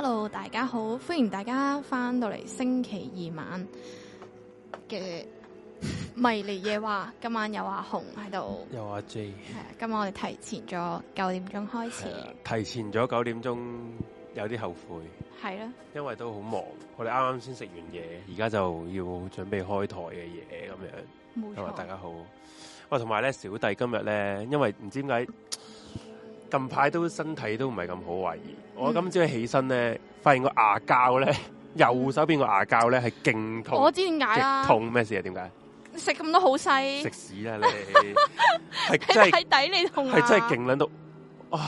Hello，大家好，歡迎大家翻到嚟星期二晚嘅迷離夜話， 今晚有阿紅喺度，有阿 J，係啊，今晚我哋提前咗九點鐘開始，提前咗九點鐘有啲後悔，係啦的因為都好忙，我哋啱啱先食完嘢，而家就要準備開台嘅嘢咁樣，冇錯，錯大家好，喂同埋咧小弟今日咧，因為唔知點解。近排都身體都唔係咁好，懷疑。我今朝起身咧，發現個牙膠咧，嗯、右手邊個牙膠咧係勁痛。我知點解啦，痛咩事啊？點解食咁多好細？食屎啦你！係 真係抵你，你痛，啊，係真係勁撚到。而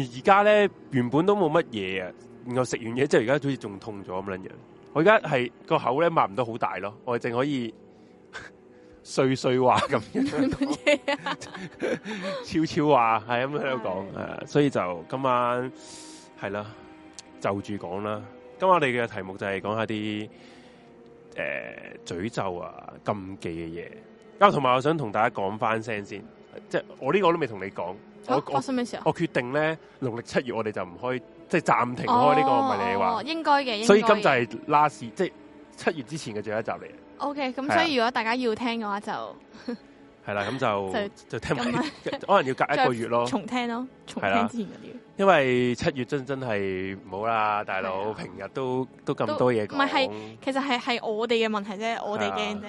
而家咧原本都冇乜嘢啊，然後食完嘢之後，而家好似仲痛咗咁樣樣。我而家係個口咧擘唔到好大咯，我哋淨可以。碎碎話咁樣，乜嘢啊？悄悄話係咁喺度講，誒，所以就今晚係啦，就住講啦。今晚我哋嘅題目就係講下啲誒詛咒啊、禁忌嘅嘢，就是，啊，同埋我想同大家講返聲先，即係我呢、啊，個都未同你講，我我我決定咧，農曆七月我哋就唔開，即係暫停開呢、這個咪、哦、你話，應該嘅，該所以今就係 last，即係七月之前嘅最後一集嚟。O K，咁所以如果大家要聽嘅話就係啦，咁就就聽，可能要隔一個月咯，重聽咯，重聽之前嗰啲。因為七月真真係唔好啦，大佬平日都都咁多嘢講。唔係，其實係係我哋嘅問題啫，我哋驚啫。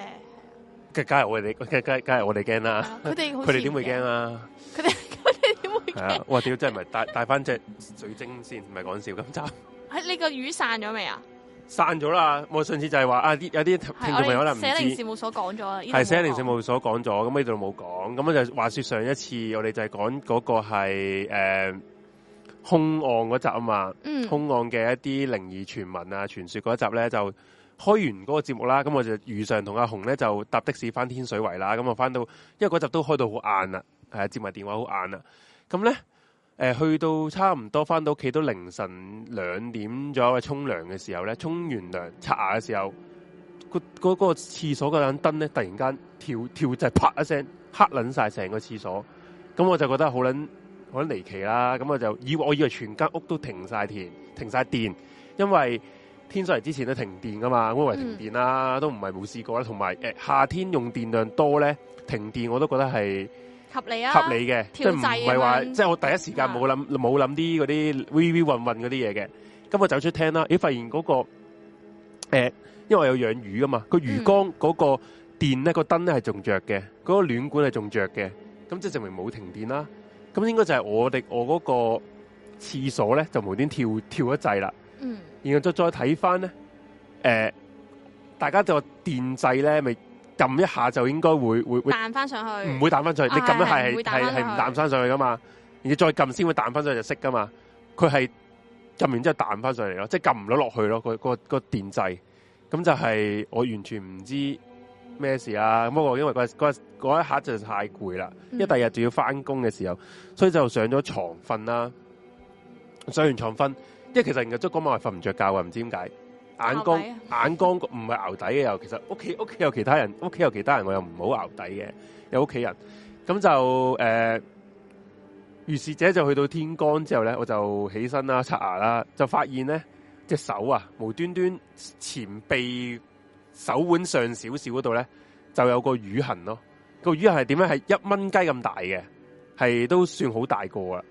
梗係我哋，梗係我哋驚啦，佢哋佢哋點會驚啦？佢哋佢哋點會驚？我屌真係唔係帶帶翻隻水晶先，唔係講笑。咁就係你個魚散咗未啊？散咗啦！我上次就係話啊，啲有啲聽眾朋友可能唔知。寫靈異事務所講咗啊，係寫靈異事務所講咗，咁呢度冇講。咁我就話說，上一次我哋就係講嗰個係誒兇案嗰集嘛，兇案嘅一啲靈異傳聞啊，傳說嗰集呢，就開完嗰個節目啦，咁我就如常同阿紅呢，就搭的士返天水圍啦，咁我返到因為嗰集都開到好晏啦，係，接埋電話好晏啦，咁呢。呃、去到差唔多翻到屋企都凌晨兩點左右，沖涼嘅時候咧，沖完涼刷牙嘅時候，嗰、那個廁所嗰盞燈咧，突然間跳跳就係啪一聲黑撚曬成個廁所，咁我就覺得好撚好撚離奇啦！咁我就以為我以為全間屋都停曬電停曬電，因為天水圍之前都停電噶嘛，我以為停電啦，嗯、都唔係冇試過啦。同埋、呃、夏天用電量多咧，停電我都覺得係。合理啊，合理嘅，制即係唔係話，樣即係我第一時間冇諗冇諗啲啲 V V 運運嗰啲嘢嘅，咁我走出廳啦，咦，發現嗰、那個誒、欸，因為我有養魚㗎嘛，個魚缸嗰個電咧，那個燈咧係仲着嘅，嗰、那個暖管係仲着嘅，咁即係證明冇停電啦，咁應該就係我哋我嗰個廁所咧就無端跳跳一掣啦，嗯，然後再再睇翻咧，誒、欸，大家就電掣咧咪。撳一下就應該會會彈翻上，上去，唔會彈翻上去。你撳一下係係唔彈翻上去噶嘛？然後再撳先會彈翻上去就熄噶嘛？佢係撳完之後彈翻上嚟咯，即係撳唔到落去咯。嗰個、嗰個電掣咁就係我完全唔知咩事啊。咁不過因為嗰嗰嗰一下就太攰啦，嗯、因為第二日仲要翻工嘅時候，所以就上咗床瞓啦。上完床瞓，因為其實成日即係嗰晚係瞓唔着覺啊，唔知點解。眼光眼光，唔係淆底嘅又。的其實屋企屋企有其他人，屋企有其他人，我又唔好淆底嘅。有屋企人咁就誒，如、呃、是者就去到天光之後咧，我就起身啦，刷牙啦，就發現咧隻手啊，無端端前臂手腕上少少嗰度咧就有個瘀痕咯。個瘀痕係點樣係一蚊雞咁大嘅，係都算好大個啦、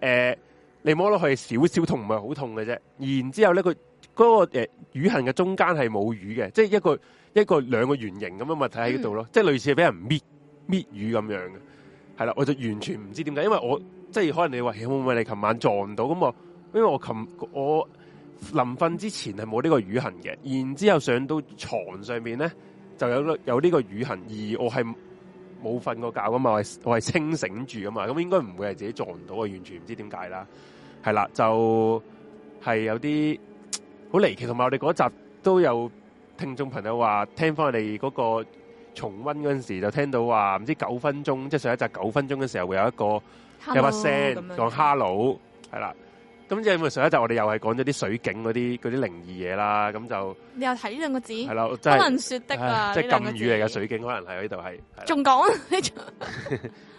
呃。你摸落去少少痛，唔係好痛嘅啫。然之後咧，佢。嗰、那個誒瘀痕嘅中間係冇瘀嘅，即係一個一個兩個圓形咁嘅物體喺度咯，即係類似俾人搣搣瘀咁樣嘅，係啦，我就完全唔知點解，因為我即係可能你話，係咪你琴晚撞到咁我？因為我琴我臨瞓之前係冇呢個瘀痕嘅，然之後上到床上面咧就有有呢個瘀痕，而我係冇瞓過覺噶嘛，我我係清醒住噶嘛，咁應該唔會係自己撞到，我完全唔知點解啦。係啦，就係有啲。好離奇，同埋我哋嗰集都有聽眾朋友話，聽翻我哋嗰個重溫嗰陣時，就聽到話唔知九分鐘，即係上一集九分鐘嘅時候會有一個有把聲講 hello，係啦說 Hello, 樣。咁即係上一集我哋又係講咗啲水景嗰啲嗰啲靈異嘢啦？咁就你又睇呢兩個字，係咯，即係不能説的啊，唉即係禁語嚟嘅水景，可能係呢度係。仲講你仲？還說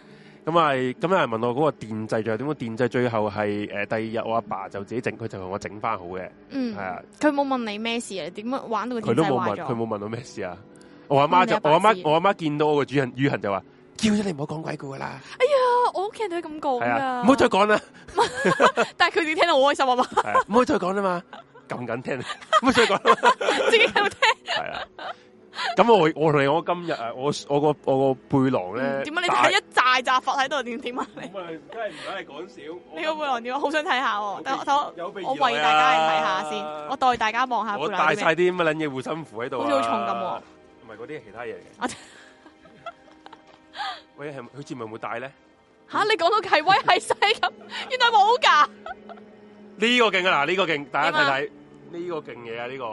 咁啊，咁有人問我嗰個電制仲係點？電制最後係誒第二日，我阿爸，爸就自己整，佢就同我整翻好嘅。嗯，係啊。佢冇問你咩事啊？點樣玩到電制壞咗？佢都冇問，佢冇問到咩事啊？我阿媽，媽就我阿媽，我阿媽，媽見到我個主人雨痕就話：叫咗你唔好講鬼故噶啦！哎呀，我屋企人都咁講，唔好、啊、再講啦。 但係佢哋聽到好開心啊嘛，唔好再講啦嘛，撳緊聽，唔好 再講啦， 自己喺度聽。係啊。咁我我同你講今日啊，我我個我個背囊咧，點解你睇一扎紮佛喺度，點點啊？你真係唔係講少。你個背囊點啊？好想睇下，等我等我，我為大家嚟睇下先，我代大家望下背囊咩。我帶晒啲乜撚嘢護身符喺度。好似好重咁喎，唔係嗰啲其他嘢嘅。喂，係佢志唔冇帶咧？吓，你講到係威係勢咁，原來冇噶。呢個勁啊！嗱，呢個勁，大家睇睇，呢個勁嘢啊！呢個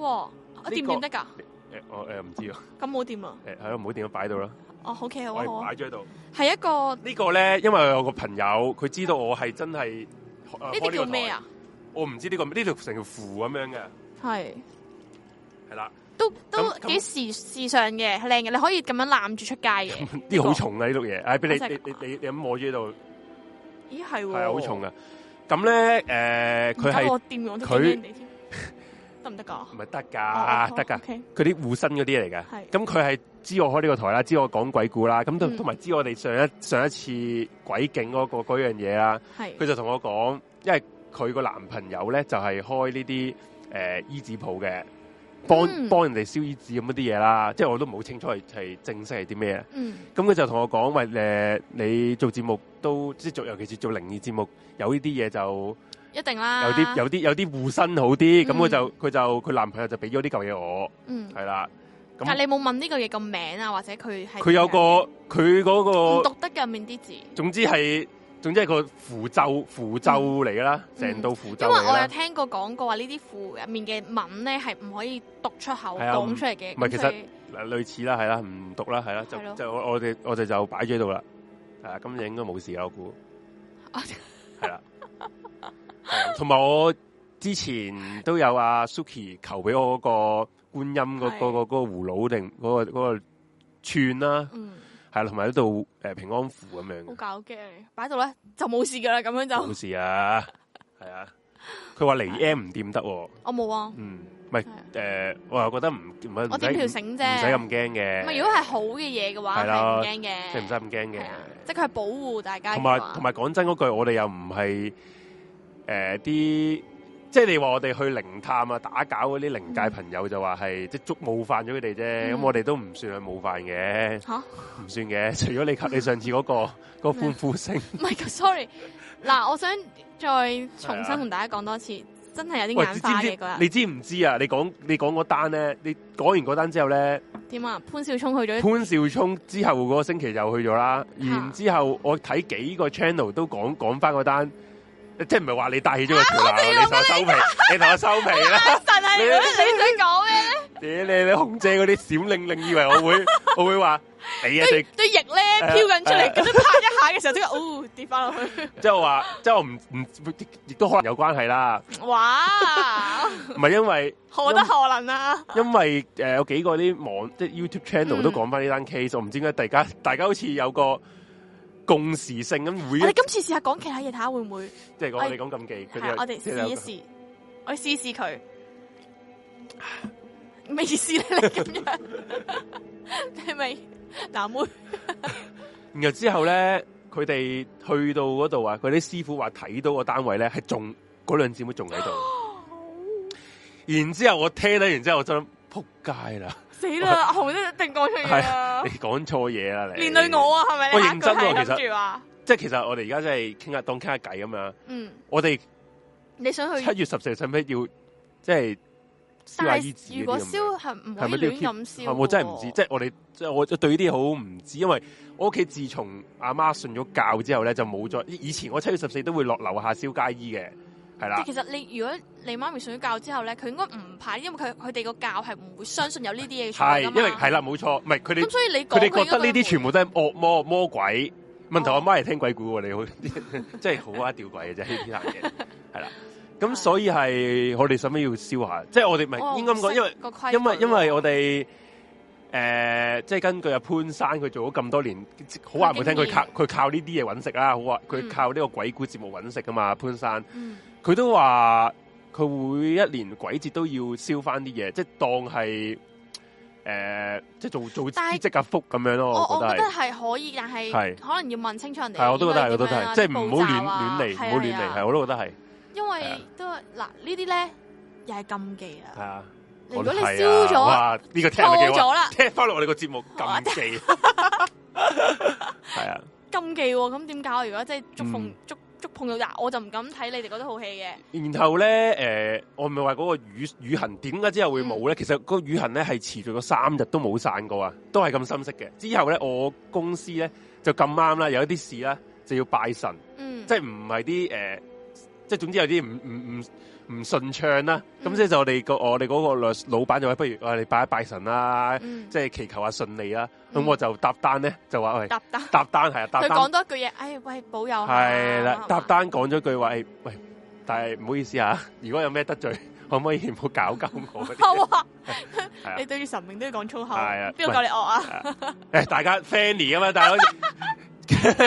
哇，掂唔掂得噶？誒，我誒唔知啊，咁冇掂啊！誒，係咯、oh, okay , okay.，唔好掂都擺到啦。哦，好嘅，k 我好啊。擺住喺度，係一個，個呢個咧，因為我個朋友佢知道我係真係呢叫咩啊？我唔知呢、這個，呢條成條符咁樣嘅，係係啦，都、嗯嗯、都幾時時尚嘅，靚嘅，你可以咁樣攬住出街嘅。啲好、 這個、重啊！呢碌嘢，哎、呃，俾你你你你咁摸住呢度，咦係喎，係好重啊！咁咧，誒，佢係佢。得唔得㗎？唔係得㗎，得㗎。佢啲、oh, okay , okay. 護身嗰啲嚟嘅。咁佢係知我開呢個台啦，知我講鬼故啦。咁都同埋知我哋上一上一次鬼境嗰個樣嘢啦。佢是就同我講，因為佢個男朋友咧就係開呢啲誒衣紙鋪嘅，幫、嗯、幫人哋燒衣紙咁一啲嘢啦。即係我都唔好清楚係正式係啲咩。咁佢、嗯、就同我講，喂，誒、呃，你做節目都即係做，尤其係做靈異節目，有呢啲嘢就。一定啦！有啲有啲有啲護身好啲，咁佢就佢就佢男朋友就俾咗啲舊嘢我，係啦。但係你冇問呢個嘢個名啊，或者佢係佢有個佢嗰個唔讀得嘅入面啲字。總之係總之係個符咒符咒嚟嘅啦，成套符咒。因為我有聽過講過話呢啲符入面嘅文咧係唔可以讀出口講出嚟嘅。唔係，其實類似啦，係啦，唔讀啦，係啦，就就我哋我哋就擺咗喺度啦。係啊，咁就應該冇事啦，我估係啦。同埋我之前都有阿 Suki 求俾我嗰個觀音嗰個個個葫蘆定嗰個個串啦，係啦，同埋喺度誒平安符咁樣。好搞嘅，擺到咧就冇事噶啦，咁樣就冇事啊，係啊。佢話嚟 M 唔掂得，我冇啊。嗯，唔係誒，我又覺得唔唔我吊條繩啫，唔使咁驚嘅。咪如果係好嘅嘢嘅話，係啦，唔驚嘅，即係唔使咁驚嘅。即係佢係保護大家。同埋同埋講真嗰句，我哋又唔係。誒，啲、呃、即係你話我哋去靈探啊，打攪嗰啲靈界朋友就話係、嗯、即係觸冒犯咗佢哋啫。咁、嗯、我哋都唔算係冒犯嘅，吓唔、啊、算嘅。除咗你及你上次嗰、那個嗰、嗰個、歡呼聲，唔係，sorry。嗱， 我想再重新同對、啊、大家講多次，真係有啲眼花嘅。知知天你知唔知啊？你講你講嗰單咧，你講完嗰單之後咧，點啊？潘少聰去咗，潘少聰之後嗰個星期就去咗啦。啊、然之後我睇幾個 channel 都講講翻嗰單。即係唔係話你帶起咗個條欄，你同我收皮，你同我收皮啦！神係你，你想講咩咧？屌你你空姐嗰啲閃令令，以為我會我會話你啊？對對翼咧飄緊出嚟，拍一下嘅時候，即係哦跌翻落去。即係話，即係我唔唔亦都可能有關係啦。哇！唔係因為何德何能啊？因為誒有幾個啲網即係 YouTube channel 都講翻呢單 case，我唔知點解大家大家好似有個。共時性咁會，會，你今次試下講其他嘢睇下會唔會？即係我哋講禁忌，係我哋試一試，我哋試試佢咩意思咧？你咁樣係咪藍妹？ 然後之後咧，佢哋去到嗰度啊，佢啲師傅話睇到個單位咧係仲嗰兩姊妹仲喺度， 然之後我聽咧，然之後我真扑街啦。死啦！阿洪一定講錯嘢啦，你講錯嘢啦，你連累我啊，係咪你？我認真喎，其實即係其實我哋而、嗯就是，家真係傾下當傾下偈咁樣。是是嗯，我哋你想去七月十四使咩要即係如果燒係唔係亂咁燒？我真係唔知，即係我哋即係我對呢啲好唔知，因為我屋企自從阿媽信咗教之後咧，就冇再以前我七月十四都會落樓下燒街衣嘅。係啦，其實你如果你媽咪上咗教之後咧，佢應該唔怕，因為佢佢哋個教係唔會相信有呢啲嘢出噶嘛。係，因為係啦，冇錯，唔係佢哋。咁所以你講佢哋覺得呢啲全部都係惡魔魔鬼。問題，阿媽係聽鬼故喎，你好，即係好啊吊鬼嘅啫呢啲難嘢。係啦，咁所以係我哋使乜要燒下？即係我哋唔係應該咁講，因為因為因為我哋誒，即係根據阿潘生佢做咗咁多年，好話唔好聽，佢靠佢靠呢啲嘢揾食啦。好話，佢靠呢個鬼故節目揾食噶嘛，潘生。佢都話佢每一年鬼節都要燒翻啲嘢，即係當係誒，即係做做積積下福咁樣咯。我我覺得係可以，但係可能要問清楚人哋係，我都覺得係，我都覺得係，即係唔好亂亂嚟，唔好亂嚟，係我都覺得係。因為都係嗱呢啲咧又係禁忌啊！係啊，如果你燒咗，多咗啦，聽翻落我哋個節目禁忌係啊，禁忌咁點搞？如果即係捉鳳祝？捉碰友呀，我就唔敢睇你哋嗰套戲嘅。然後咧，誒、呃，我咪話嗰個雨雨痕點解之後會冇咧？嗯、其實個雨痕咧係持續咗三日都冇散過啊，都係咁深色嘅。之後咧，我公司咧就咁啱啦，有一啲事咧就要拜神，嗯、即係唔係啲誒，即係總之有啲唔唔唔。唔順暢啦，咁即係就我哋個我哋嗰個老闆就話不如我哋拜一拜神啦，即係祈求下順利啊，咁我就搭單咧就話喂搭單搭單係啊，佢講多一句嘢，哎喂保佑係啦，搭單講咗句話，喂，但係唔好意思啊，如果有咩得罪，可唔可以唔好搞鳩我？哇！你對住神明都要講粗口，邊個教你惡啊？誒，大家 Fanny 啊嘛，大家跟住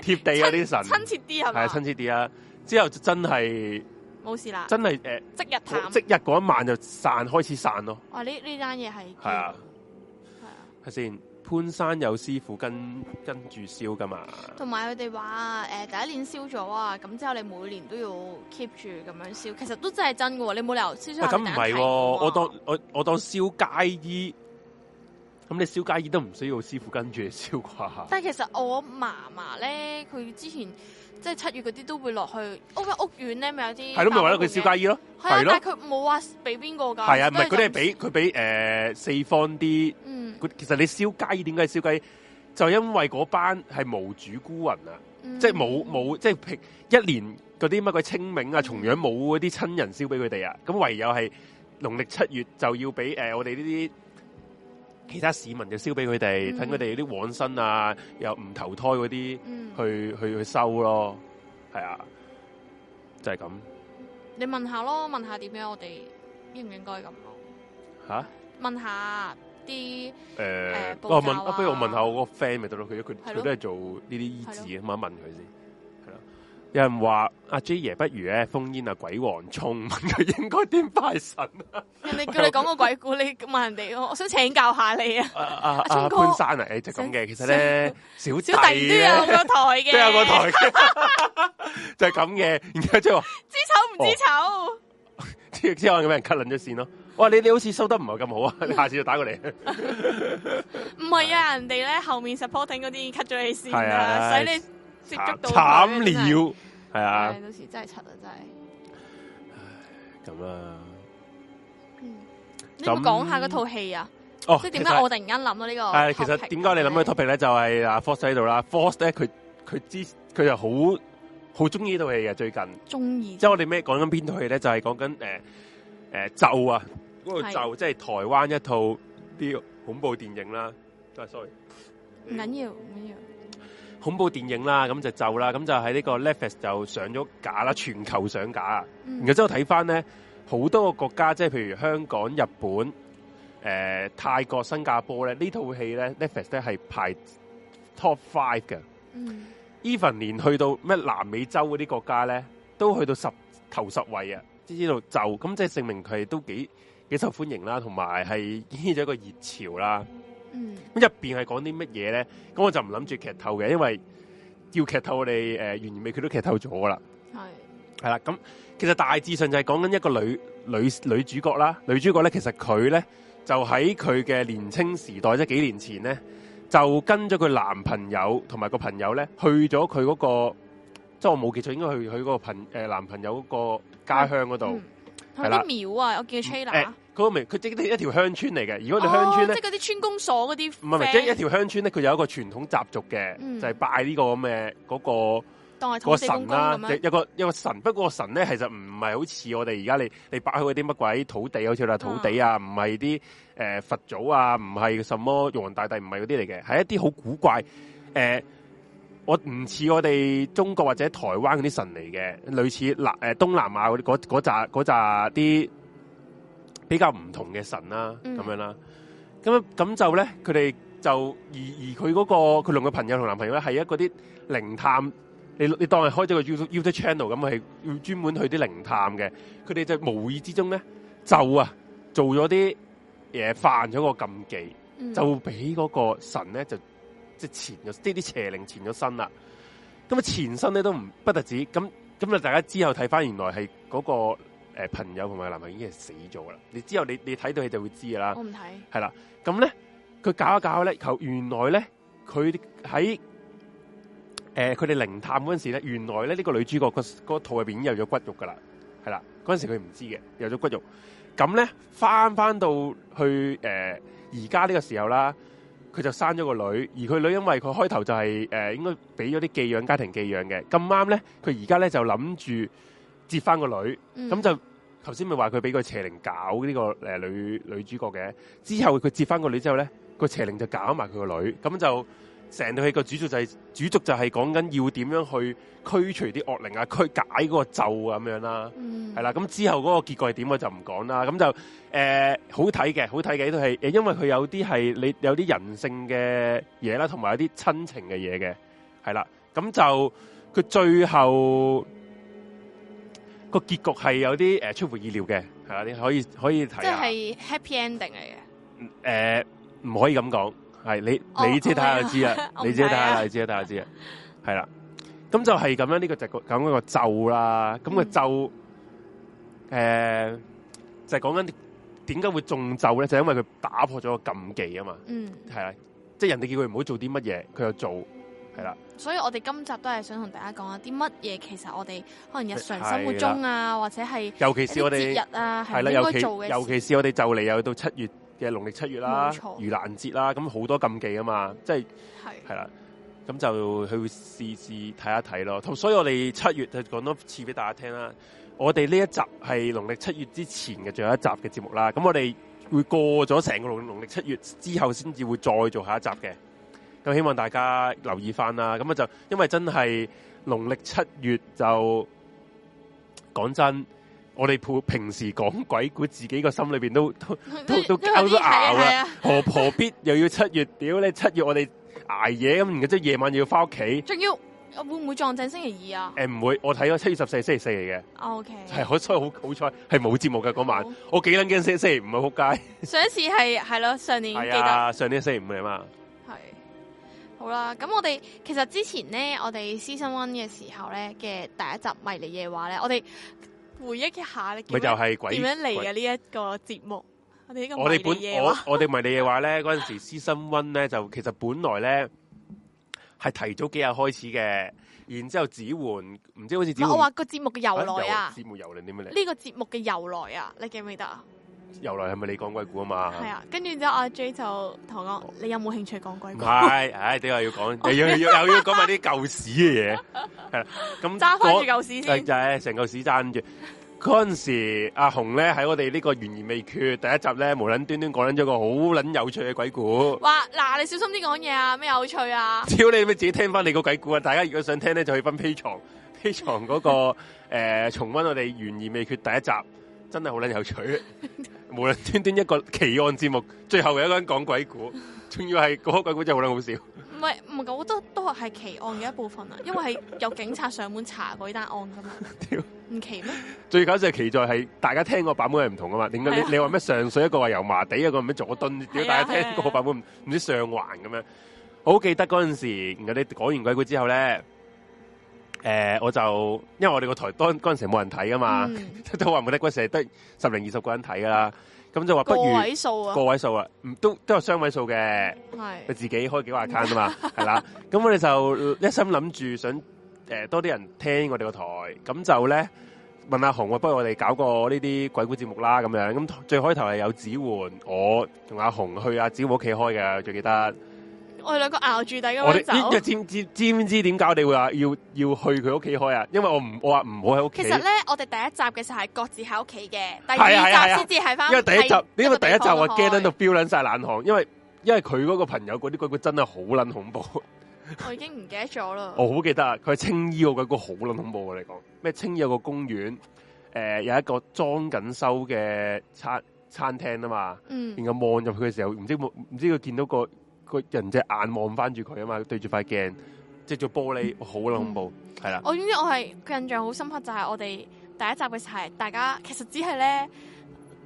貼地嗰啲神親切啲係嘛，係親切啲啊，之後真係。冇事啦！真係誒，呃、即日即日嗰一晚就散，開始散咯。哇！呢呢單嘢係係啊係啊，係先潘山有師傅跟跟住燒噶嘛。同埋佢哋話誒，第一年燒咗啊，咁之後你每年都要 keep 住咁樣燒，其實都真係真嘅喎。你冇理由燒出嚟、啊。咁唔係喎，我當我我當燒街衣，咁你燒街衣都唔需要師傅跟住你燒啩？但係其實我嫲嫲咧，佢之前。即係七月嗰啲都會落去，屋屋苑咧咪有啲。係咯，咪為咗佢燒街衣咯。係啊對，的但係佢冇話俾邊個㗎。係啊，唔係佢係俾佢俾四方啲。嗯。其實你燒街衣點解燒街衣？就因為嗰班係無主孤魂啊！即係冇冇即係譬一年嗰啲乜鬼清明啊、重陽冇嗰啲親人燒俾佢哋啊！咁唯有係農曆七月就要俾、呃、我哋呢啲。其他市民就燒俾佢哋，等佢哋啲往生啊，又唔投胎嗰啲、嗯，去去去收咯，係啊，就係、是、咁。你問下咯，問下點樣,樣，我哋應唔應該咁咯？嚇？問下啲誒，我、啊、問，不如我問下我嗰個 friend 咪得咯？佢佢佢都係做呢啲醫治嘅，問一問佢先。有人話阿 J 爺不如咧封煙啊鬼王冲，問佢應該點拜神啊？人哋叫你講個鬼故，你問人哋，我想請教下你啊。阿阿潘生啊，誒，就咁嘅。其實咧，小弟都有個台嘅，都有個台嘅，就係咁嘅，然之後話知醜唔知醜，之後我俾人 cut 捻咗線咯。哇，你你好似收得唔係咁好啊？你下次就打過嚟。唔係啊，人哋咧後面 supporting 嗰啲 cut 咗你線啊。所以你。慘了，係啊，到時真係柒啊，真係。咁啊，嗯，你有冇講下嗰套戲啊？哦，即係點解我突然間諗到呢個？係其實點解你諗到 topic 咧？就係啊 Force 喺度啦。Force 咧，佢佢之佢就好好中意呢套戲嘅最近。中意，即係我哋咩講緊邊套戲咧？就係講緊誒誒咒啊！嗰個咒即係台灣一套啲恐怖電影啦。都係 sorry，唔緊要，唔緊要。恐怖電影啦，咁就就啦，咁就喺呢個 Netflix 就上咗架啦，全球上架、嗯、然後之後睇翻咧，好多個國家，即係譬如香港、日本、誒、呃、泰國、新加坡咧，這呢套戲咧，Netflix 咧係排 top five 嘅。even、嗯、連去到咩南美洲嗰啲國家咧，都去到十頭十位啊，都知道就咁，即係證明佢都幾幾受歡迎啦，同埋係掀起咗一個熱潮啦。咁入邊係講啲乜嘢咧？咁、嗯、我就唔諗住劇透嘅，因為要劇透我哋誒、呃、原味佢都劇透咗噶啦。係係啦，咁其實大致上就係講緊一個女女女主角啦。女主角咧，其實佢咧就喺佢嘅年青時代，即係幾年前咧，就跟咗佢男朋友同埋、那個、個朋友咧去咗佢嗰個，即係我冇記錯，應該去佢嗰個朋誒男朋友嗰個家鄉嗰度，去啲廟啊，我叫 c h a 佢咪佢即係一條鄉村嚟嘅。如果你鄉村咧、哦，即係嗰啲村公所嗰啲。唔係唔係，即係一條鄉村咧，佢有一個傳統習俗嘅，嗯、就係拜呢個咁嘅嗰個，當係土地公啦、啊啊。一個一個神，不過神咧其實唔係好似我哋而家你你拜嗰啲乜鬼土地好似啦，土地啊，唔係啲誒佛祖啊，唔係什麼玉皇大帝，唔係嗰啲嚟嘅，係一啲好古怪誒。呃、我唔似我哋中國或者台灣嗰啲神嚟嘅，類似、呃、東南亞嗰嗰扎扎啲。比較唔同嘅神啦、啊，咁、嗯、樣啦、啊，咁咁就咧，佢哋就而而佢嗰、那個佢同個朋友同男朋友咧，係一嗰啲靈探,你你當係開咗個 YouTube channel 咁，係要專門去啲靈探嘅。佢哋就無意之中咧，就啊做咗啲嘢，犯咗個禁忌，嗯、就俾嗰個神咧就即係纏咗，即係啲邪靈纏咗身啦。咁啊，前身咧都唔不得止，咁咁啊，那大家之後睇翻原來係嗰、那個。誒，朋友同埋男朋友已經係死咗噶啦，你之後你你睇到你就會知噶啦。我唔睇。係啦，咁咧佢搞一搞咧，求原來咧佢喺誒佢哋靈探嗰陣時咧，原來咧呢個女主角個個肚入邊已經有咗骨肉噶啦，係啦，嗰陣時佢唔知嘅，有咗骨肉。咁咧翻翻到去誒而家呢個時候啦，佢就生咗個女，而佢女因為佢開頭就係誒應該俾咗啲寄養家庭寄養嘅，咁啱咧佢而家咧就諗住。接翻個女，咁就頭先咪話佢俾個邪靈搞呢、個、呃、女女主角嘅，之後佢接翻個女之後咧，個邪靈就搞埋佢個女，咁就成套戲個主軸就係、係、主軸就係講緊要點樣去驅除啲惡靈啊，驅解嗰個咒咁樣啦，係啦、嗯，咁之後嗰個結局係點我就唔講啦，咁就呃、好睇嘅，好睇嘅呢套係因為佢有啲係你有啲人性嘅嘢啦，同埋有啲親情嘅嘢嘅，係啦，咁就佢最後。個結局係有啲誒、呃、出乎意料嘅，係啊，你可以可以睇下即，即係 happy ending 嚟嘅。誒，唔可以咁講，係你、oh, 你自己睇 okay. 就知啦， 你自己睇下你自己睇下知啊，係啦。咁就係咁樣，呢、這個就講個咒啦。咁、那個咒誒、嗯、呃、就係講緊點解會中咒咧，就是、因為佢打破咗個禁忌啊嘛。嗯，係啦，即係人哋叫佢唔好做啲乜嘢，佢又做。係啦，是所以我哋今集都係想同大家講下啲乜嘢，其實我哋可能日常生活中啊，或者係尤其是我哋節日啊，係應該做嘅。尤其是我哋就嚟又到七月嘅農曆七月啦，盂蘭節啦，咁好多禁忌啊嘛，即係係啦，咁是的 就去試試睇一睇咯。同所以我哋七月就講多次俾大家聽啦。我哋呢一集係農曆七月之前嘅最後一集嘅節目啦。咁我哋會過咗成個農曆七月之後，先至會再做下一集嘅。希望大家留意翻啦，咁啊就因為真係農曆七月就講真，我哋普平時講鬼故，自己個心裏邊都都你都都勾咗牙何何必又要七月？屌你七月我，我哋捱夜咁，而家夜晚又要翻屋企，仲要會唔會撞正星期二啊？誒、欸，唔會，我睇咗七月十四星期四嚟嘅。O K，係好，所以好好彩係冇節目嘅嗰晚，Okay. 我幾撚驚，星期五啊扑街。上一次係係咯，上年係啊，上年星期、啊、得五嚟嘛。好啦，咁我哋其實之前咧，我哋 season one 嘅時候咧嘅第一集迷離夜話咧，我哋回憶一下咧，佢就係鬼點樣嚟嘅，呢一個節目？我哋迷夜本我我哋迷離夜話咧，嗰陣 時 season one 咧就其實本來咧係提早幾日開始嘅，然之後指換唔知好似指換我話個節目嘅由來啊？啊節目由來點樣嚟？呢個節目嘅由來啊，你記唔記得啊？由來係咪你講鬼故啊嘛？係啊，跟住之後阿 J 就同我講：你有冇興趣講鬼故？係， 唉、哎，點解要講？又要又要講埋啲舊屎嘅嘢，係咁揸翻住舊屎先。就係成舊屎爭住。嗰陣時，阿紅咧喺我哋呢、這個懸疑未決第一集咧，無撚端端講緊咗個好撚有趣嘅鬼故。話嗱、啊，你小心啲講嘢啊！咩有趣啊？只要你咪自己聽翻你個鬼故啊！大家如果想聽咧，就去分批藏，批藏嗰個誒重溫我哋懸疑未決第一集。真係好捻有趣，無厘端端一個奇案節目，最後有一個人講鬼故，仲要係嗰個鬼故真係好捻好笑。唔係唔係，我都都係奇案嘅一部分啊，因為係有警察上門查過呢單案噶嘛。唔 奇咩？最搞笑係奇在係大家聽個版本係唔同噶嘛。你你你話咩上水一個話油麻地一個咩佐敦，屌大家聽個版本唔唔知上環咁樣。好記得嗰陣時候，然後你講完鬼故之後咧。誒、呃，我就因為我哋個台當陣時冇人睇啊嘛，嗯、都話唔得嗰時得十零二十個人睇噶啦，咁就話不如個位數啊，個位數啊，唔都都有雙位數嘅，係是，就自己開幾個 account 啊嘛，係 啦，咁我哋就一心諗住想誒、呃、多啲人聽我哋個台，咁就咧問阿紅話，不如我哋搞個呢啲鬼故節目啦，咁樣，咁最開頭係有子煥我同阿紅去阿、啊、子煥屋企開嘅，最記得。我哋兩個咬住底家嘛？知知知知知我哋知唔知點解我哋會話要要，要去佢屋企開啊？因為我唔我話唔好喺屋企。其實咧，我哋第一集嘅時候係各自喺屋企嘅，第二集先至喺翻。因為第一集，因為第一集我驚到飆捻晒冷汗，因為因為佢嗰個朋友嗰啲鬼故真係好捻恐怖。我已經唔記得咗啦。我好記得啊！佢青衣嗰個好捻恐怖。你講，咩青衣有個公園，誒、呃、有一個裝緊修嘅餐餐廳啊嘛。然後望入去嘅時候，唔知唔知佢見到個。個人隻眼望翻住佢啊嘛，對住塊鏡，即做玻璃，好恐怖，係啦。我總之我係印象好深刻，就係我哋第一集嘅時候，大家其實只係咧，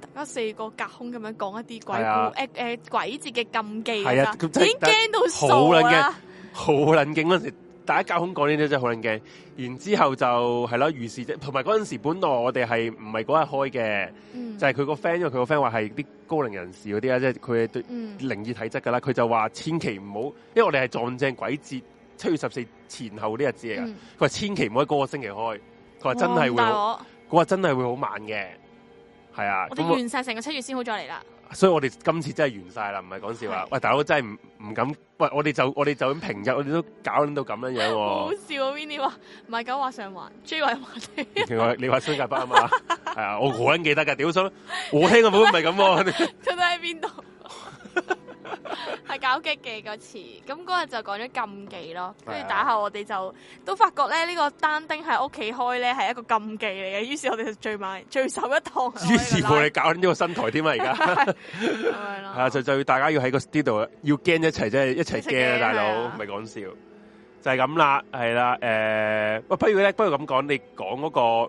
大家四個隔空咁樣講一啲鬼故，誒誒鬼節嘅禁忌㗎，已經驚到傻啦。好冷嘅，好冷靜嗰陣時。大家架恐鬼呢啲真係好撚驚，然之後就係啦，如是啫。同埋嗰陣時，本來我哋係唔係嗰日開嘅、嗯，就係佢個 friend，因為佢個 friend 話係啲高齡人士嗰啲啦，即係佢係對靈異體質㗎啦。佢就話千祈唔好，因為我哋係撞正鬼節，七月十四前後啲日子嚟㗎。佢話、嗯、千祈唔可以嗰個星期開，佢話真係會，佢話真係會好慢嘅，係啊。我哋完曬成個七月先好再嚟啦。所以我哋今次真係完晒啦，唔係講笑話！是的 喂，大佬真係唔唔敢，喂，我哋就我哋就咁平日我哋都搞到咁樣樣喎。好笑，Vinny 話唔係九話上環，朱偉話你話你話新加坡啊嘛，係啊，啊 哎、我我人記得噶，屌叔，我聽， 我聽啊本唔係咁喎，出得喺邊度？ 係 搞激嘅個詞，咁嗰日就講咗禁忌咯，跟住打下我哋就都發覺咧呢、呢個單丁喺屋企開咧係一個禁忌嚟嘅，於是我哋就聚埋聚首一堂。於是乎你搞緊呢個新台添啊，而家係就就要大家要喺個 studio 要驚一齊，即係一齊驚啊！不大佬哥，唔係講笑，就係咁啦，係啦，誒、呃，不如咧，不如咁講，你講嗰、嗰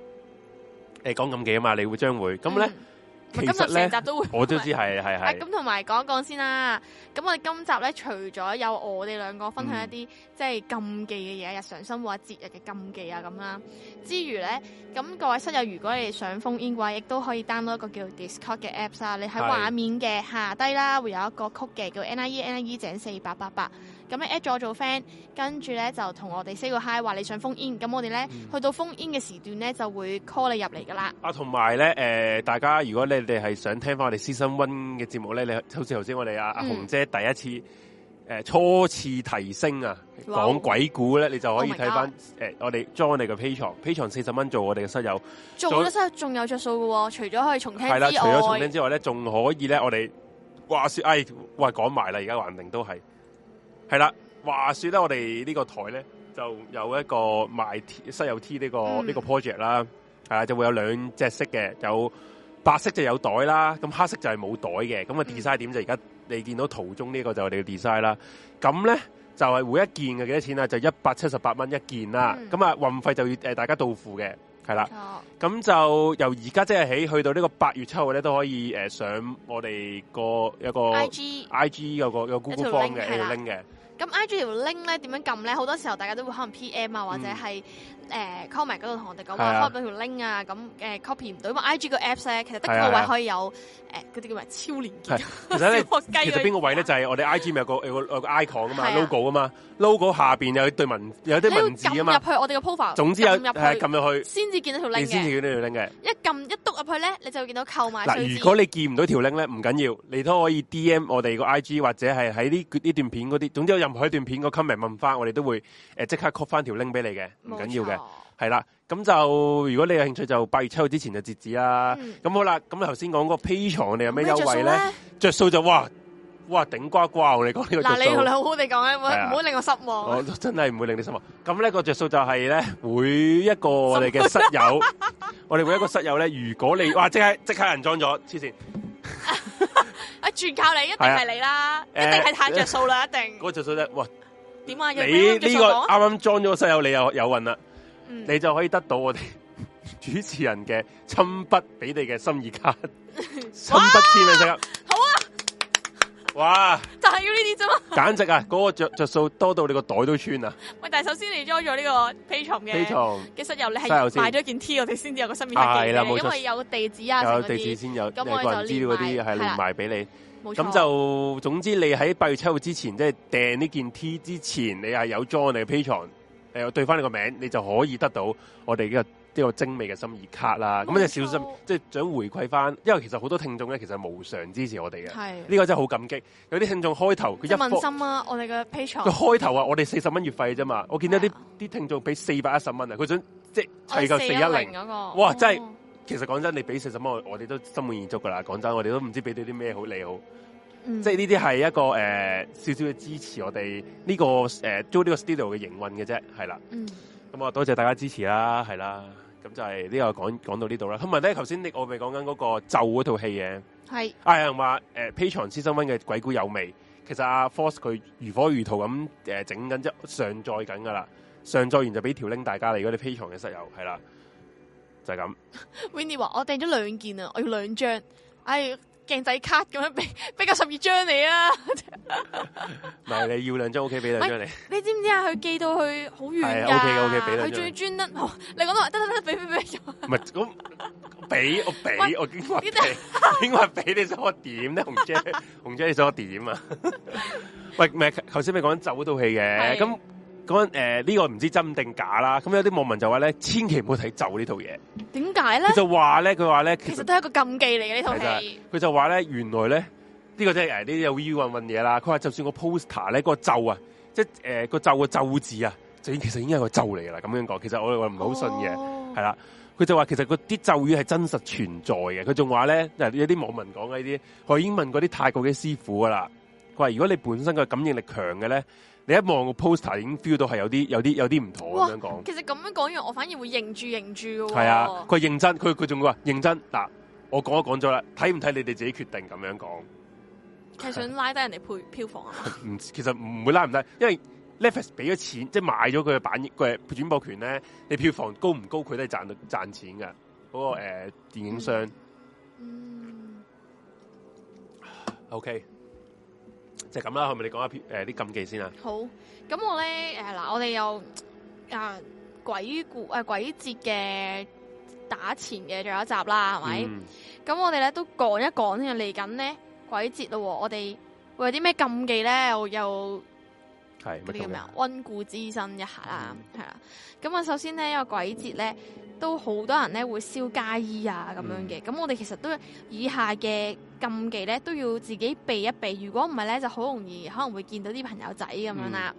個誒講禁忌啊嘛，你將會將會咁咧。那麼呢 今日成集都會，我都知係係係。咁同埋講一講先啦。咁我哋今集咧，除咗有我哋兩個分享一啲、嗯、即係禁忌嘅嘢，日常生活啊、節日嘅禁忌啊咁啦、啊，之餘咧，咁各位室友，如果你哋想封煙嘅話，亦都可以 download 一個叫 Discord 嘅 Apps 啦、啊、你喺畫面嘅下低啦，是 會有一個曲嘅叫 NIE NIE 井四八八八。咁咧 add 咗做 friend，跟住咧就同我哋 say 個 hi，話你想 phone in，咁我哋咧、嗯、去到 phone in 嘅時段咧就會 call 你入嚟噶啦。啊，同埋咧，誒、呃，大家如果你哋係想聽翻我哋 season one 嘅節目咧，你好似頭先我哋阿阿洪姐第一次誒、呃、初次提升啊，講、哦、鬼故咧，你就可以睇翻誒，我哋 join 我哋嘅 Patreon，Patreon 四十蚊做我哋嘅室友，有做咗室友仲有着數喎，除咗可以重聽之啦、啊、除咗重聽之外咧，仲可以咧，我哋話說，哎，喂，講埋啦，而家橫定都係。係啦，話說咧，我哋呢個台咧就有一個賣西柚 T 呢、這個呢、嗯、個 project 啦，係啊，就會有兩隻色嘅，有白色就有袋啦，咁黑色就係冇袋嘅。咁、嗯、個 design 點，就而家你見到圖中呢個就我哋嘅 design 啦。咁咧就係、是、每一件嘅幾多錢啊？就一百七十八蚊一件啦。咁啊、嗯，運費就要誒大家到付嘅，係啦。咁就由而家即係起去到個8呢個八月七號咧都可以誒、呃、上我哋個一個 IG IG 嗰個 Google Form 嘅去拎嘅。咁 IG 條 link 咧，點樣撳咧？好多時候大家都會可能 PM 啊，或者係，嗯誒 comment 嗰度同我哋講話，copy 到條 link 啊，咁誒 copy 唔到，因為 I G 個 apps 咧，其實得邊個位可以有誒嗰啲叫咩超連結？其實邊個位咧就係我哋 I G 咪有個有個有個 icon 噶嘛，logo 噶嘛，logo 下邊有對文有啲文字噶嘛。撳入去我哋個 profile。總之有誒撳入去，先至見到條 link，先至見到條 link 嘅。一撳一篤入去咧，你就會見到購買。嗱，如果你見唔到條 link 咧，唔緊要，你都可以 D M 我哋個 I G 或者係喺呢呢段片嗰啲，總之有任何一段片個 comment 問翻，我哋都會誒即刻 copy 翻條 link 俾你嘅，唔緊要嘅。係啦，咁、哦、就如果你有興趣就八月七號之前就截止啦。咁、嗯、好啦，咁你頭先講個 P 床你有咩優惠咧？着數 就哇哇頂呱呱呱！我哋講呢個嗱，你同你好好地講唔好令我失望、啊。我都真係唔會令你失望。咁呢個着數就係咧，每一個我哋嘅室友，麼我哋每一個室友咧，如果你哇即刻即刻人裝咗黐線，啊 全靠你，一定係你啦、啊呃，一定係太着數啦，一定。嗰個着數咧，哇，點啊？你呢個啱啱裝咗個室友，你又有運啦。你就可以得到我哋主持人嘅親筆俾你嘅心意卡，親筆簽名，哇好啊！哇！就係要呢啲啫嘛！簡直啊，嗰、嗰個着着數多到你個袋都穿啊！喂，但係首先你裝咗呢個披床嘅，披床 atre 其實由你係買咗件 T，先我哋先至有個心意卡，係啦、啊，因為有地址啊，有地址先有個人資料嗰啲係連埋俾你，咁錯就總之你喺八月七號之前，即係訂呢件 T 之前，你係有裝你嘅披床。誒、呃、對翻你個名，你就可以得到我哋呢個呢個精美嘅心意卡啦。咁即係小心，即、就、係、是、想回饋翻。因為其實好多聽眾咧，其實無償支持我哋嘅。係呢是個真係好感激。有啲聽眾開頭佢一，問心啊，我哋嘅 Patreon 佢開頭啊，我哋四十蚊月費啫嘛。我見到啲啲聽眾俾四百一十蚊啊，佢想即係砌夠四一零嘩，10, 那個、哇！真係，哦、其實講真，你俾四十蚊我，我哋都心滿意足噶啦。講真，我哋都唔知俾到啲咩好你好。嗯、即係呢啲係一個誒、呃，少少嘅支持我哋呢、這個誒做呢個 studio 嘅營運嘅啫，係啦。咁啊、嗯嗯，多謝大家支持啦，係啦。咁就係呢個講講到呢度啦。同埋咧，頭先我咪講緊嗰個咒嗰套戲嘅，係藝人話誒 Patreon 先生温嘅鬼故有味，其實阿 Force 佢如火如荼咁誒整緊一上載緊噶啦，上載完就俾條 link 大家嚟，嗰啲 Patreon 嘅室友係啦，就係、是、咁。 Winnie 話我訂咗兩件啊，我要兩張，哎。鏡仔卡咁樣俾俾夠十二張你啊 ，唔係你要兩張 OK 俾兩張你，你知唔知啊？佢寄到去好遠噶，係 OK OK 俾啦，佢仲要專登，你講得得得，俾俾俾，唔係咁俾我俾我，點啊？點啊？俾你想我點咧？紅姐哈哈紅姐你想我點啊？ 喂，唔係頭先咪講緊走套戲嘅，咁是的。咁誒呢個唔知真定假啦，咁有啲網民就話咧，千祈唔好睇咒呢套嘢。點解咧？就話咧，佢話咧，其實都係一個禁忌嚟嘅呢套戲。佢就話咧，原來咧呢、呢個即係誒，你又要問問嘢啦。佢話就算個 poster 咧，個咒啊，即係誒個咒個咒字啊，就已其實已經係個咒嚟噶啦。咁樣講，其實我哋唔係好信嘅。係啦、哦，佢就話其實個啲咒語係真實存在嘅。佢仲話咧，有啲網民講呢啲，佢已經問過啲泰國嘅師傅噶啦。佢話如果你本身個感應力強嘅咧。你一望個 poster 已經 feel 到係有啲有啲有啲唔妥咁樣講。其實咁樣講完，我反而會認住認住嘅喎、哦。係啊，佢認真，佢佢仲話認真。嗱，我講一講咗啦，睇唔睇你哋自己決定咁樣講。其實想拉低人哋配票房啊？唔， 其實唔會拉唔低，因為 Netflix 俾咗錢，即係買咗佢嘅版，佢轉播權咧，你票房高唔高，佢都係賺賺錢嘅嗰、那個誒、呃、電影商。嗯。嗯 OK。就咁啦，係咪你講下啲誒啲禁忌先、啊、好，咁我咧誒嗱，我哋有、啊、鬼故誒、呃、鬼節嘅打前嘅仲有一集啦，係咪、嗯？咁我哋咧都講一講先。嚟緊咧鬼節咯、哦，我哋會有啲咩禁忌咧？又係叫咩？溫故知新一下啦，係啦、嗯。咁、啊、我首先咧，一個鬼節咧。都好多人咧會燒街衣啊咁樣嘅，咁、嗯、我哋其實都以下嘅禁忌咧都要自己避一避。如果唔係咧，就好容易可能會見到啲朋友仔咁樣啦。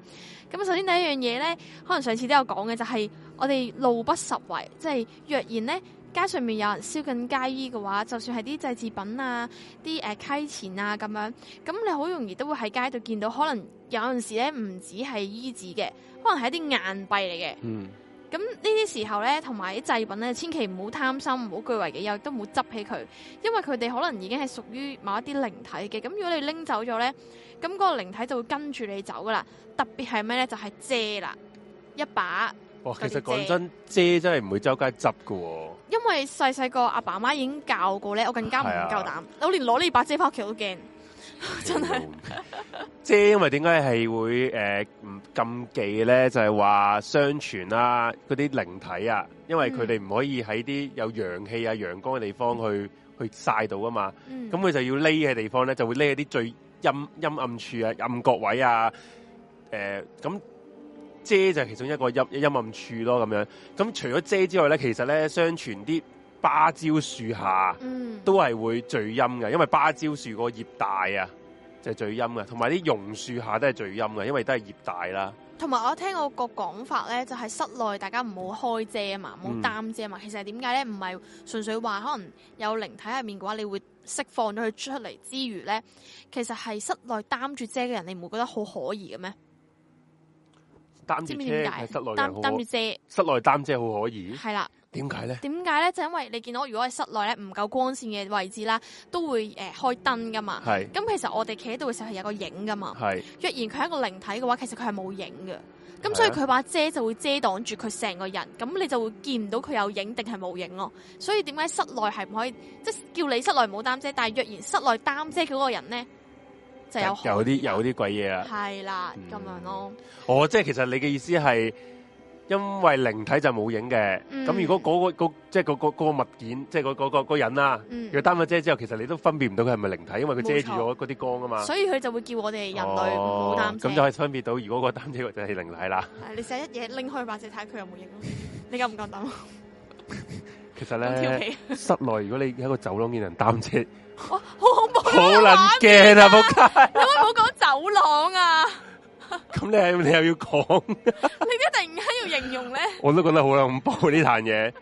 咁、嗯、首先第一樣嘢咧，可能上次都有講嘅，就係我哋路不拾遺，即係若然呢，街上面有人燒緊街衣嘅話，就算係啲祭祀品啊、啲誒溪錢啊咁樣，咁你好容易都會喺街度見到，可能有陣時咧唔止係衣紙嘅，可能係一啲硬幣嚟嘅。嗯。咁呢啲時候咧，同埋啲祭品咧，千祈唔好貪心，唔好據為己有，都唔好執起佢，因為佢哋可能已經係屬於某一啲靈體嘅。咁如果你拎走咗咧，咁個靈體就會跟住你走噶啦。特別係咩咧？就係、是、遮啦，一把。哦，點其實講真，遮真，遮真係唔會周街執噶、哦。因為細細個阿爸媽已經教過咧，我更加唔夠膽。的我連攞呢把遮返屋企都驚。 真係的，遮 因為點解係會誒唔、呃、禁忌咧？就係、是、話相傳啊，嗰啲靈體啊，因為佢哋唔可以喺啲有陽氣啊、陽光嘅地方去去曬到啊嘛。咁佢、嗯、就要匿嘅地方咧，就會匿喺啲最陰陰暗處啊、暗角位啊。誒、呃，咁遮就係其中一個陰陰暗處咯，咁樣。咁除咗遮之外咧，其實咧相傳啲。芭蕉樹下、嗯、都係會聚陰嘅，因為芭蕉樹個葉大啊，就係聚陰嘅。同埋啲榕樹下都係聚陰嘅，因為都係葉大啦。同埋我聽我個講法咧，就係、是、室內大家唔好開遮啊，唔好擔遮啊。其實係點解咧？唔係純粹話可能有靈體入面嘅話，你會釋放咗佢出嚟之餘咧，其實係室內擔住遮嘅人，你唔會覺得好可疑嘅咩？擔住遮，擔擔室內人好可疑。室內擔遮好可疑。係啦。點解咧？點解咧？就因為你見到，如果喺室內咧，唔夠光線嘅位置啦，都會誒、呃、開燈噶嘛。係是。咁、嗯、其實我哋企喺度嘅時候係有個影噶嘛。係是。若然佢係一個靈體嘅話，其實佢係冇影嘅。咁、嗯、的所以佢把遮就會遮擋住佢成個人，咁、嗯、你就會見唔到佢有影定係冇影咯，、啊。所以點解室內係唔可以？即、就、係、是、叫你室內冇擔遮，但係若然室內擔遮嗰個人咧，就有有啲有啲鬼嘢啊。係啦的，咁、嗯、樣咯。哦，即係其實你嘅意思係。因為靈體就冇影嘅，咁如果嗰個即係嗰個物件，即係嗰嗰嗰個人啦，佢擔咗遮之後，其實你都分辨唔到佢係咪靈體，因為佢遮住咗嗰啲光啊嘛。所以佢就會叫我哋人類唔好擔。咁就可以分辨到，如果個擔遮或者係靈體啦。你成一嘢拎開或者睇佢有冇影咯。你敢唔敢擔？其實咧，室內如果你喺個走廊見人擔遮，好恐怖好撚驚啊！唔該，你可唔好講走廊啊？咁你係你又要講？ 你點解突然間要形容咧？我都覺得好恐怖呢壇嘢，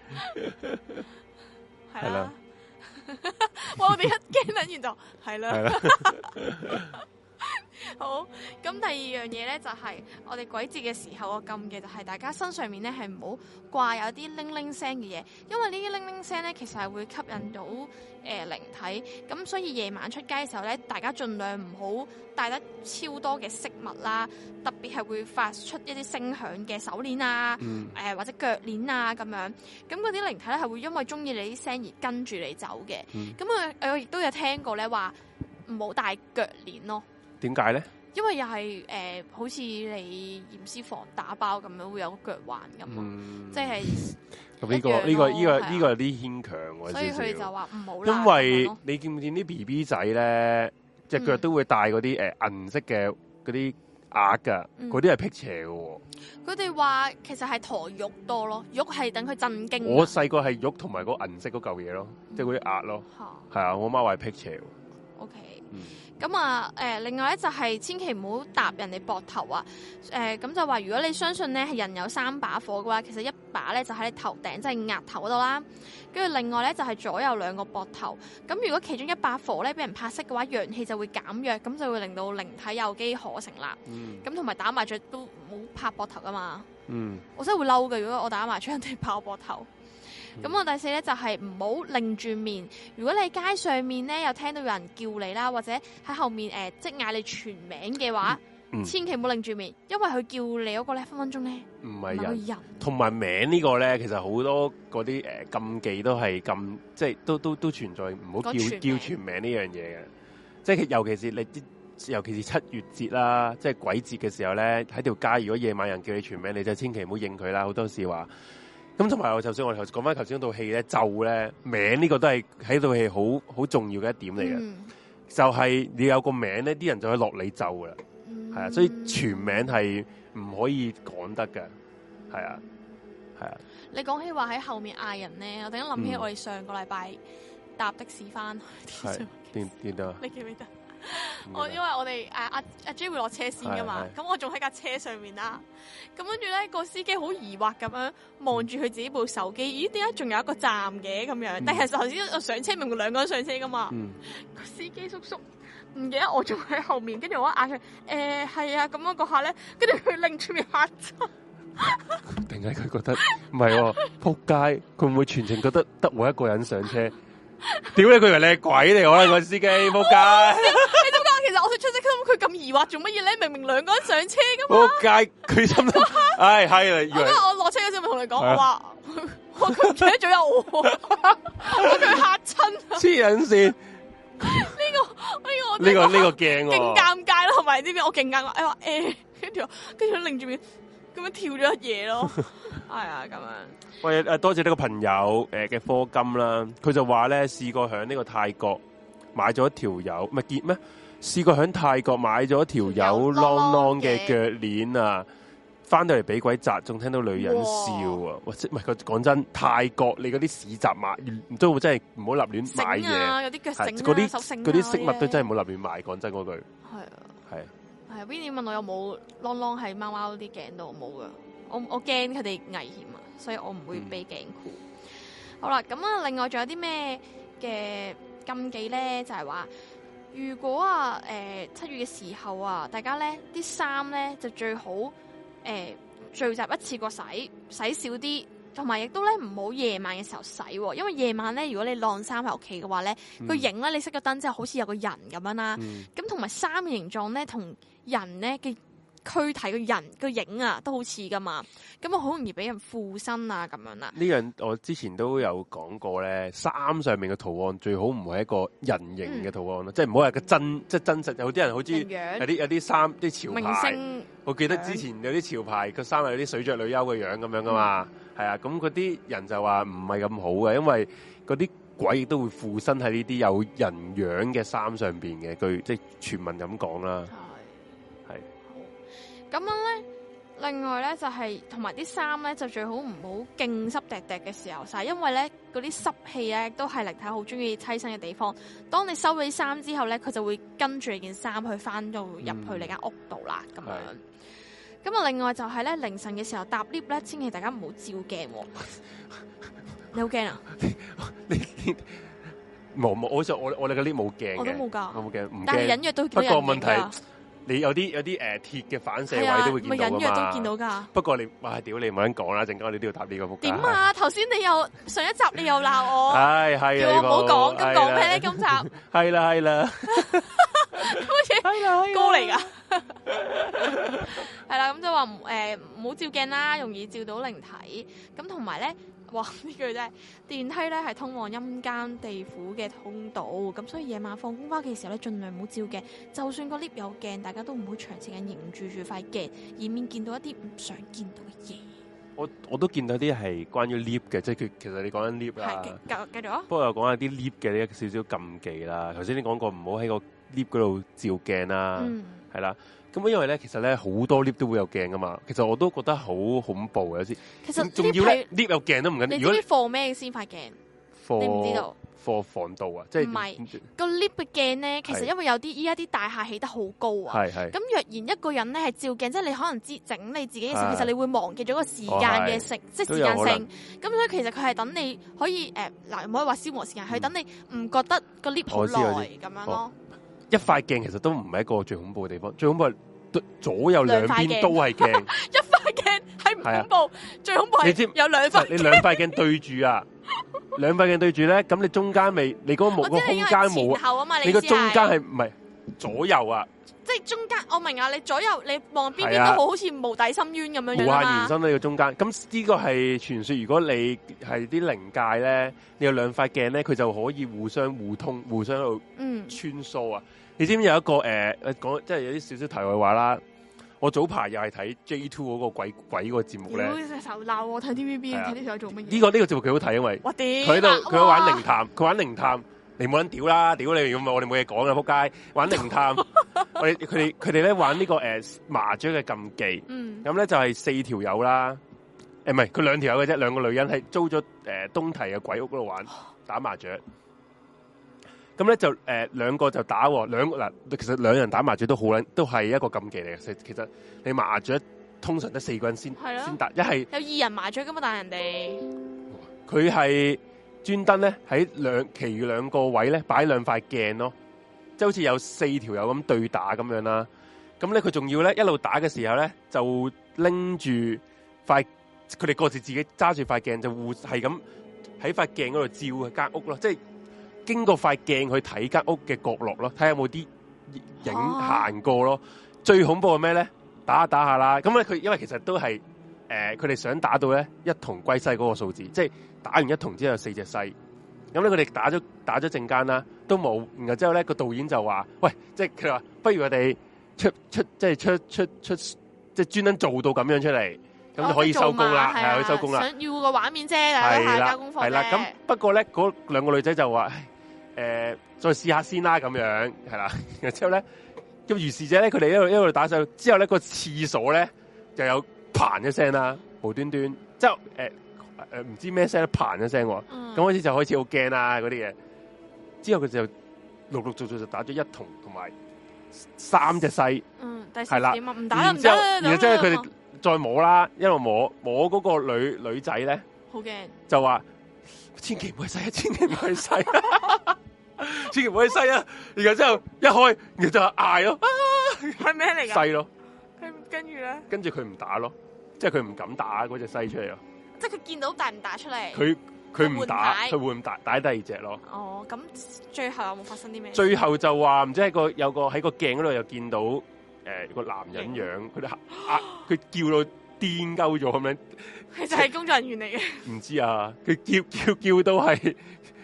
係啦、啊，我哋一驚，跟完就係啦。 好，咁第二樣嘢咧就係、是、我哋鬼節嘅時候，我禁嘅就係大家身上面咧係唔好掛有啲鈴鈴聲嘅嘢，因為這零零聲呢啲鈴鈴聲咧其實係會吸引到誒靈、呃、體，咁所以夜晚上出街嘅時候咧，大家盡量唔好戴得超多嘅飾物啦，特別係會發出一啲聲響嘅手鏈啊，誒、嗯呃、或者腳鏈啊咁樣，咁嗰啲靈體咧係會因為中意你啲聲而跟住你走嘅，咁啊、嗯、我亦都有聽過咧話唔好戴腳鏈咯。點解咧？因為又係誒，好似你驗屍房打包咁樣，會有個腳環咁，即係。咁呢個呢個呢個呢個有啲牽強喎。所以佢哋就話唔好啦。因為你見唔見啲 B B 仔咧，隻腳都會帶嗰啲誒銀色嘅嗰啲鴨噶，嗰啲係辟邪噶。佢哋話其實係陀玉多咯，玉係等佢震驚。我細個係玉同埋個銀色嗰嚿嘢咯，即係嗰啲鴨咯。吓係啊！我媽話係辟邪。O K。咁啊，誒、嗯呃，另外咧就係千祈唔好搭人哋膊頭啊，誒、呃，咁就話如果你相信呢係人有三把火嘅話，其實一把咧就喺你頭頂即係額頭嗰度啦，跟住另外咧就係左右兩個膊頭，咁如果其中一把火咧俾人拍熄嘅話，陽氣就會減弱，咁就會令到靈體有機可乘啦，咁同埋打麻雀都冇拍膊頭噶嘛，嗯、我真係會嬲嘅，如果我打麻雀人哋拍我膊頭。咁、嗯、我第四咧就係唔好擰住面。如果你喺街上面咧又聽到有人叫你啦，或者喺後面誒、呃、即嗌你全名嘅話，嗯嗯、千祈唔好擰住面，因為佢叫你嗰個咧分分鐘咧唔係人，同埋名呢個咧其實好多嗰啲誒禁忌都係咁，即係都都都存在唔好叫叫全名呢樣嘢嘅。即係尤其是你尤其是七月節啦，即係鬼節嘅時候咧，喺條街如果夜晚人叫你全名，你就千祈唔好應佢啦。好多時話。咁同埋，就我頭先我頭講翻頭先套戲咧，咒咧名呢個都係喺套戲好好重要嘅一點嚟嘅，嗯、就係你有個名咧，啲人就可以落你咒噶啦，係啊、嗯，所以全名係唔可以講得噶，係啊，係啊。你講起話喺後面嗌人咧，我突然間諗起我哋上個禮拜搭的士翻，記唔記啊。 的 你記唔記得？我、嗯、因為我哋誒阿阿 J 會落車先噶嘛，咁是的 我仲喺架車上面啦、啊。咁跟住咧，個司機好疑惑咁樣望住佢自己部手機，嗯、咦？點解仲有一個站嘅咁樣？但係頭先我上車，明明兩個都上車噶嘛？個、嗯、司機叔叔唔記得我仲喺後面，跟住我一嗌佢誒，係、欸那個、 啊，咁樣嗰下咧，跟住佢拎出面吓親，定係佢覺得唔係喎？撲街，佢唔會全程覺得得我一個人上車。屌你，佢以為你係鬼嚟。我呢、那個司機仆街。你點講？其實我出車咁佢咁疑惑做乜嘢咧？明明兩個人上車噶嘛。仆街，佢心係係嚟。而家我落車嗰時咪，我同你講，哇，我佢唔記得仲有我，我佢嚇親，黐人線。呢個呢、呢個呢、呢個呢、呢個鏡，哦，我勁尷尬咯，同埋啲咩？我勁尷尬，我話誒，跟住跟住擰住面，咁樣跳咗一嘢咯。 係、哎、啊，咁樣。喂，誒多謝呢個朋友誒嘅科金啦，佢就話咧試過喺呢個泰國買咗一條友，咪結咩？試過喺泰國買咗一條友，啷啷嘅腳鏈啊，翻到嚟俾鬼砸，仲聽到女人笑啊！哇，即唔係佢講真，泰國你嗰啲市集買都真係唔好立亂買嘢、啊。有啲腳嗰啲啲飾物都真係唔好立亂買。講真嗰句。係啊。係、啊。係 Vinny 問我有冇啷啷 n g 喺貓貓啲頸度冇㗎。我我驚佢哋危險啊，所以我唔會背鏡庫。嗯、好啦，咁啊，另外仲有啲咩嘅禁忌咧？就係、是、話，如果啊，誒、呃、七月嘅時候啊，大家咧啲衫咧就最好誒、呃、聚集一次過洗洗少啲，同埋亦都咧唔好夜晚嘅時候洗喎、啊，因為夜晚咧如果你晾衫喺屋企嘅話咧，嗯、個影咧你熄咗燈之後好似有個人咁樣啦、啊。咁同埋衫嘅形狀咧同人咧嘅。的軀體個人個影啊，都好似噶嘛，咁啊好容易俾人附身啊，咁樣啦。呢樣我之前都有講過咧，衫上面嘅圖案最好唔係一個人形嘅圖案咯，嗯、即係唔好係個真，嗯、即係真實有啲人好中意樣有啲有啲衫啲潮牌、明星。我記得之前有啲潮牌個衫係有啲水着女優嘅樣咁、嗯、樣噶嘛，係啊，咁嗰啲人就話唔係咁好嘅，因為嗰啲鬼亦都會附身喺呢啲有人樣嘅衫上邊嘅，據即係傳聞咁講啦。咁樣咧，另外咧就係同埋啲衫咧，就最好唔好勁濕揼揼嘅時候曬，因為咧嗰啲濕氣咧都係靈體好中意棲身嘅地方。當你收起衫之後咧，佢就會跟住你件衫去翻到入、嗯、去你間屋度啦。咁樣。咁啊，另外就係咧，凌晨嘅時候搭 lift 咧，千祈大家唔好照鏡。 你好驚啊！你你冇冇？我想我我哋嘅 lift 冇鏡嘅，我都冇噶，我冇鏡但係隱約都。不過問題。你有啲有啲誒鐵嘅反射位都會隱約都見到噶嘛？不過你哇，屌你唔好講啦！陣間我哋都要答呢個幅。點啊？頭先你又上一集你又鬧我，係係啊！叫我唔好講，咁講咩咧？今集係啦係啦，乜嘢歌嚟噶？係啦，咁就話誒，唔好照鏡啦，容易照到靈體。咁同埋咧。哇！呢句啫，係，電梯咧係通往陰間地府嘅通道，咁所以夜晚放工翻嘅時候咧，儘量唔好照鏡。就算個 lift 有鏡，大家都唔好長時間凝住住塊鏡，以免見到一啲唔想見到嘅嘢。我我都見到啲係關於 lift 嘅，即係佢其實你講緊 lift 啦。係，繼續，繼續啊！不過又講下啲 lift 嘅呢一少少禁忌啦。頭先你講過唔好喺個 lift 嗰度照鏡啦，係、嗯、啦。咁因為咧，其實咧好多 lift 都會有鏡噶嘛。其實我都覺得好恐怖有啲。其實仲要 lift 有鏡都唔緊要。你知放咩先發鏡？你唔知道？放防盜啊，即係唔係個 lift 嘅鏡咧？其實因為有啲依家啲大廈起得好高啊。咁若然一個人咧係照鏡，即係你可能知整理你自己嘅時候，其實你會忘記咗個時間嘅性，即係時間性。咁所以其實佢係等你可以誒，嗱唔可以話消磨時間，去等你唔覺得個 lift 好耐咁樣咯。一塊鏡其實都唔係一個最恐怖嘅地方，最恐怖係對左右兩邊都係鏡，塊鏡 一塊鏡係唔恐怖，是啊，最恐怖係你知有兩塊，你兩塊鏡對住啊，兩塊鏡對住咧，咁你中間咪你嗰個無個空間無啊，你個中間係唔係左右啊？即係中間，我明啊！你左右，你望邊邊都好、啊、好似無底深淵咁樣樣下延伸呢個中間，咁呢個係傳說。如果你係啲靈界咧，你有兩塊鏡咧，佢就可以互相互通，互相喺度穿梭啊！嗯、你知唔知有一個誒，講、呃、即係有啲少少題外話啦？我早排又係睇 J2 嗰個鬼鬼嗰個節、這個、目咧，嘈鬧我睇 TVB，睇啲友做乜嘢？呢個呢個節目幾好睇，因為我屌佢喺度，佢玩靈探，佢玩靈探，你冇諗屌啦，屌你！我我哋冇嘢講啦，撲街玩靈探。 佢佢哋佢哋咧玩呢、這個誒、呃、麻雀嘅禁忌，咁咧、嗯嗯、就係、是、四條友啦，誒唔係佢兩條友嘅啫，兩個女人係租咗誒東堤嘅鬼屋嗰度玩打麻雀，咁咧就誒、呃、兩個就打，兩個嗱、呃、其實兩人打麻雀都好捻，都係一個禁忌嚟嘅。其實你麻雀通常得四個人先先、啊、打，一係有二人麻雀噶嘛，但係人哋佢係專登咧喺兩其餘兩個位咧擺兩塊鏡咯、哦。即係好似有四條友咁對打咁樣啦，咁咧佢仲要咧一路打嘅時候咧，就拎住塊佢哋各自自己揸住塊鏡就護係咁喺塊鏡嗰度照啊間屋咯，即係經過塊鏡去睇間屋嘅角落咯，睇下有冇啲影行過咯。啊、最恐怖係咩咧？打下打下啦，咁咧佢因為其實都係誒，佢哋想打到咧一同歸西嗰個數字，即係打完一同之後四隻西。咁咧，佢哋打咗打咗陣間啦，都冇。然後之後咧，個導演就話，喂，即係佢話，不如我哋出出即係出出出即係專登做到咁樣出嚟，咁就可以收工啦，係可以收工啦。想要個畫面啫，係啦，係啦。咁不過咧，嗰兩個女仔就話，誒、呃，再試下先啦，咁樣係啦。然後、啊、之後咧，咁如是者咧，佢哋一路一路打上，之後咧、個廁所咧就有嘭一聲啦，無端端。之後、呃誒，唔、呃、知咩聲，一嘭一聲，咁、嗯、開始就開始好驚啦，嗰啲嘢。之後佢就陸陸續續就打咗一筒，同埋三隻西。嗯，第四點唔打然之後，然之後佢哋再摸啦，一路摸摸嗰個女女仔咧。好驚。就話千祈唔好西啊，千祈唔好西， 千祈唔好西啊！然後之後一開，佢就嗌咯、啊，係咩嚟嘅？西咯、啊。跟呢跟住咧？跟住佢唔打咯，即係佢唔敢打嗰隻西出嚟咯。即係佢見到打唔打出嚟，佢佢唔打，佢會帶打打，打第二隻咯。哦，咁最後有冇發生啲咩？最後就話唔知係個有個喺個鏡嗰度又見到誒、呃、個男人樣，樣，佢哋啊，佢叫到癲鳩咗咁樣。其實係工作人員嚟嘅，唔知啊，佢叫叫叫，叫到係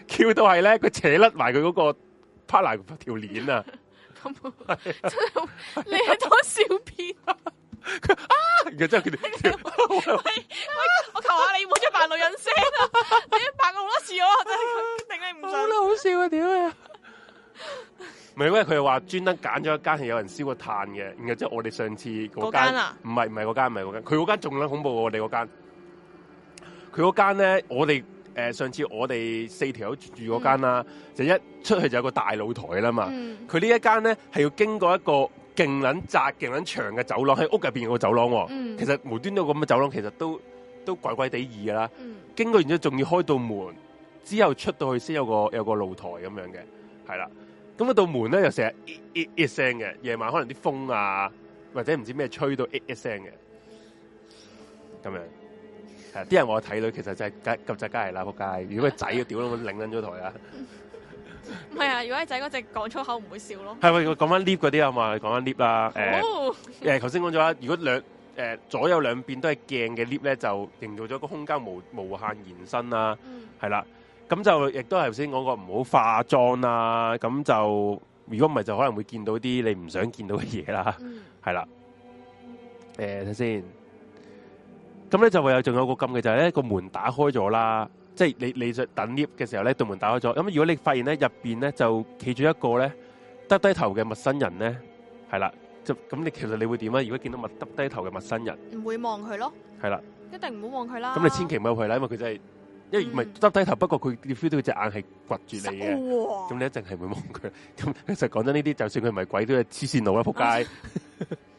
叫到係咧，佢扯甩埋佢嗰個 partner 條鏈啊 有。咁， 你係多笑片？啊？」啊！佢哋，我我求下你唔好再扮女人聲啊，你扮過好多次我真係頂你唔順！好笑啊！屌你啊！唔係因為佢係話專登揀咗一間係有人燒過炭嘅，然後即係我哋上次嗰間啊，唔係唔係嗰間唔係嗰間，佢嗰間仲捻恐怖過我哋嗰間。佢嗰間咧，我哋誒上次我哋四條友住嗰間啦，就一出去就有個大露台啦嘛。佢呢一間咧係要經過一個。勁捻窄、勁捻長嘅走廊喺屋入邊個走廊、哦，嗯、其實無端都咁嘅走廊，其實都都鬼鬼地異噶啦。嗯、經過完咗，仲要開到門之後出到去先有個有個露台咁樣嘅，係啦。咁嗰道門咧又成日啲啲聲嘅，夜晚可能啲風啊或者唔知咩吹到啲啲聲嘅，咁樣係。啲人我睇到，其實就係急夾街嚟啦仆街，如果仔嘅屌啦，擰捻咗台啊！ 唔係 啊，如果仔嗰隻講粗口唔會笑咯，是、啊。係咪？我講翻 lift 嗰啲啊嘛，講翻 lift 啦。哦好。誒、呃，頭先講咗啦，如果兩誒、呃、左右兩邊都係鏡嘅 lift 咧，就營造咗個空間無無限延伸啦。嗯。係啦，咁就亦都係頭先講過，唔好化妝啦。咁就如果唔係，就可能會見到啲你唔想見到嘅嘢啦。嗯。係啦。誒、呃，睇先。咁咧就唯有仲有個咁嘅就係、是、咧個門打開咗啦。即係你你等 lift 嘅時候咧，對門打開咗。咁、嗯、如果你發現咧入邊咧就企住一個咧耷低，低頭嘅陌生人咧，係啦，就咁你其實你會點啊？如果見到陌耷低，低頭嘅陌生人，唔會望佢咯。係了啦，一定唔好望佢啦。咁你千祈唔好去啦，因為佢真係因為唔係耷低頭，不過佢 feel 到隻眼係掘住你嘅。咁話你一定係唔會望佢。咁其實講真這些，呢啲就算佢唔係鬼都係黐線佬啦，仆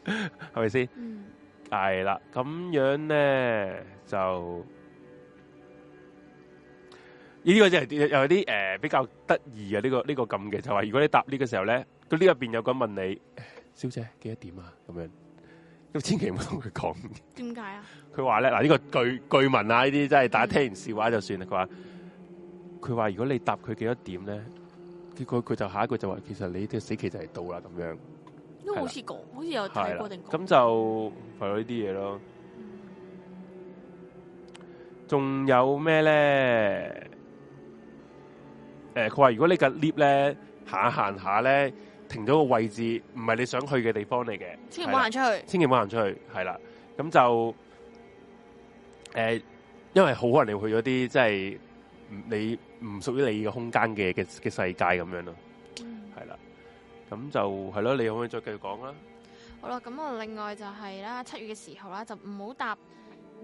街係咪先？ 吧嗯，係啦，咁樣咧就。呢個就係又啲誒比較得意嘅呢個呢、這個咁嘅、這個，就話、是、如果你答呢個時候咧，佢呢入邊有咁問你，小姐幾多點啊？咁樣，都千祈唔好同佢講。點解啊？佢話咧嗱、呢、這個據據聞啊，呢啲真係大家聽完笑話就算啦。佢話佢話如果你答佢幾多點咧，結果佢就下一句就話，其實你嘅、這個、死期就係到啦咁樣。都好似講，了好似有睇過定咁了就係咯呢啲嘢咯。仲、嗯、有咩咧？誒，佢話、呃、如果你嘅 lift 咧行行下咧，停咗個位置，唔係你想去嘅地方嚟嘅，千祈唔好行出去，千祈唔好行出去，係啦，咁就誒，因為好可能你去咗啲即係，你唔屬於你嘅空間嘅嘅嘅世界咁樣咯，係啦、嗯，咁就係咯，你可唔可以再繼續講啦？好啦，咁我另外就係、是、啦，七月嘅時候啦，就唔好搭。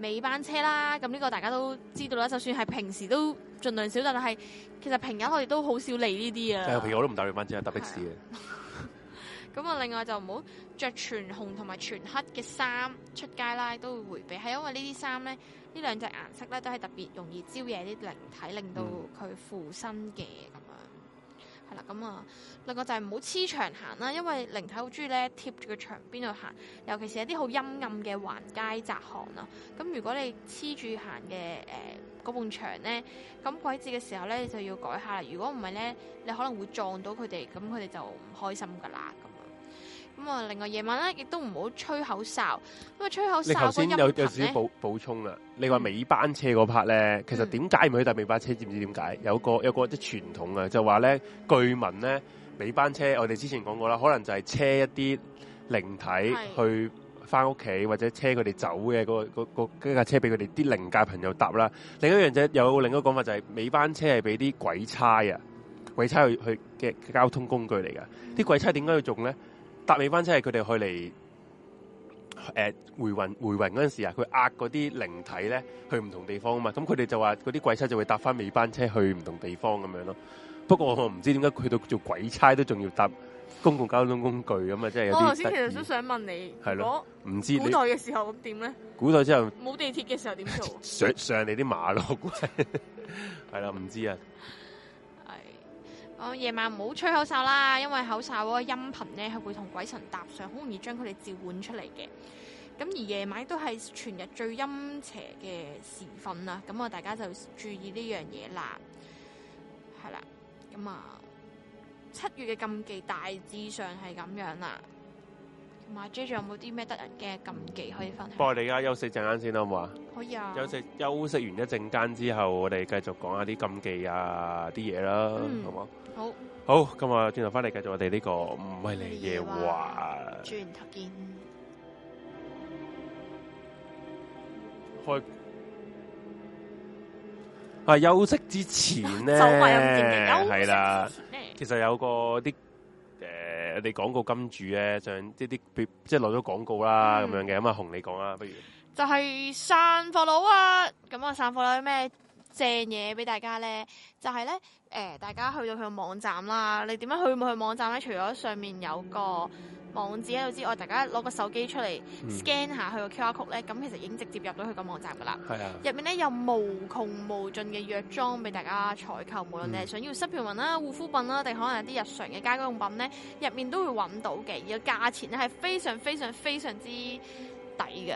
尾班車啦，咁呢個大家都知道啦。就算係平時都盡量少，但係其實平日我哋都好少理呢啲啊。誒，平日我都唔搭尾班車，搭的士嘅。咁啊是， 另外就唔好着全紅同埋全黑嘅衫出街啦，都會回避，係因為呢啲衫咧，呢兩隻顏色咧都係特別容易招惹啲靈體，令到佢附身嘅。嗯係啦，咁啊、嗯，另一個就係唔好黐牆行啦，因為靈體好中意咧貼住個牆邊度行，尤其是有啲好陰暗嘅橫街窄巷啊。咁如果你黐住行嘅誒嗰埲牆咧，咁鬼節嘅時候咧，就要改一下。如果唔係咧，你可能會撞到佢哋，咁佢哋就唔開心噶啦。咁啊！另外夜晚咧，亦都唔好吹口哨。咁啊，吹口哨，你剛才音頻咧。你頭先有有少少補補充啦。你話尾班車嗰 part 咧，嗯、其實點解唔去搭尾班車？知唔知點解？有個有個啲傳統啊，就話咧，據聞咧尾班車，我哋之前講過啦，可能就係車一啲靈體去翻屋企，或者、嗰個、車佢哋走嘅嗰個個架車俾佢哋啲靈界朋友搭啦。另一樣就有另一個講法，就係，就係尾班車係俾啲鬼差啊，鬼差去去嘅交通工具嚟噶。啲鬼差點解要做咧？搭尾班車係佢哋去嚟，誒、呃、回魂回魂嗰陣時啊，佢壓嗰啲靈體咧去唔同地方啊嘛，咁佢哋就話嗰啲鬼差就會搭翻尾班車去唔同地方咁樣咯。不過我唔知點解去到做鬼差都仲要搭公共交通工具咁啊，真係有啲得意。即係我頭先其實都想問你，係咯，唔知古代嘅時候咁點咧？古代之後冇地鐵嘅時候點做？ 上上人哋啲馬 咯，估計係啦，唔知啊。夜、哦、晚唔好吹口哨啦，因為口哨個音頻呢係會同鬼神搭上，好容易將佢哋召喚出嚟嘅。咁而夜晚都係全日最陰邪嘅時分啦，咁啊大家就注意呢樣嘢啦。係啦，咁啊七月嘅禁忌大致上係咁樣啦。同埋 j 仲有冇啲咩得人嘅禁忌可以分享？不過你而家休息一陣間先啦，好唔好啊？可以啊。休息休息完一陣間之後，我哋繼續講下啲禁忌啊啲嘢啦，些東西 mm. 好唔嗎好？好。好，咁我轉頭翻嚟繼續我哋呢個唔係你嘅嘢話。轉頭見。開。啊，休息之前呢，係啦， 其實有個啲。你廣告金主咧，即係啲，即係落咗廣告啦咁、嗯、樣嘅，咁啊，紅你講啦，不如就係散貨佬啊，咁啊，散貨佬咧咩？正嘢俾大家咧，就係咧，呃，大家去到佢個網站啦，你點樣去冇去網站咧？除咗上面有個網址喺度之外，大家攞個手機出嚟 scan 下佢個 QR code 咧，咁其實已經直接入到佢個網站噶啦。係啊，入面咧有無窮無盡嘅藥妝俾大家採購，無論你係想要濕皮文啦、啊、護膚品啦、啊，定可能有啲日常嘅家居用品咧，入面都會揾到嘅。而個價錢咧係非常非常非常之～抵嘅，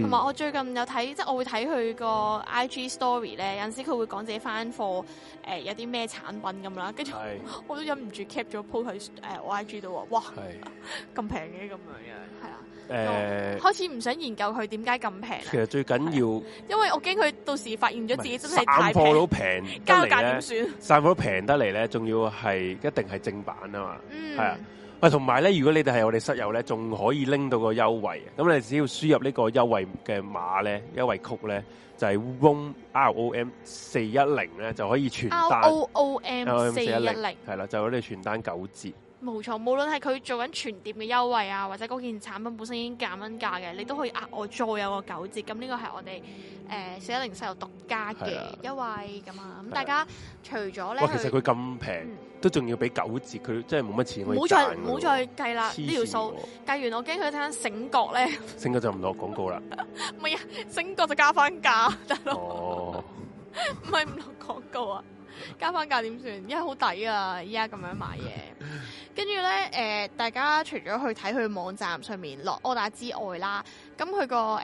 同埋、嗯、我最近有睇，即係我會睇佢個 IG Story 咧，有陣時佢會講自己翻貨，誒、呃，有啲咩產品咁啦，跟住我，是我都忍唔住 keep 咗 post 佢誒我 IG 度啊，哇，咁平嘅咁樣嘅，係啊。」誒、啊，呃、開始唔想研究佢點解咁平。其實最緊要、啊，因為我驚佢到時發現咗自己真係太平。散貨都平，加價點算？散貨都平得嚟咧，仲要係一定係正版啊嘛，係、嗯、啊。喂，同埋咧，如果你哋係我哋室友咧，仲可以拎到個優惠，咁你只要輸入個優呢個優惠嘅碼咧，優惠曲咧就係、是、ROM R, OM, R O M 四一零咧，就可以傳單 R O O M 四一零係啦，就可以傳單九折。冇錯，無論係佢做緊全店嘅優惠啊，或者嗰件產品本身已經減蚊價嘅，你都可以額外再有個九折，咁呢個係我哋誒小靈犀獨家嘅。是啊、因為咁是啊，咁大家除咗咧，其實佢咁平都仲要俾九折，佢真係冇乜錢可以賺。唔好再唔好再計啦，呢條數計完，我驚佢睇下醒覺咧，醒覺就唔落廣告啦。唔係啊，醒覺就加翻價大佬，唔係唔落廣告啊。加翻價點算？因為好抵啊，依家咁樣買嘢。跟住咧，誒、呃，大家除咗去睇佢網站上面落 order 之外啦，咁佢個誒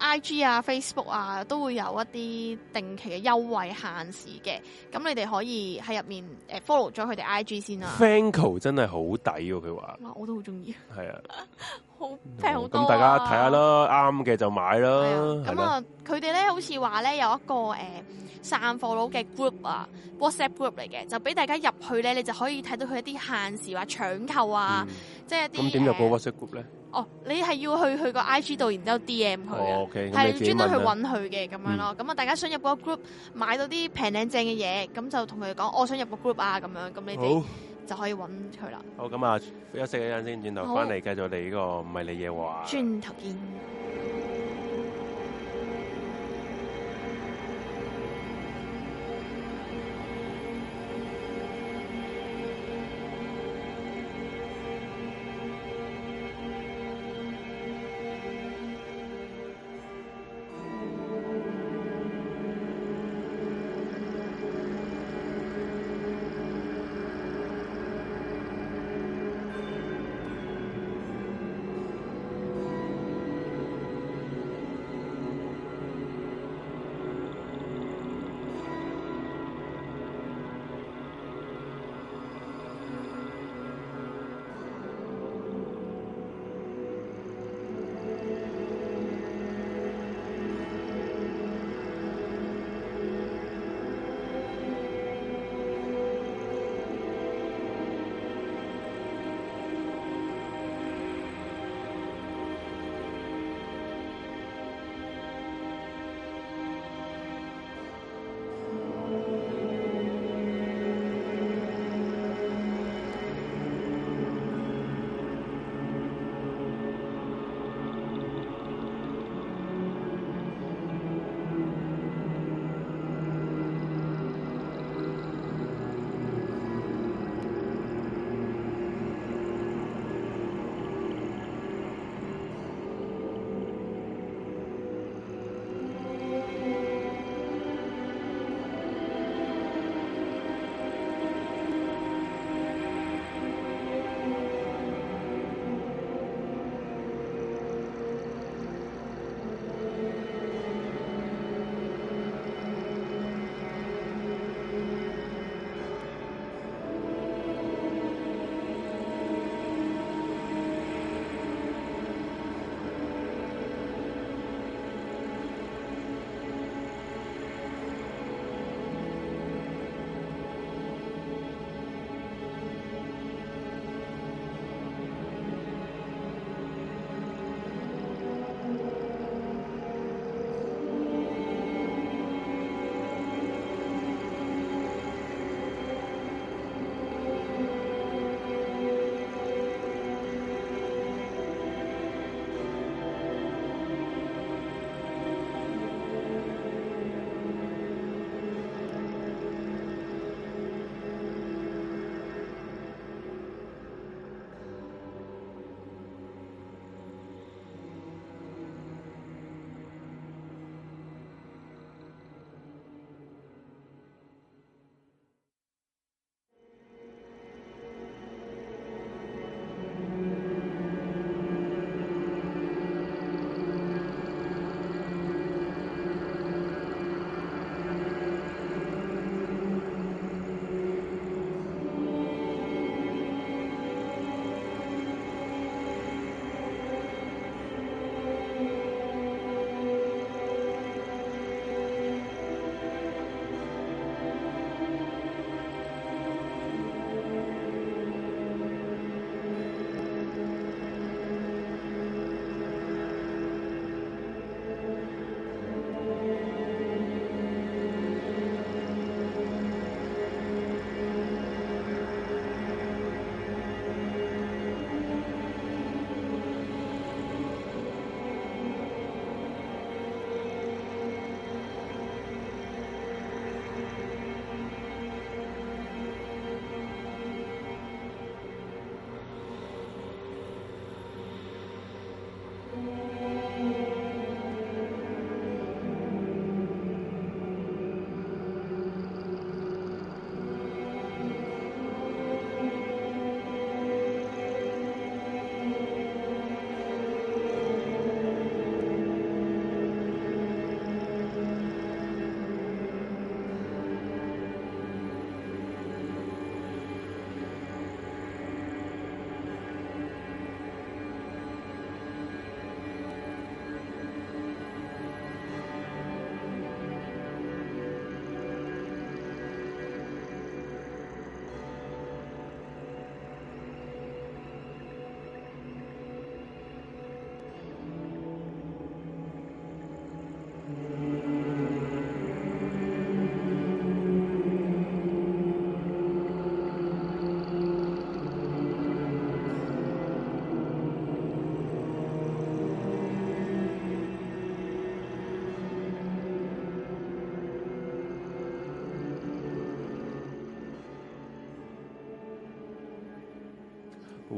IG 啊、Facebook 啊，都會有一啲定期嘅優惠，限時嘅。咁你哋可以喺入面誒、呃、follow 咗佢哋 IG 先啦。Fanco 真係好抵，佢話。哇，我都好中意。係啊。 好平好多啊，咁大家睇下咯，啱嘅就買啦。咁啊，佢哋咧好似話咧有一個誒散貨佬嘅 group 啊，WhatsApp group 嚟嘅，就俾大家入去咧，你就可以睇到佢一啲限時話搶購啊，即係一啲咁點入個 WhatsApp group 咧？哦，你係要去佢個 IG 度，然之後 DM 佢，係要專登去搵佢嘅咁樣咯。咁啊，大家想入個 group 買到啲平靚正嘅嘢，咁就同佢哋講，我想入個 group 啊，咁樣咁你哋。就可以揾佢啦。好，咁啊休息一陣先，轉頭翻嚟繼續嚟呢個迷你夜話。轉頭見。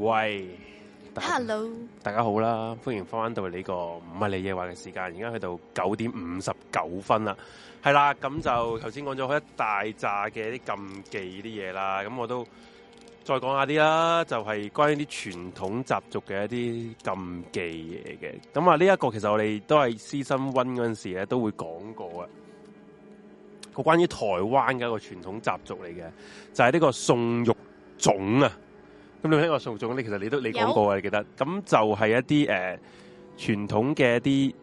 喂，Hello，大家好啦，歡迎翻到嚟呢、這個唔係你嘢話嘅時間，而家去到九點五十九分啦，係啦，咁就頭先講咗好一大扎嘅一啲禁忌啲嘢啦，咁我都再講下啲啦，就係、是、關於啲傳統習俗嘅一啲禁忌嘢嘅，咁啊呢一個其實我哋都係 Season 1嗰陣時咧都會講過啊，個關於台灣嘅一個傳統習俗嚟嘅，就係、是、呢個送肉粽啊。咁你聽個宋總咧，其實你都你講過啊，你記得。咁就係一啲誒、呃、傳統嘅一啲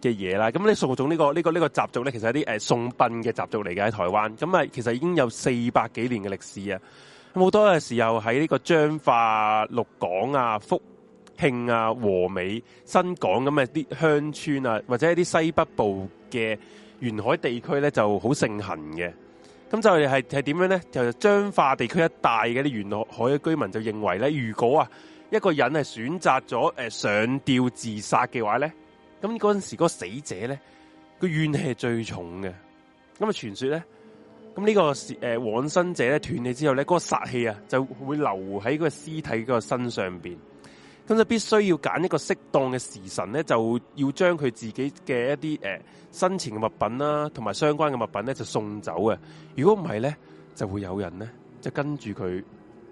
嘅嘢啦。咁你宋總呢個呢、呢個呢、呢個習俗咧，其實係啲誒送殯嘅習俗嚟嘅喺台灣。咁啊，其實已經有四百幾年嘅歷史啊。好多嘅時候喺呢個彰化、鹿港啊、福興啊、和美、新港咁嘅啲鄉村啊，或者一啲西北部嘅沿海地區咧，就好盛行嘅。咁就係係係點樣咧？就彰化地區一帶嘅啲沿海嘅居民就認為咧，如果啊一個人係選擇咗誒上吊自殺嘅話咧，咁嗰陣時嗰個死者咧，個怨氣係最重嘅。咁啊傳說咧，咁呢個誒往生者咧斷氣之後咧，嗰個煞氣啊就會留喺嗰個屍體嗰個身上邊。咁就必須要揀一個適當嘅時辰咧，就要將佢自己嘅一啲誒生前嘅物品啦、啊，同埋相關嘅物品咧，就送走嘅。如果唔係咧，就會有人咧就跟住佢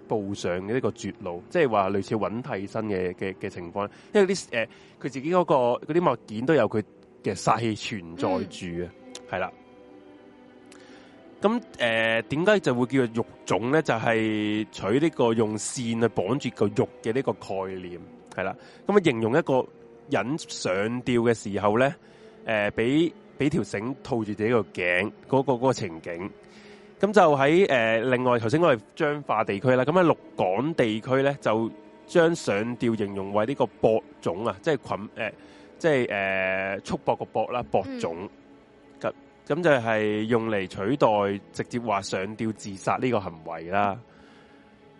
步上呢一個絕路，即係話類似揾替身嘅嘅嘅情況。因為啲誒佢自己嗰、那個嗰啲物件都有佢嘅煞氣存在住嘅，係啦、嗯。咁誒點解就會叫做肉粽咧？就係、是、取呢個用線啊綁住個肉嘅呢個概念係啦。咁啊形容一個人上吊嘅時候咧，誒俾俾條繩套住自己個頸、那個頸嗰、那個嗰、那個情景。咁就喺誒、呃、另外頭先我係彰化地區啦。咁喺鹿港地區咧，就將上吊形容為呢個博粽啊、呃，即係捆即係誒束搏個搏啦，博、呃、粽嗯。咁就係用嚟取代直接話上吊自殺呢個行為啦。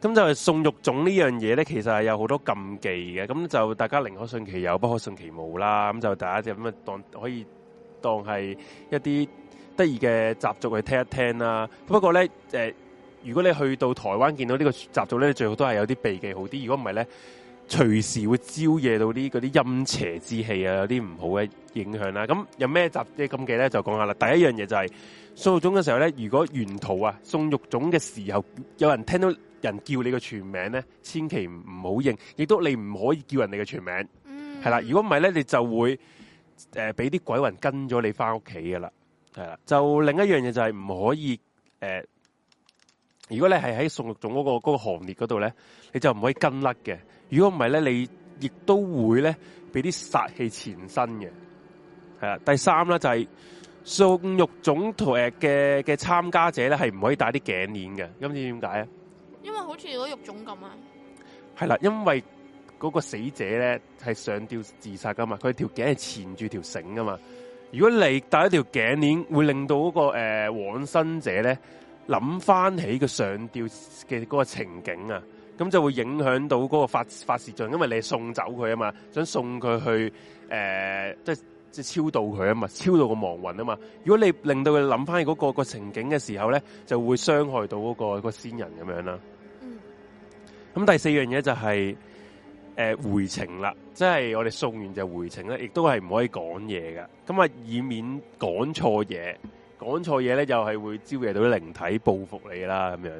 咁就係送肉粽呢樣嘢咧，其實係有好多禁忌嘅。咁就大家寧可信其有，不可信其無啦。咁就大家就咁樣，當可以當係一啲得意嘅習俗去聽一聽啦。不過咧，呃，如果你去到台灣見到呢個習俗咧，最好都係有啲避忌好啲。如果唔係咧，隨時會招惹到啲嗰啲陰邪之氣啊，有啲唔好嘅影響啦、啊。咁有咩集嘅禁忌咧？就講下啦。第一樣嘢就係、是、送肉種嘅時候咧，如果沿途啊送肉種嘅時候，有人聽到人叫你嘅全名咧，千祈唔好應，亦都你唔可以叫人哋嘅全名，係啦、嗯。如果唔係咧，你就會誒俾啲鬼魂跟咗你翻屋企㗎啦。係啦，就另一樣嘢就係、是、唔可以誒、呃。如果你係喺送肉種嗰、那個嗰、那個行列嗰度咧，你就唔可以跟甩嘅。如果唔係咧，你亦都會咧俾啲殺氣纏身嘅。係啦，第三啦就係上獄總台嘅嘅參加者咧，係唔可以戴啲頸鏈嘅。咁點解啊？因為好似嗰獄總咁啊。係啦，因為嗰個死者咧係上吊自殺噶嘛，佢條頸係纏住條繩噶嘛。如果你戴一條頸鏈，會令到嗰、那個誒、呃、往生者咧諗翻起個上吊嘅嗰個情景啊。咁就會影響到嗰個法法事進，因為你送走佢啊嘛，想送佢去誒、呃，即係超度佢啊嘛，超度個亡魂啊嘛。如果你令到佢諗翻嗰個、這個情景嘅時候咧，就會傷害到嗰、那個、這個先人咁樣啦。咁、嗯、第四樣嘢就係、是、誒、呃、回程啦，即、就、係、是、我哋送完就回程啦，亦都係唔可以講嘢㗎。咁啊以免講錯嘢，講錯嘢咧又係會招惹到啲靈體報復你啦咁樣。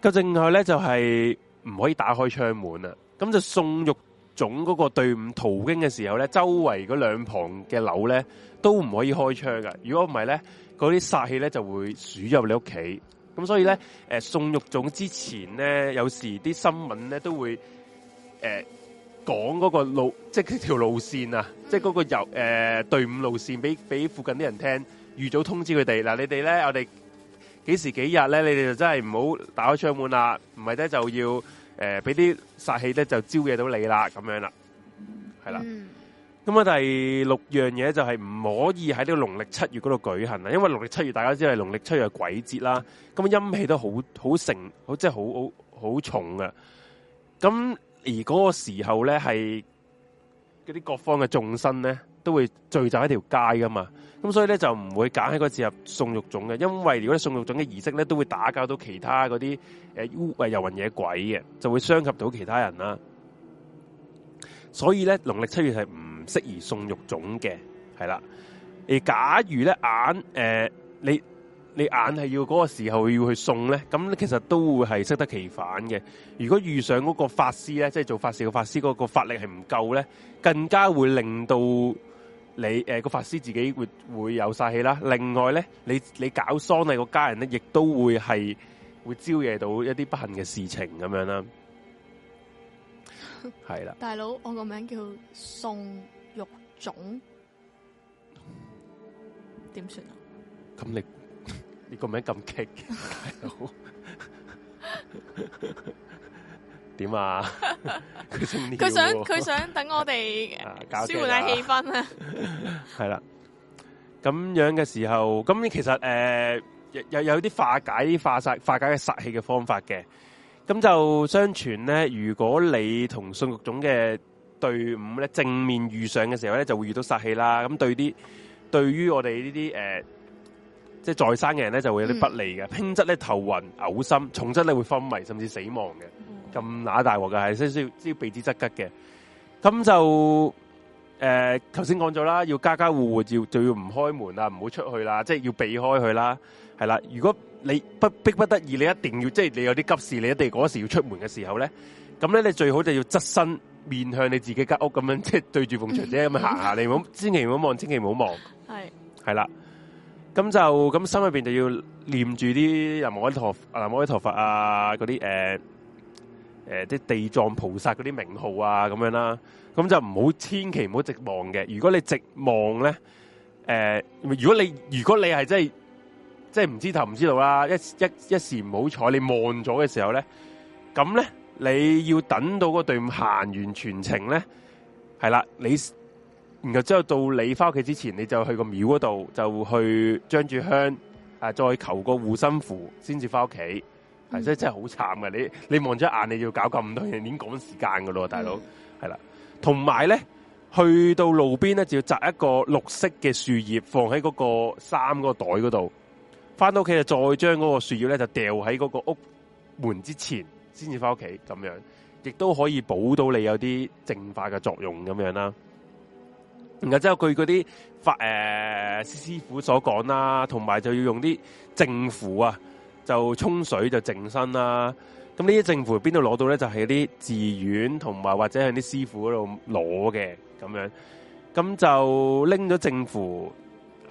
咁另外咧就係、是、唔可以打開窗門啊，咁就送玉種嗰個隊伍途經嘅時候咧，周圍嗰兩旁嘅樓咧都唔可以開窗噶。如果唔係咧，嗰啲殺氣咧就會鼠入你屋企。咁所以咧，誒、呃、送玉種之前咧，有時啲新聞咧都會誒講嗰個路，即係條路線啊，即係嗰個由誒隊伍路線俾俾附近啲人聽，預早通知佢哋。嗱，你哋咧，我哋。幾時幾日咧？你哋就真係唔好打開窗門啦，唔係咧就要誒俾啲煞氣咧就招惹到你啦，咁樣啦，係啦。咁啊，第六樣嘢就係唔可以喺呢個農曆七月嗰度舉行啊，因為農曆七月，大家知係農曆七月嘅鬼節啦，咁陰氣都好好盛，好，即係好好好重㗎。咁而嗰個時候咧係嗰啲各方嘅眾生咧都會聚集喺條街噶嘛。咁所以咧就唔會揀喺個時候送肉粽嘅，因為如果送肉粽嘅儀式咧都會打攪到其他嗰啲誒烏誒遊魂野鬼嘅，就會傷及到其他人啦。所以咧農曆七月係唔適宜送肉粽嘅，係啦。而、呃、假如咧眼誒、呃、你你眼係要嗰個時候要去送咧，咁其實都會係適得其反嘅。如果遇上嗰個法師咧，即、就、係、是、做法事嘅法師，嗰、那個法力係唔夠咧，更加會令到。你誒個、呃、法師自己會會有煞氣啦，另外咧，你你搞喪禮個家人咧，亦都會係會招惹到一啲不幸嘅事情咁樣啦，係 啦。大佬，我個名叫宋玉總，點算啊？咁你你個名咁激，大佬。點啊！佢 想佢想等我哋舒緩下氣氛啊 係啦，咁樣嘅時候，咁其實誒、呃、有有有啲化解化煞，化解化解嘅煞氣嘅方法嘅。咁就相傳咧，如果你同信局總嘅隊伍咧正面遇上嘅時候咧，就會遇到煞氣啦。咁對啲對於我哋呢啲誒。呃即係在生嘅人咧，就會有啲不利嘅。輕則咧頭暈嘔心，重則咧會昏迷甚至死亡嘅。咁乸大鑊嘅係，先要需要避之則吉嘅。咁就誒，頭先講咗啦，要家家戶戶要就要唔開門啊，唔好出去啦，即係要避開佢啦。係啦，如果你不逼不得已，你一定要即係你有啲急事，你一定嗰時要出門嘅時候咧，咁咧你最好就要側身面向你自己間屋咁樣，即係對住鳳牆姐咁樣行下。你唔好千祈唔好望，嗯、千祈唔好望。係係啦。咁就咁心入邊就要念住啲南無阿彌陀南無阿彌陀佛啊，嗰啲誒誒啲地藏菩薩嗰啲名號啊，咁樣啦。咁就唔好千祈唔好直望嘅。如果你直望咧，誒、呃，如果你如果你係真係，即係唔知頭唔知道啦，一一一時唔好彩，你望咗嘅時候咧，咁咧你要等到嗰隊伍行完全程咧，係啦，你。然後之後到你翻屋企之前，你就去個廟嗰度就去將住香啊，再求個護身符先至翻屋企，係、嗯、真係好慘呀。你你望咗眼，你要搞咁多嘢，你點趕時間㗎咯，大佬係啦。同埋咧，去到路邊咧，就要摘一個綠色嘅樹葉，放喺嗰個衫嗰個袋嗰度。翻到屋企就再將嗰個樹葉咧就掉喺嗰個屋門之前，先至翻屋企咁樣，亦都可以保到你有啲淨化嘅作用咁樣啦。然後之後，據嗰啲法誒師傅所講啦，同埋就要用啲淨符啊，就沖水就淨身啦、啊。咁呢啲淨符邊度攞到咧？就喺、是、啲寺院同埋或者係啲師傅嗰度攞嘅咁樣。咁就拎咗淨符，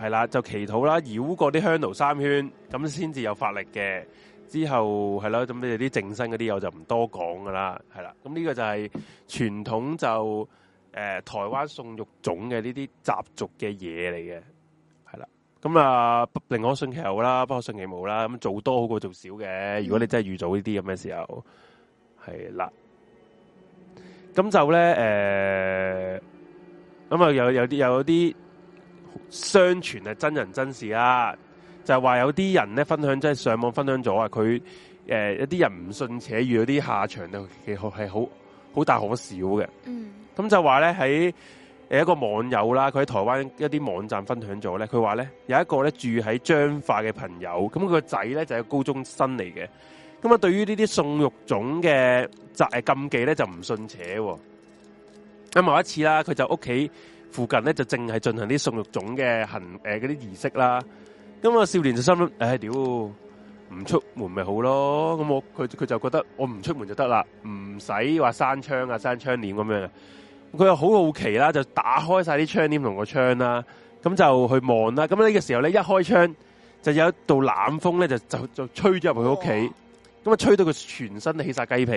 係啦，就祈禱啦，繞過啲香爐三圈，咁先至有法力嘅。之後係啦，咁你哋啲淨身嗰啲我就唔多講噶啦，係啦。咁呢個就係傳統就。誒、呃，台灣送肉粽嘅呢啲習俗嘅嘢嚟嘅，係啦。咁啊，寧可信其有啦，不可信其冇啦。咁做多好過做少嘅。如果你真係遇到呢啲咁嘅時候，係啦。咁就咧，誒、呃，咁啊，有有啲有啲相傳係真人真事啦，就係話有啲人咧分享，即係上網分享咗啊。佢誒有啲人唔信，且遇到啲下場就其實，係好好大可少嘅，嗯。咁就話咧，喺一個網友啦，佢喺台灣一啲網站分享咗咧，佢話咧有一個咧住喺彰化嘅朋友，咁佢、就是、個仔咧就係高中生嚟嘅。咁啊，對於呢啲送肉種嘅誒禁忌咧就唔信邪。咁有一次啦，佢就屋企附近咧就淨係進行啲送肉種嘅行嗰啲、呃、儀式啦。咁啊，少年就心諗誒屌，唔、哎、出門咪好咯。咁我佢佢就覺得我唔出門就得啦，唔使話閂窗啊，閂窗簾咁樣。佢又好好奇啦，就打開晒啲窗簾同個窗啦，咁就去望啦。咁呢個時候咧，一開窗就有一道冷風咧，就就就吹咗入佢屋企，咁啊、哦、吹到佢全身起晒雞皮。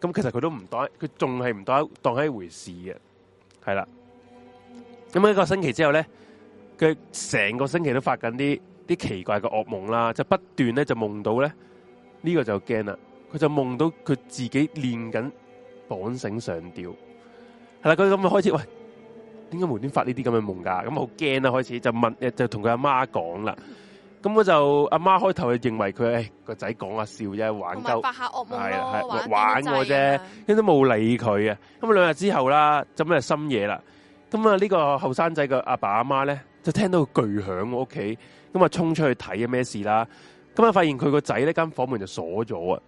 咁其實佢都唔當，佢仲係唔當當係一回事嘅。係啦，咁一個星期之後咧，佢成個星期都發緊啲啲奇怪嘅噩夢啦，就不斷咧就夢到咧呢、呢個就驚啦。佢就夢到佢自己練緊綁繩上吊。係啦，佢咁啊，開始喂，點解無端發呢啲咁嘅夢噶咁好驚啊！開始就問，就同佢阿媽講啦。咁我就阿媽開頭就認為佢，唉，個仔講下笑啫，玩夠，發下惡夢，係玩個啫，都冇理佢啊。咁啊兩日之後啦，就咁啊深夜啦。咁啊呢個後生仔嘅阿爸阿媽咧，就聽到佢巨響我屋企，咁啊衝出去睇啊咩事啦。咁啊發現佢個仔呢間房門就鎖咗啊。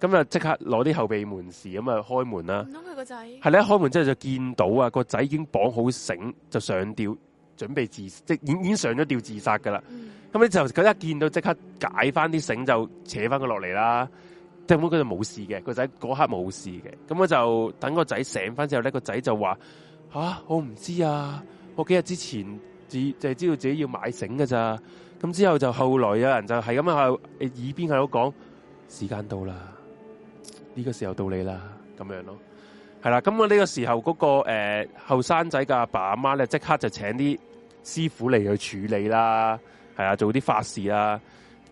咁啊！即刻攞啲後備門匙咁啊，就開門啦。唔通係個仔？係咧！開門之後就見到啊，個仔已經綁好繩就上吊，準備自殺即已經上咗吊自殺噶啦。咁你、嗯、就佢一見到即刻解翻啲繩，就扯翻佢落嚟啦。即咁佢就冇事嘅，個仔嗰刻冇事嘅。咁我就等個仔醒翻之後咧，個仔就話：嚇、啊，我唔知啊！我幾日之前只就係知道自己要買繩噶咋。咁之後就後來有人就係咁喺耳邊喺度講：時間到啦。呢個時候到你啦，咁樣咯，係啦。咁我呢個時候嗰、嗰個誒後生仔嘅阿爸阿媽咧，即、呃、刻就請啲師傅嚟去處理啦，係啊，做啲法事啦。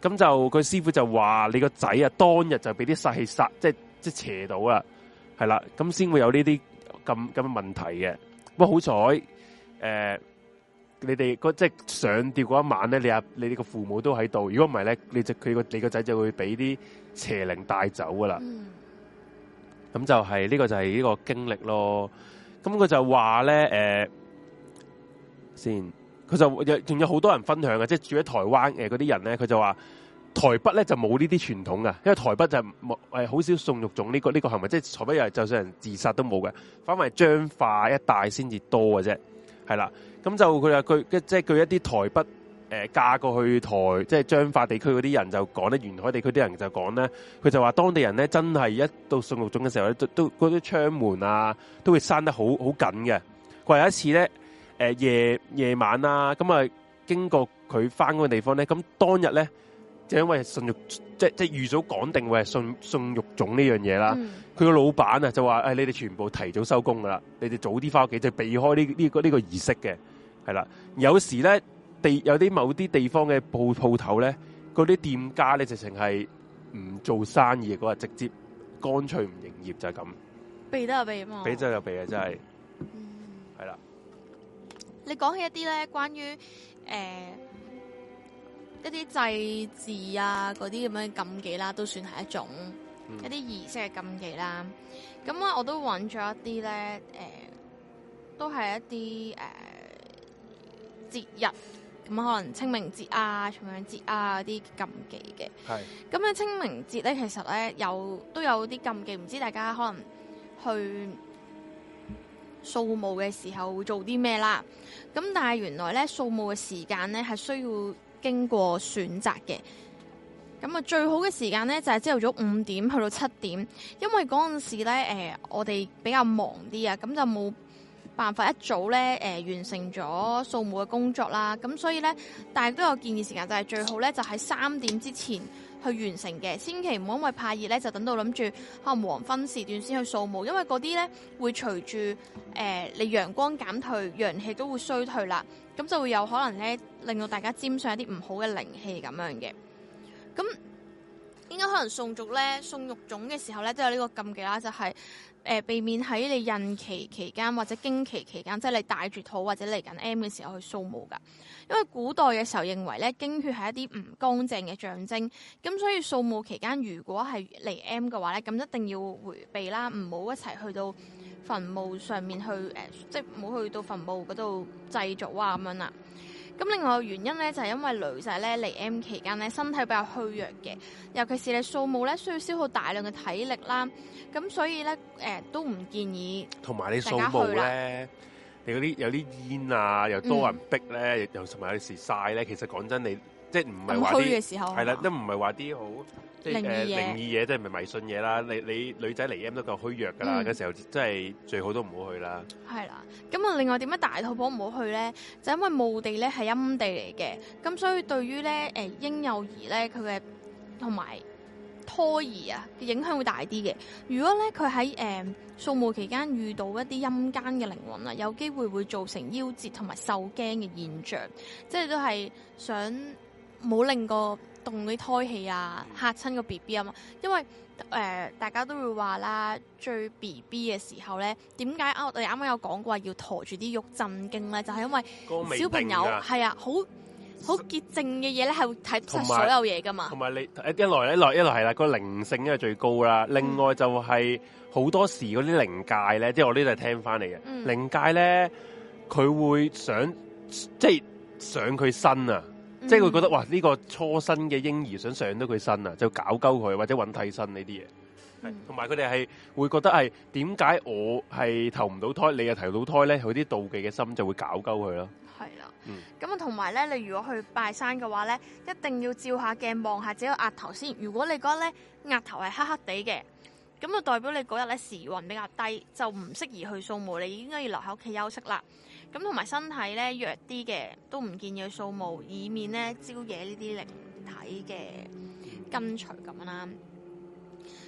咁就佢師傅就話：你個仔啊，當日就俾啲煞氣煞，即即邪到啊，係啦。咁先會有呢啲咁咁嘅問題嘅。不過好彩誒、呃，你哋嗰即上吊嗰一晚咧，你阿你哋個父母都喺度。如果唔係咧，你就佢個你個仔就會俾啲邪靈帶走噶啦。嗯咁就係、是、呢、這個就係呢個經歷咯。咁佢就話咧、呃、先佢就有仲有好多人分享嘅，即、就、係、是、住喺台灣嗰啲、呃、人咧，佢就話台北咧就冇呢啲傳統噶，因為台北就冇好少送肉粽呢個呢、這個行為，即、就、係、是、台北又就算人自殺都冇嘅，反為彰化一帶先至多嘅啫。係啦，咁就佢話佢即係佢一啲台北。誒嫁、呃、過去台即係彰化地區嗰啲人就講咧，沿海地區啲人就講咧，佢就話當地人咧真係一到送肉粽嘅時候咧，都都嗰啲窗門啊都會閂得好好緊嘅。佢話有一次咧，誒、呃、夜夜晚啊，咁、嗯、啊經過佢翻嗰個地方咧，咁、嗯、當日咧就因為是送肉即即是預早講定會係送送肉粽呢樣嘢啦。佢個、嗯、老闆啊就話：誒、哎、你哋全部提早收工噶啦，你哋早啲翻屋企，就避開呢、這、呢個呢、這個這個儀式嘅係啦。有時咧。地有啲某啲地方嘅鋪鋪頭咧，嗰啲店家咧，家直情係唔做生意嗰日，直接乾脆唔營業就係、是、咁。避得又避啊嘛！避得又避啊，真係。嗯，係啦。你講起一啲咧，關於誒、呃、一啲祭祀啊，嗰啲咁樣禁忌啦，都算係一種、嗯、一啲儀式嘅禁忌啦。咁啊，我都揾咗一啲咧，誒、呃、都係一啲誒、呃、節日。咁可能清明節啊、重陽節啊啲禁忌嘅。係是。咁喺清明節咧，其實咧有都有啲禁忌，唔知大家可能去掃墓嘅時候會做啲咩啦？咁但係原來咧掃墓嘅時間咧係需要經過選擇嘅。咁啊最好嘅時間咧就係朝頭早五點去到七點，因為嗰陣時咧誒、呃、我哋比較忙啲啊，咁就冇。辦法一早咧，誒、呃、完成咗掃墓嘅工作啦，咁所以咧，大家都有建議時間，就係最好咧，就喺三點之前去完成嘅，千祈唔好因為怕熱咧，就等到諗住可能黃昏時段先去掃墓，因為嗰啲咧會隨住誒你陽光減退，陽氣都會衰退啦，咁就會有可能咧令到大家沾上一啲唔好嘅靈氣咁樣嘅。咁應該可能送族咧、送肉粽嘅時候咧，都有呢個禁忌啦，就係、是。呃、避免喺你孕期期間或者經期期間，即係你帶住肚或者嚟緊 M 嘅時候去掃墓㗎，因為古代嘅時候認為咧，經血係一啲唔乾淨嘅象徵，咁所以掃墓期間如果係嚟 M 嘅話咧，咁一定要回避啦，唔好一齊去到墳墓上面去誒、呃，即係唔好去到墳墓嗰度祭祖啊咁樣啦。咁另外個原因咧，就係、是、因為女仔咧嚟 M 期間咧，身體比較虛弱嘅，尤其是你掃墓咧，需要消耗大量嘅體力啦。咁所以咧、呃，都唔建議。同埋你掃墓咧，你嗰啲有啲煙啊，又多人逼咧，嗯、又同埋有時曬咧，其實講真你。即係唔係虛嘅時候，係啦了，都唔係話啲好靈異嘢，嘢即係咪，呃、迷信嘢啦？你你女仔嚟 M 都夠虛弱噶啦，嗰，嗯、時候即係最好都唔好去啦。係啦，咁啊，另外點解大肚婆唔好去咧？就因為墓地咧係陰地嚟嘅，咁所以對於咧誒嬰幼兒咧佢嘅同埋胎兒啊嘅影響會大啲嘅。如果咧佢喺誒掃墓期間遇到一啲陰間嘅靈魂啊，有機會會造成夭折同埋受驚嘅現象，即係都係想。冇令個動啲胎氣啊，嚇親個 B B 啊嘛，因為誒、呃，大家都會話啦，最 B B 嘅時候咧，點解我哋啱啱有講過話要馱住啲肉震驚咧？就係、是、因為小朋友係啊，好好潔淨嘅嘢咧，係會睇晒所有嘢噶嘛。同埋你一來一來一來係啦，啊個靈性因為最高啦。嗯、另外就係、是、好多時嗰啲靈界咧，即係我是、嗯、呢度係聽翻嚟嘅。靈界咧，佢會想即係上佢身啊。即係會覺得哇，呢個初生嘅嬰兒想上到佢身啊，就搞鳩佢或者揾替身呢啲嘢。同埋佢哋係會覺得係點解我係投唔到胎，你又投到胎咧？佢啲妒忌嘅心就會搞鳩佢啦。係啦的，咁啊同埋咧，你如果去拜山嘅話咧，一定要照下鏡望下自己個額頭先。如果你覺得咧額頭係黑黑地嘅，咁就代表你嗰日咧時運比較低，就唔適宜去掃墓，你已經可以留喺屋企休息啦。咁同埋身體咧弱啲嘅都唔建議去掃墓，以免咧招惹呢啲靈體嘅跟隨咁樣啦。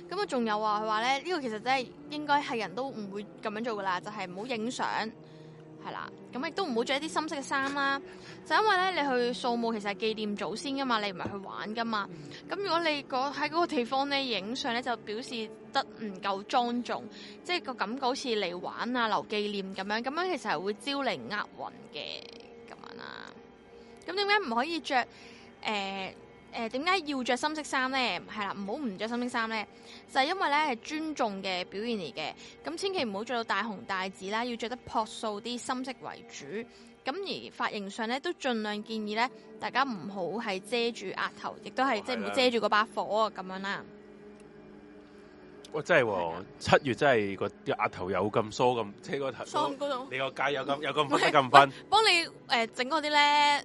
咁啊，仲有話佢話咧，呢、這個其實真係應該係人都唔會咁樣做噶啦，就係唔好影相。係啦，咁亦都唔好着一啲深色嘅衫啦，就因為咧你去掃墓其實係紀念祖先噶嘛，你唔係去玩噶嘛，咁如果你喺嗰個地方咧影相咧，就表示得唔夠莊重，即係個感覺好似嚟玩啊留紀念咁樣，咁樣其實係會招嚟厄運嘅咁樣啦。咁點解唔可以着？誒、呃？誒，點解、呃、要着深色衫咧？係啦，唔好唔着深色衫咧，就係、是、因為咧係尊重嘅表現嚟嘅。咁千祈唔好着到大紅大紫啦，要着得樸素啲，深色為主。咁而髮型上咧，都盡量建議咧，大家唔好係遮住額頭，亦都係即係唔好遮住嗰把火啊，咁樣啦。哇、哦，真係、哦！七的月真係個啲額頭有咁疏咁，即的、那個頭，你、那個街、那個、有咁、嗯、有咁咁分，幫你誒整嗰啲咧。呃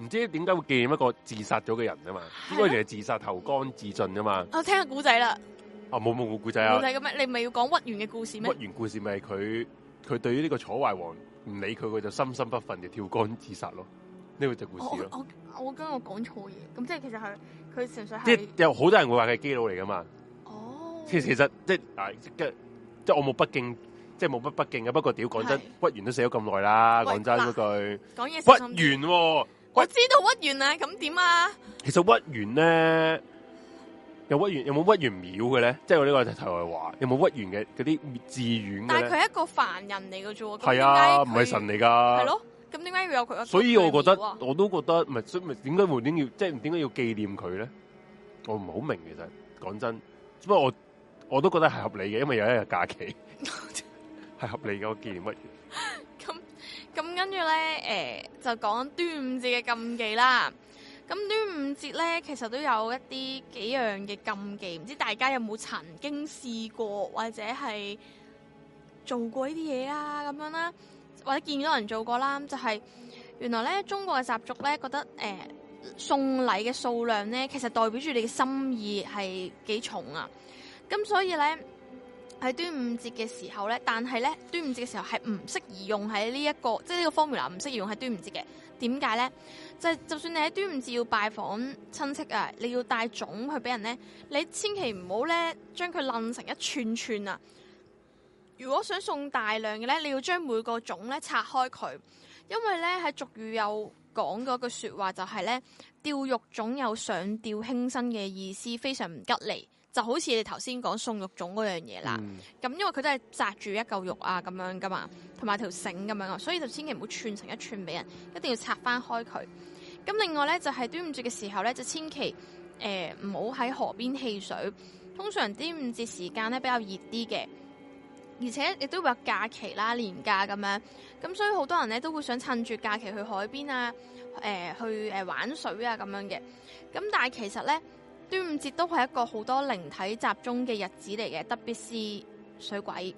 唔知點解會紀念一個自殺咗嘅人啊嘛？應該係自殺投江自盡啊嘛？我聽下古仔啦。啊，冇冇古古仔啊？古仔咁樣，你咪要講屈原嘅故事咩？屈原故事咪係佢佢對於呢個楚懷王唔理佢，佢就心心不忿就跳江自殺咯。呢、這個就故事咯。我我我驚講錯嘢，咁即係其實係佢純粹係。有好多人會話係基佬嚟噶嘛？哦，其實其實即係即係即係我冇不敬，即係冇乜不敬嘅。不過屌講真，是屈原都死咗咁耐啦，講喂真嗰句。講嘢屈原、啊。我知道屈原啊，咁點啊？其實屈原咧，有屈原有冇屈原廟嘅咧？即係我呢個題外話，有冇屈原嘅嗰啲字匾？但係佢係一個凡人嚟嘅啫，係啊，唔係神嚟噶係咯，咁點解要有佢？所以我覺得，我都覺得，唔係，所以咪點解會點要，即係點解要紀念佢咧？我唔係好明，其實講真，不過我我都覺得係合理嘅，因為有一日假期係 合理嘅，我紀念屈原。咁跟住咧，誒、哎、就講端午節嘅禁忌啦。咁端午節咧，其實都有一啲幾樣嘅禁忌，唔知大家有冇曾經試過或者係做過呢啲嘢啊？咁樣啦，或者見到人做過啦，就係、是、原來咧，中國嘅習俗咧，覺得誒、呃、送禮嘅數量咧，其實代表住你嘅心意係幾重啊。咁所以咧。喺端午節嘅時候咧，但係咧，端午節嘅時候係唔適宜用喺呢一個，即係呢個方妙蘭唔適宜用喺端午節嘅。點解呢？即係就算你喺端午節要拜訪親戚啊，你要帶粽去俾人呢，你千祈唔好呢將佢擰成一串串啊！如果想送大量嘅呢，你要將每個粽呢拆開佢，因為呢，喺俗語有講嗰句說話，就係呢：「吊肉粽有上吊輕生嘅意思，非常唔吉利。就好似你頭先講送肉粽嗰樣嘢啦、嗯，咁因為佢都係紮住一嚿肉啊咁樣噶嘛，同埋條繩咁樣，所以就千祈唔好串成一串俾人，一定要拆翻開佢。咁另外呢，就係端午節嘅時候呢，就千祈誒唔好喺河邊戲水。通常端午節時間呢，比較熱啲嘅，而且亦都會有假期啦、年假咁樣，咁所以好多人呢，都會想趁住假期去海邊啊、誒、呃、去誒、呃、玩水啊咁樣嘅。咁但係其實呢。端午節都係一個好多靈體集中嘅日子嚟嘅，特別是水鬼。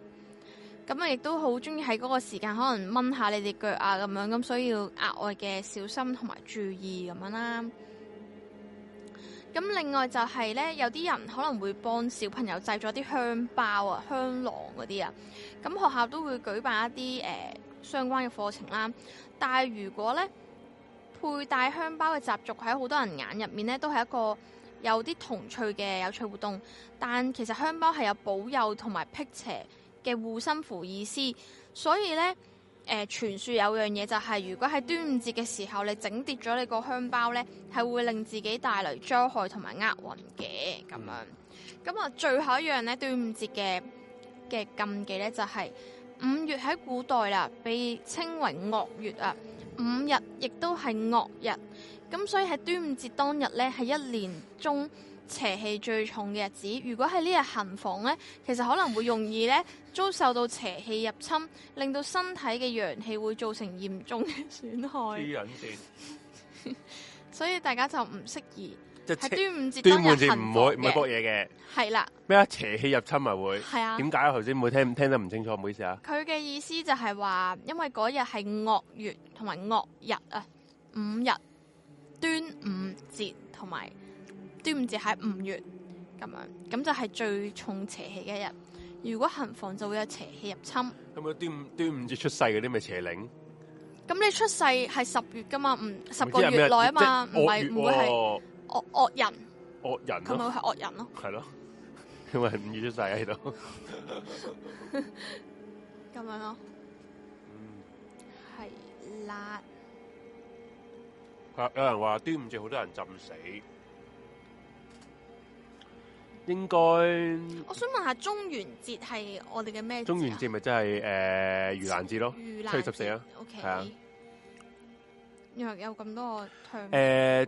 咁啊，亦都好中意喺嗰個時間可能掹下你哋腳啊咁樣，咁所以要額外嘅小心同埋注意咁樣啦。咁另外就係呢，有啲人可能會幫小朋友製作啲香包啊、香囊嗰啲啊。咁學校都會舉辦一啲誒、呃、相關嘅課程啦。但係如果呢，佩戴香包嘅習俗喺好多人眼入面呢，都係一個。有啲童趣嘅有趣活動，但其實香包係有保佑同埋辟邪嘅護身符意思，所以呢，誒、呃，傳說有樣嘢就係、是，如果喺端午節嘅時候你整跌咗你個香包呢，係會令自己帶來災害同埋厄運嘅咁樣。咁啊，最後一樣呢，端午節嘅嘅禁忌呢，就係、是、五月喺古代啦，被稱為惡月啊，五日亦都係惡日。咁所以喺端午節當日咧，係一年中邪氣最重嘅日子。如果喺呢日行房咧，其實可能會容易咧遭受到邪氣入侵，令到身體嘅陽氣會造成嚴重嘅損害。滋 所以大家就唔適宜喺、就係、端午節當日行嘢嘅。係啦，咩的啊？邪氣入侵咪會係啊？點解啊？頭先唔會聽聽得唔清楚，唔好意思啊。佢嘅意思就係話，因為嗰日係惡月同埋惡日啊，五日。端午節同埋端午節喺五月咁樣，咁就係最重邪氣嘅一日。如果行房就會有邪氣入侵。有冇端，端午端午節出世嗰啲咪邪靈？咁你出世係十月噶嘛？唔十個月內啊嘛？唔係唔會係惡惡人？惡人，啊？係咪係惡人咯，啊？係咯，因為五月出世喺度，咁 樣咯吧，係啦，嗯。有人話端午節好多人浸死，應該。我想問下，中元節係我哋嘅咩節？中元節咪即係誒盂蘭節咯，七月十四啊。OK。哎。若有咁多誒，呃，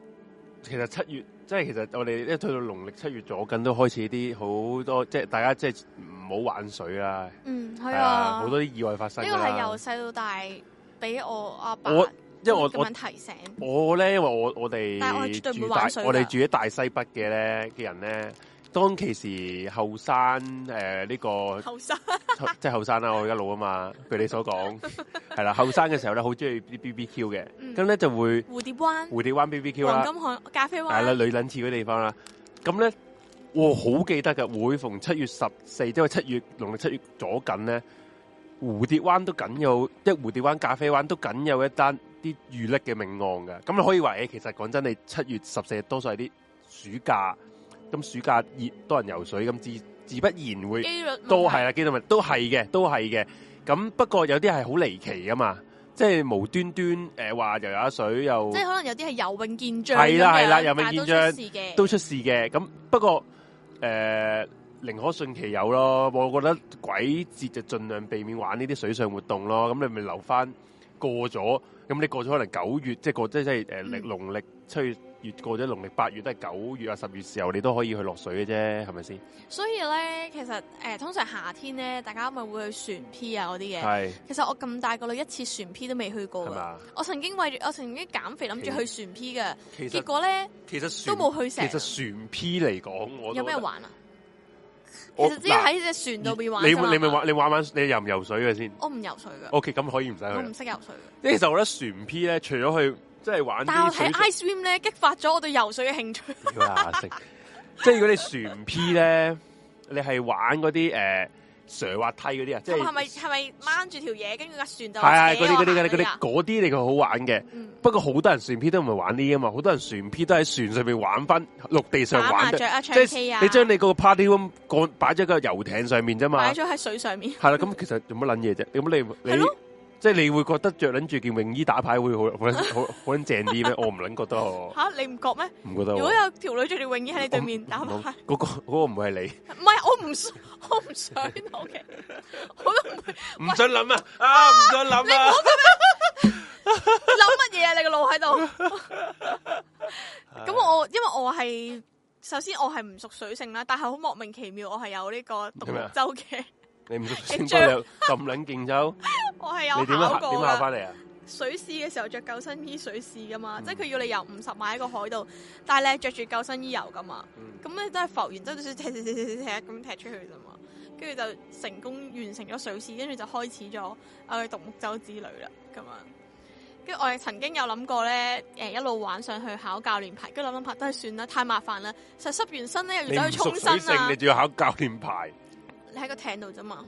其實七月即係其實我哋一去到農曆七月左近都開始啲好多，即係大家即係唔好玩水啦。嗯、啊。嗯，係啊，好多啲意外發生。呢個係由細到大俾我阿爸，爸。因為我提醒，我咧，因為我我哋住喺我哋住喺大西北嘅咧嘅人咧，當其時後生誒呢個後生即係後生啦，我而家老啊嘛，譬如你所講係啦，後生嘅時候咧，好中意 BBQ 嘅，咁咧就會蝴蝶灣蝴蝶灣 BBQ 啦，黃金海岸咖啡灣係啦，女撚似嗰啲地方啦，咁咧我好記得嘅，每逢七月十四，即係七月農曆七月左近咧。蝴蝶灣都僅有，即係蝴蝶灣、咖啡灣都僅有一單啲遇溺嘅命案嘅。咁你可以話、欸、其實講真，你七月十四日多數係啲暑假，咁暑假熱多人游水，咁自自不然會，都係啦，機率問題都係嘅，都係嘅。咁不過有啲係好離奇噶嘛，即係無端端話、呃、游下水又，即係可能有啲係游泳健將嚟啦都出事嘅。都出事嘅。咁不過誒。呃寧可信其有咯，我覺得鬼節就盡量避免玩呢啲水上活動咯。咁你咪留翻過咗，咁你過咗可能九月，即係過即係即係誒，呃嗯、農曆七月，月、月過咗農曆八月都係九月啊十月時候，你都可以去落水嘅啫，係咪先？所以咧，其實誒、呃，通常夏天咧，大家咪會去船 P 啊嗰啲嘢。係。是其實我咁大個女，一次船 P 都未去過。吧我曾經為住我曾經減肥諗住去船 P 嘅，實結果咧，其實都冇去成。其實船 P 嚟講，我有咩玩啊？其實只係喺隻船度邊玩，啊、你你咪玩，你玩玩，你游唔游水嘅先？Okay, 我唔游水嘅。O K，咁可以唔使去。我唔識游水，即呢其實我覺得船 P 咧，除咗去即係玩，但係睇 Ice Swim 咧，激發咗我對游水嘅興趣。啊！ 即係如果你船 P 咧，你係玩嗰啲誒。呃斜滑梯嗰啲啊，即係係咪係咪掹住條嘢，跟住架船到？係啊，嗰啲嗰啲嗰啲嗰啲嗰啲，你個好玩嘅。不過好多人船 P 都唔係玩呢㗎嘛，好多人船 P 都喺船上面玩翻，陸地上玩，即你將你個 party 咁幹擺咗個遊艇上面啫嘛，擺咗喺水上面。係啦，咁其實有乜撚嘢啫？你你？即係你會覺得着捻住件泳衣打牌會好好好好正啲咩？ 我唔捻覺得吓。啊，你唔覺咩？唔覺得。覺得如果有條女着住泳衣喺你對面打牌，嗰、嗰個嗰、嗰個唔係係你。唔係，我唔想，我唔想 OK，我都唔想諗啊！啊，唔想諗啊！諗乜嘢啊？你個腦喺度？咁 我因為我係首先我係唔熟水性啦，但係好莫名其妙我係有呢個獨洲嘅。 你唔着咁撚勁，走， 我係有考過啊，水試嘅時候着救生衣水試噶嘛，即係佢要你游五十米喺個海度，但係你着住救生衣游噶嘛。咁咧都係浮完之後，就踢踢咁踢出去咋嘛。跟住就成功完成咗水試，跟住就開始咗去獨木舟之旅啦。咁啊，跟住我哋曾經有諗過咧，誒一路玩上去考教練牌，跟住諗諗下都係算啦，太麻煩啦。實濕完身咧又要走去沖身啊你！你你仲要考教練牌？你喺個艇度啫嘛，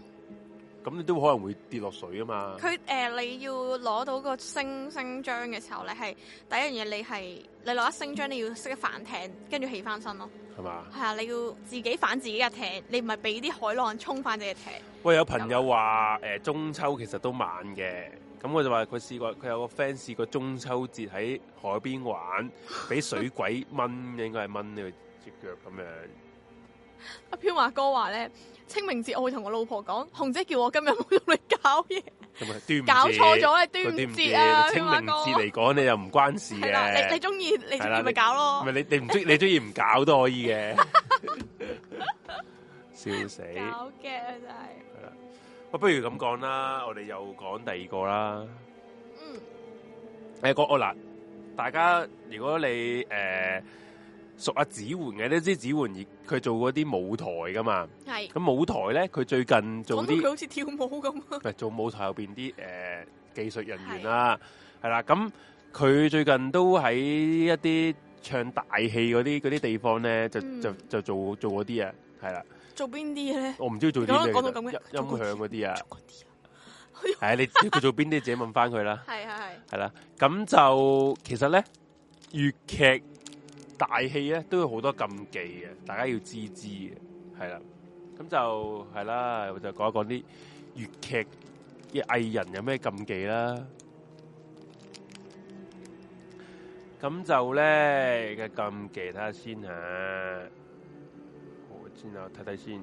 咁你都可能會跌落水啊嘛。佢誒、呃，你要攞到個星星章嘅時候，你係第一樣嘢，你係你攞一星章，你要識得反艇，跟住起翻身咯。係嘛吧？係啊，你要自己反自己嘅艇，你唔係俾啲海浪沖翻自己嘅艇。喂，有朋友話誒，的中秋其實都晚嘅，咁我就話佢試過，佢有個 friend 試過中秋節喺海邊玩，俾 水鬼掹，應該係掹呢隻腳咁樣。阿飄華哥話咧。清明節我會同我老婆講，紅姐叫我今日唔好嚟搞嘢，搞錯咗啊！端午節啊，清明節嚟講你又唔關事嘅，你你中意你你咪搞咯，唔係你你唔中你中意唔搞都可以嘅，笑死，搞嘅真係，係啦，我不如咁講啦，我哋又講第二個啦，嗯，誒，我我嗱，大家如果你誒。熟阿子煥嘅呢支係子煥，佢做嗰啲舞台噶嘛。係。咁舞台咧，佢最近做啲。佢好似跳舞咁，做舞台入邊啲誒技術人員啦，係啦。咁佢最近都喺一啲唱大戲嗰啲啲地方咧，就就就做做嗰啲啊，係啦。做邊啲咧？我唔知做啲咩。咁嘅音響嗰啲啊。係啊，你知佢做邊啲？自己問翻佢啦。係係係。係啦，咁就其實咧，粵劇。大戲咧都有好多禁忌嘅，大家要知知嘅，係啦，咁就係啦，我就講一講啲粵劇嘅藝人有咩禁忌啦。咁就咧嘅禁忌睇下先吓，我先啊，睇睇先。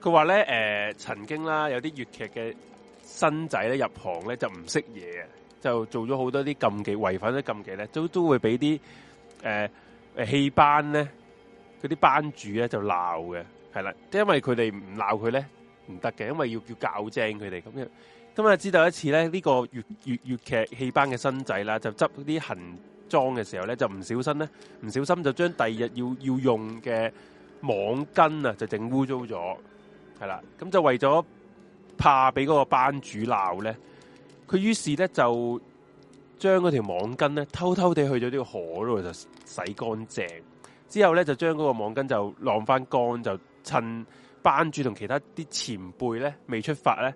佢話咧，誒、呃，曾經啦，有啲粵劇嘅新仔咧入行咧就唔識嘢，就做咗好多啲禁忌，違反咗禁忌咧，都都會俾啲誒誒戲班咧嗰啲班主咧就鬧嘅，係啦，因為佢哋唔鬧佢咧唔得嘅，因為要叫教正佢哋咁樣。咁啊，就知道一次咧，呢個粵粵粵劇戲班嘅新仔啦，就執啲行裝嘅時候咧，就唔小心咧，唔小心就將第二日要要用嘅網巾啊，就整污糟咗，係啦，咁就為咗怕俾嗰個班主鬧咧。佢於是咧就將嗰條網巾咧偷偷地去咗條河度就洗乾淨，之後咧就將嗰個網巾就晾翻乾，就趁班主同其他啲前輩咧未出發咧，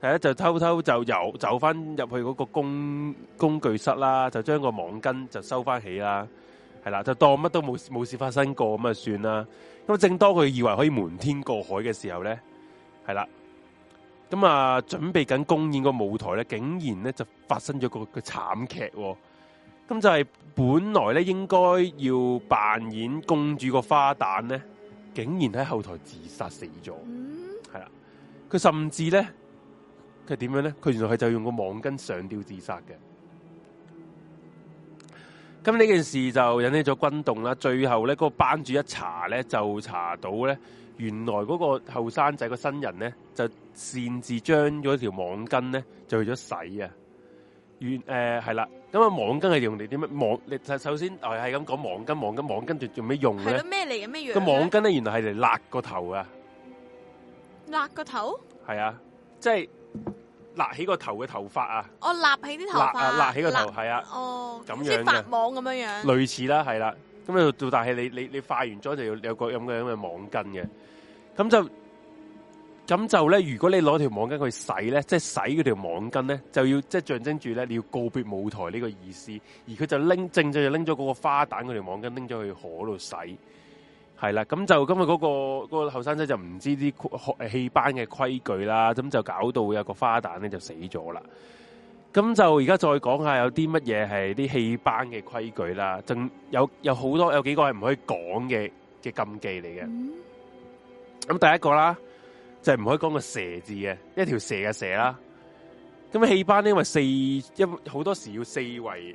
係啦，就偷偷就由走翻入去嗰個工工具室啦，就將個網巾就收翻起啦，係啦，就當乜都冇冇事發生過咁啊算啦。咁正當佢以為可以瞞天過海嘅時候咧，係啦。咁啊，準備緊公演個舞台咧，竟然咧就發生咗個個慘劇，哦。咁就係本來咧應該要扮演公主個花旦咧，竟然喺後台自殺死咗。係啦，嗯，佢甚至咧，佢點樣咧？佢原來係就用個網巾上吊自殺嘅。咁呢件事就引起咗轟動啦。最後咧，嗰，嗰個班主一查咧，就查到咧。原來嗰個後生仔個新人咧，就擅自將咗條網巾咧，就去咗洗啊！原誒係啦，咁、呃、啊網巾係用嚟啲乜網？你首先，哦係咁講網巾、網巾、網巾用嚟咩用呢，仲用咩用咧？係咯，咩嚟嘅咩用？個網巾咧，原來係嚟勒個頭啊！勒個頭係啊，即係勒起個頭嘅頭髮啊！我勒、哦、起啲頭髮啊！勒起個頭係啊！勒，係啊，哦，咁樣嘅發網咁樣樣，類似啦，係啦。係。咁就做大戲，你你你化完妝就要有個咁嘅咁嘅網巾嘅，咁就咁就咧，如果你攞條網巾去洗咧，即係洗嗰條網巾咧，就要即係象徵住咧，你要告別舞台呢個意思，而佢就拎正正就拎咗嗰個花旦嗰條網巾拎咗去河度洗，係啦，咁就今日嗰個嗰個後生仔就唔知啲戲班嘅規矩啦，咁就搞到有個花旦咧就死咗啦。咁就而家再講下有啲乜嘢係啲戲班嘅規矩啦，仲有有好多有幾個係唔可以講嘅嘅禁忌嚟嘅。咁、嗯、第一個啦，就係、是、唔可以講個蛇字嘅，一條蛇嘅蛇啦。咁啊戲班呢，因為四一好多時候要四圍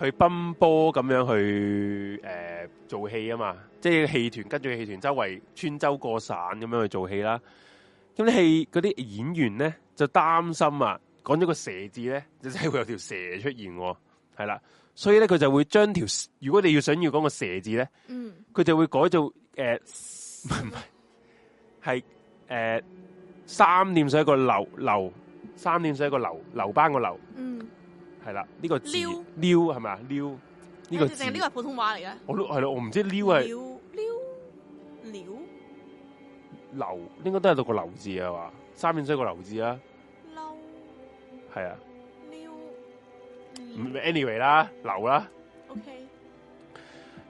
去奔波咁樣去誒、呃、做戲啊嘛，即係戲團跟住戲團周圍穿州過省咁樣去做戲啦。咁啲戲嗰啲演員咧就擔心啊。講咗個蛇字咧，就真係會有條蛇出現的。係啦，所以咧佢就會將條如果你要想要講個蛇字咧，嗯，佢就會改做誒，唔係，係誒三點水一個留留，三點水一個留留班個留，嗯，係啦，呢個字溜係咪啊溜？呢個呢個係普通話嚟嘅，我都係咯，我唔知溜係溜溜溜，留應該都係讀個留字係嘛，三點水個留字啊。係啊，Anyway 啦，留啦。OK，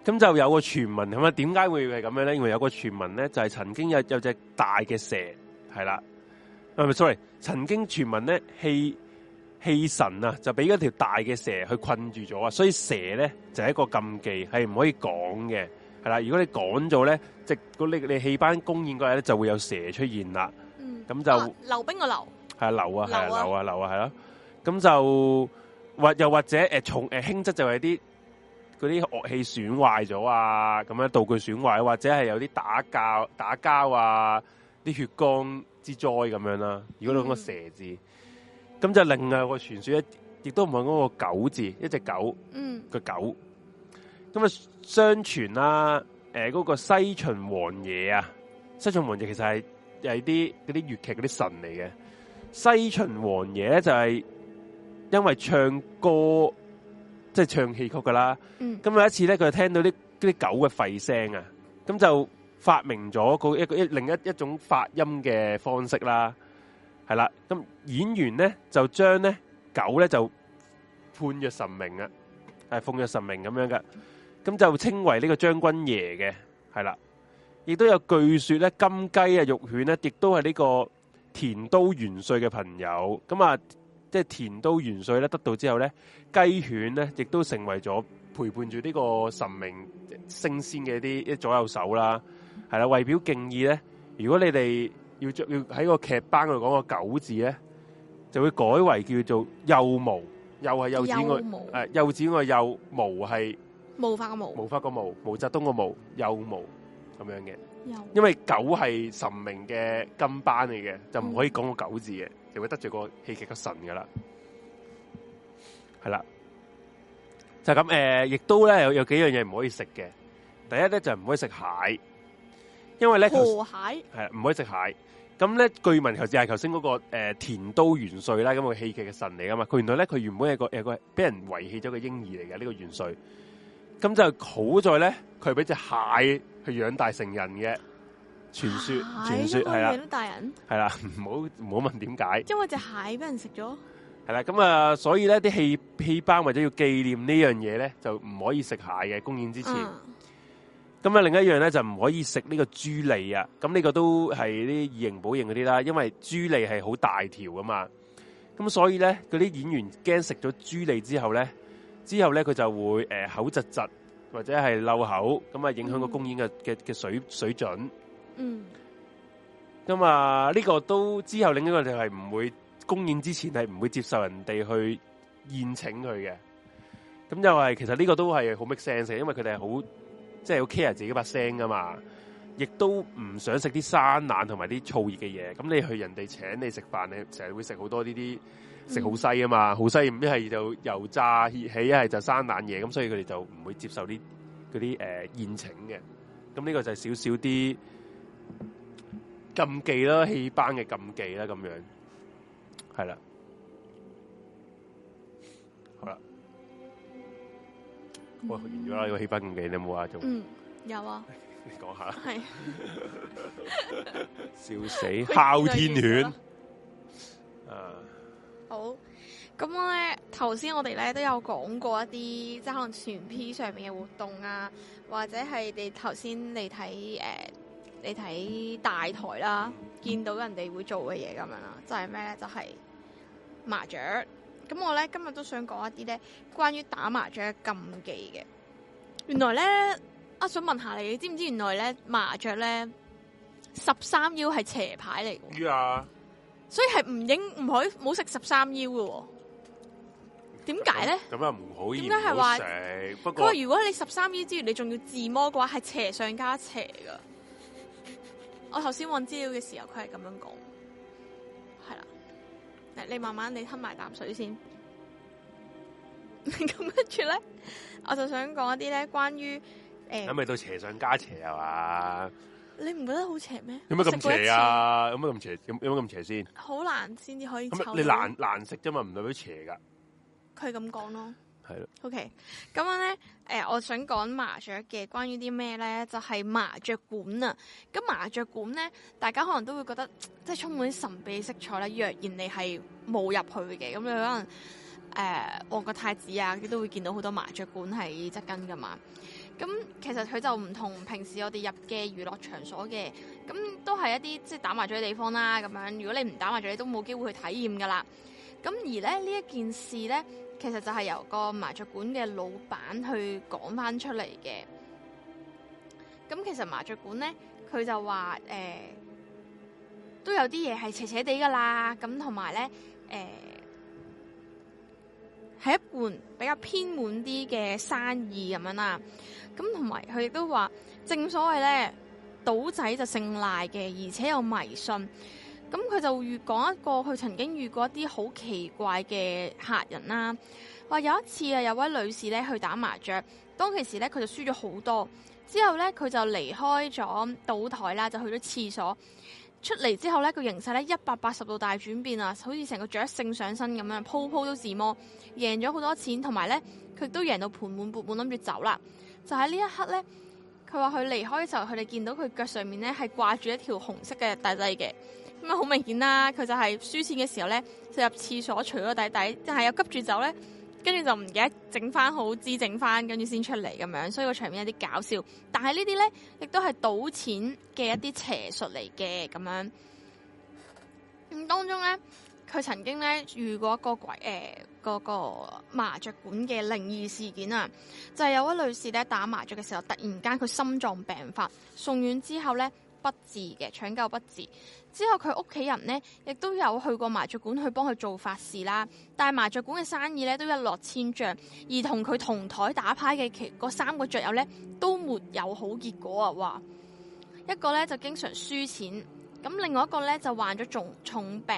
咁就有個傳聞咁啊，點解會係咁樣咧？因為有個傳聞咧，就係、是、曾經有有隻大嘅蛇係啦，係咪、啊、？Sorry，曾經傳聞咧，戲戲神啊，就俾嗰條大嘅蛇去困住咗啊，所以蛇咧就係、是、一個禁忌，係唔可以講嘅，係啦、啊。如果你講咗咧，即你你戲班公演嗰日咧，就會有蛇出現啦。咁、嗯、就溜、啊、冰個流。係、啊、流啊，係流，啊啊、流啊，流啊，係咯、啊。咁就或又或者誒、呃，重誒輕質就係啲嗰啲樂器損壞咗啊，咁樣道具損壞，或者係有啲打架打交啊，啲血光之災咁樣啦。如果你個蛇字，咁、嗯、就另外個傳說一，亦都唔係嗰個狗字，一隻狗，嗯，個狗咁啊。相傳啦，誒、那、嗰個西秦王爺啊，西秦王爺其實係係啲嗰啲粵劇嗰啲神嚟嘅。西秦王爺咧就係因為唱歌即係、就是、唱戲曲噶啦，咁、嗯、有一次咧佢聽到啲啲狗嘅吠聲啊，咁就發明咗個一另一一種發音嘅方式啦，係啦，咁演員咧就將咧狗咧就判若神明啊，係奉若神明咁樣㗎。咁就稱為呢個將軍爺嘅，係啦，亦都有據說咧金雞啊、玉犬咧，亦都係呢個。田都元帥嘅朋友，咁啊，即係田都元帥咧得到之後咧，雞犬咧亦都成為咗陪伴住呢個神明升仙嘅一啲一左右手啦，係啦，為表敬意咧，如果你哋要着要喺個劇班度講個九字咧，就會改為叫做幼毛，幼係幼字外，誒幼毛、哎，幼子外幼毛係毛，花毛，毛髮個毛，毛髮個毛，毛澤東個毛，幼毛咁樣嘅。.因為狗係神明嘅金斑嚟嘅，就唔可以講個狗字嘅，就會得罪個戲劇嘅神噶啦，係啦，就咁誒、呃，亦都咧有有幾樣嘢唔可以食嘅。第一咧就係唔可以食蟹，因為咧河蟹係唔可以食蟹。咁咧據聞，頭就係頭先嗰個誒、呃、田都元帥啦，咁個戲劇嘅神嚟噶嘛。佢原來咧佢原本係個有個俾人遺棄咗嘅嬰兒嚟嘅呢個元帥。咁就好在咧，佢俾隻蟹。佢養大成人嘅傳說，傳說係啦，大人係啦，唔好唔好問點解，因為隻蟹俾人食咗。係啦，咁啊，所以咧啲戲戲班或者要紀念這呢樣嘢咧，就唔可以食蟹嘅。公演之前，咁啊、嗯，另一樣咧就唔可以食呢個豬脷啊。咁呢個都係啲異形保型嗰啲啦，因為豬脷係好大條噶嘛。咁所以咧，嗰啲演員驚食咗豬脷之後咧，之後咧佢就會誒、呃、口窒窒。或者係漏口咁啊，影響個公演嘅嘅嘅水、嗯、水準。嗯咁，咁啊呢、呢個都之後另一個就係唔會公演之前係唔會接受人哋去宴請佢嘅。咁就係、係，其實呢個都係好 make sense，因為佢哋係好即係好 care 自己把聲噶嘛。亦都唔想食啲生冷同埋啲燥熱嘅嘢，咁你去人哋請你食飯，你成日會食好多呢啲食好西啊嘛，好西！一係就油炸熱氣，一係就生冷嘢，咁所以佢哋就唔會接受啲嗰啲誒宴請嘅。咁呢個就少少啲禁忌啦，戲班嘅禁忌啦，咁樣係啦。好啦，喂完咗啦，呢個戲班禁忌你有冇啊？仲嗯有啊。講下，係 笑死哮 天犬 軟。啊，好，咁咧，頭先我哋咧都有講過一啲，即係可能全篇上面嘅活動啊，或者係你頭先你睇，誒、呃，你睇大台啦，見到人哋會做嘅嘢咁樣啦，就係咩咧？就係、是、麻雀。咁我咧今日都想講一啲咧，關於打麻雀嘅禁忌嘅。原來咧，我、啊、想問下你，你知唔知原來咧麻雀咧十三幺係邪牌嚟？Yeah. 所以係唔應唔可唔好食十三幺嘅。點解咧？咁又唔好，點解係話不過如果你十三幺之餘，你仲要自摸嘅話，係邪上加邪噶。 我頭先搵資料嘅時候是這，佢係咁樣講。係啦，你慢慢你吞埋啖水先。咁跟住咧，我就想講一啲咧關於。係咪、嗯、到邪上加邪，麼麼邪啊？嘛，你唔覺得好邪咩？有乜咁邪啊？有乜咁邪？有有乜咁邪先？好難先至可以。你難難食啫嘛，唔代表邪噶。佢咁講咯，係咯的。O K，咁樣咧誒，我想講麻雀嘅關於啲咩咧，就係、是、麻雀館啊。咁麻雀館咧，大家可能都會覺得即係、就是、充滿神秘色彩啦。若然你係冇入去嘅，咁你可能誒旺角太子啊，你都會見到好多麻雀館喺側根噶嘛。咁其實佢就唔同平時我哋入嘅娛樂場所嘅，咁都係一啲即係打麻雀嘅地方啦。咁樣如果你唔打麻雀，你都冇機會去體驗噶啦。咁而咧呢一件事咧，其實就係由個麻雀館嘅老闆去講返出嚟嘅。咁其實麻雀館咧，佢就話誒、呃、都有啲嘢係邪邪哋噶啦。咁同埋咧誒係一門比較偏門啲嘅生意咁樣啦。咁同埋，佢亦都話，正所謂咧，賭仔就姓賴嘅，而且又迷信。咁佢就遇講一個，佢曾經遇過一啲好奇怪嘅客人啦。話有一次啊，有位女士咧去打麻雀，當其時咧佢就輸咗好多。之後咧佢就離開咗賭台啦，就去咗廁所出嚟之後咧，個形勢咧一百八十度大轉變啊，好似成個雀性上身咁樣，鋪鋪都自摸贏咗好多錢，同埋咧佢都贏到盤滿缽滿，諗住走啦。就喺呢一刻咧，佢話佢離開嘅時候，佢哋見到佢腳上面咧係掛住一條紅色嘅帶仔嘅，咁啊好明顯啦，佢就係輸錢嘅時候咧，就入廁所除咗底底，但係又急住走咧，跟住就唔記得整翻好支，整翻，跟住先出嚟咁樣，所以個場面有啲搞笑。但係呢啲咧亦都係賭錢嘅一啲邪術嚟嘅咁樣，咁當中咧。佢曾經咧遇過一個鬼誒嗰、呃那個麻雀館嘅靈異事件啊，就係、是、有位女士咧打麻雀嘅時候，突然間佢心臟病發，送院之後咧不治嘅搶救不治。之後佢屋企人呢，亦都有去過麻雀館去幫佢做法事啦，但係麻雀館嘅生意咧都一落千丈，而同佢同台打牌嘅其嗰三個雀友咧都沒有好結果啊！話一個咧就經常輸錢。咁另外一個咧就患咗重重病，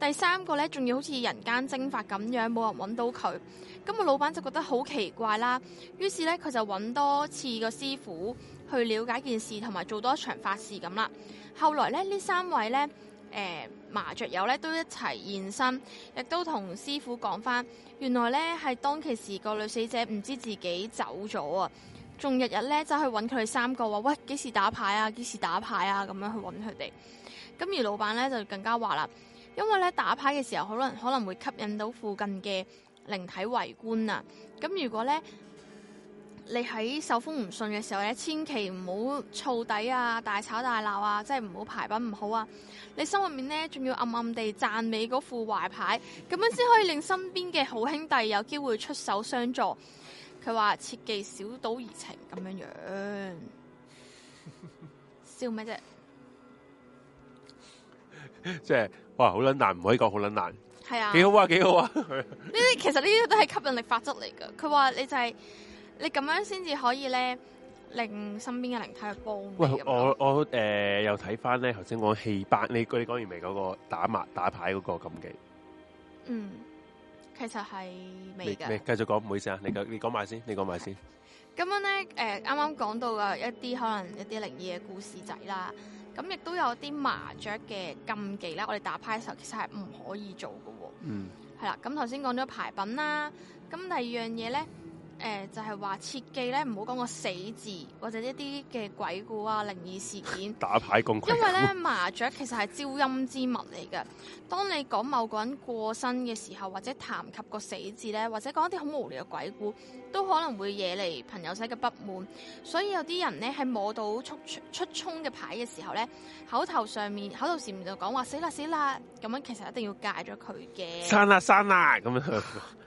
第三個咧仲要好似人間蒸發咁樣冇人揾到佢，咁個老闆就覺得好奇怪啦，於是咧佢就揾多次個師傅去了解件事，同埋做多一場法事咁啦。後來咧呢這三位咧誒、呃、麻雀友咧都一齊現身，亦都同師傅講返，原來咧係當其時個女死者唔知自己走咗啊。仲日日咧就去揾佢哋三個話，喂，幾時打牌啊？幾時打牌啊？咁樣去揾佢哋。咁而老闆咧就更加話啦，因為咧打牌嘅時候可能可能會吸引到附近嘅靈體圍觀啊。咁、嗯、如果咧你喺手風唔順嘅時候咧，千祈唔好燥底啊，大吵大鬧啊，即係唔好牌品唔好啊。你心入面呢，仲要暗暗地讚美嗰副壞牌，咁樣先可以令身邊嘅好兄弟有機會出手相助。佢話切記小賭怡情咁樣樣，笑咩啫？即係哇，好撚難，唔可以講好撚難。係啊，幾好啊，幾好啊！呢 啲其實呢啲都係吸引力法則嚟㗎。佢話你就係、是、你咁樣先至可以咧，令身邊嘅靈體去幫。我我誒、呃、又睇翻咧，頭先講戲班，你你講完未？嗰個打麻打牌嗰個禁忌？嗯。其實係未噶繼續講，唔好意思啊，你講你講埋先，你講埋先。咁樣咧，誒，啱啱講到嘅一啲可能一啲靈異嘅故事仔啦，咁亦都有啲麻雀嘅禁忌啦。我哋打牌嘅時候其實係唔可以做㗎喎。嗯。係啦，咁頭先講咗牌品啦，咁第二樣嘢咧。誒就係話切計咧，唔好講個死字或者一啲嘅鬼故啊、靈異事件。打牌因為咧 麻雀其實係招陰之物嚟嘅。當你講某個人過身嘅時候，或者談及個死字咧，或者講一啲好無聊嘅鬼故，都可能會惹嚟朋友仔嘅不滿。所以有啲人咧，喺摸到出出出衝嘅牌嘅時候咧，口頭上面口頭前面就講話死啦死啦咁樣，其實一定要戒咗佢嘅。生啦生啦咁樣。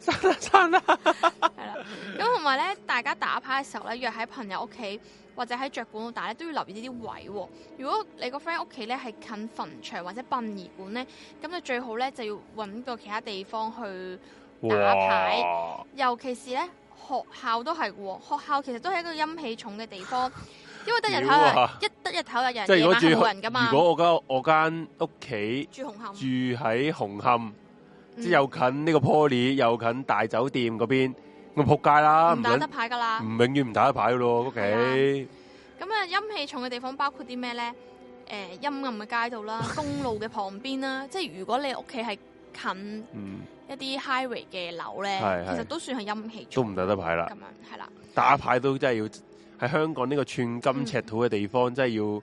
真啦真啦，係啦。 咁同埋咧，大家打牌嘅時候咧，約喺朋友屋企或者喺雀館度打咧，都要留意呢啲位喎。如果你個 friend 屋企咧係近墳場或者殯儀館咧，咁你最好咧就要揾個其他地方去打牌。哇尤其是咧學校都係喎，學校其實都係一個陰氣重嘅地方， 因為得日頭 一得日頭有人，即是 夜晚無人咁嘛。如果我間我間屋企住紅磡，住喺紅磡。嗯、即係又近呢個 Poly，又近大酒店嗰邊，咁仆街啦，唔打得牌噶啦，唔永遠唔打得牌咯喎屋企。咁啊陰氣重嘅地方包括啲咩咧？誒、呃、陰暗嘅街道啦，公路嘅旁邊啦， 即係如果你屋企係近一啲 highway 嘅樓咧，嗯、其實都算係陰氣重是是。都唔打得牌啦，咁樣係啦。啊、打牌都真係要喺香港呢個寸金尺土嘅地方，嗯、真係要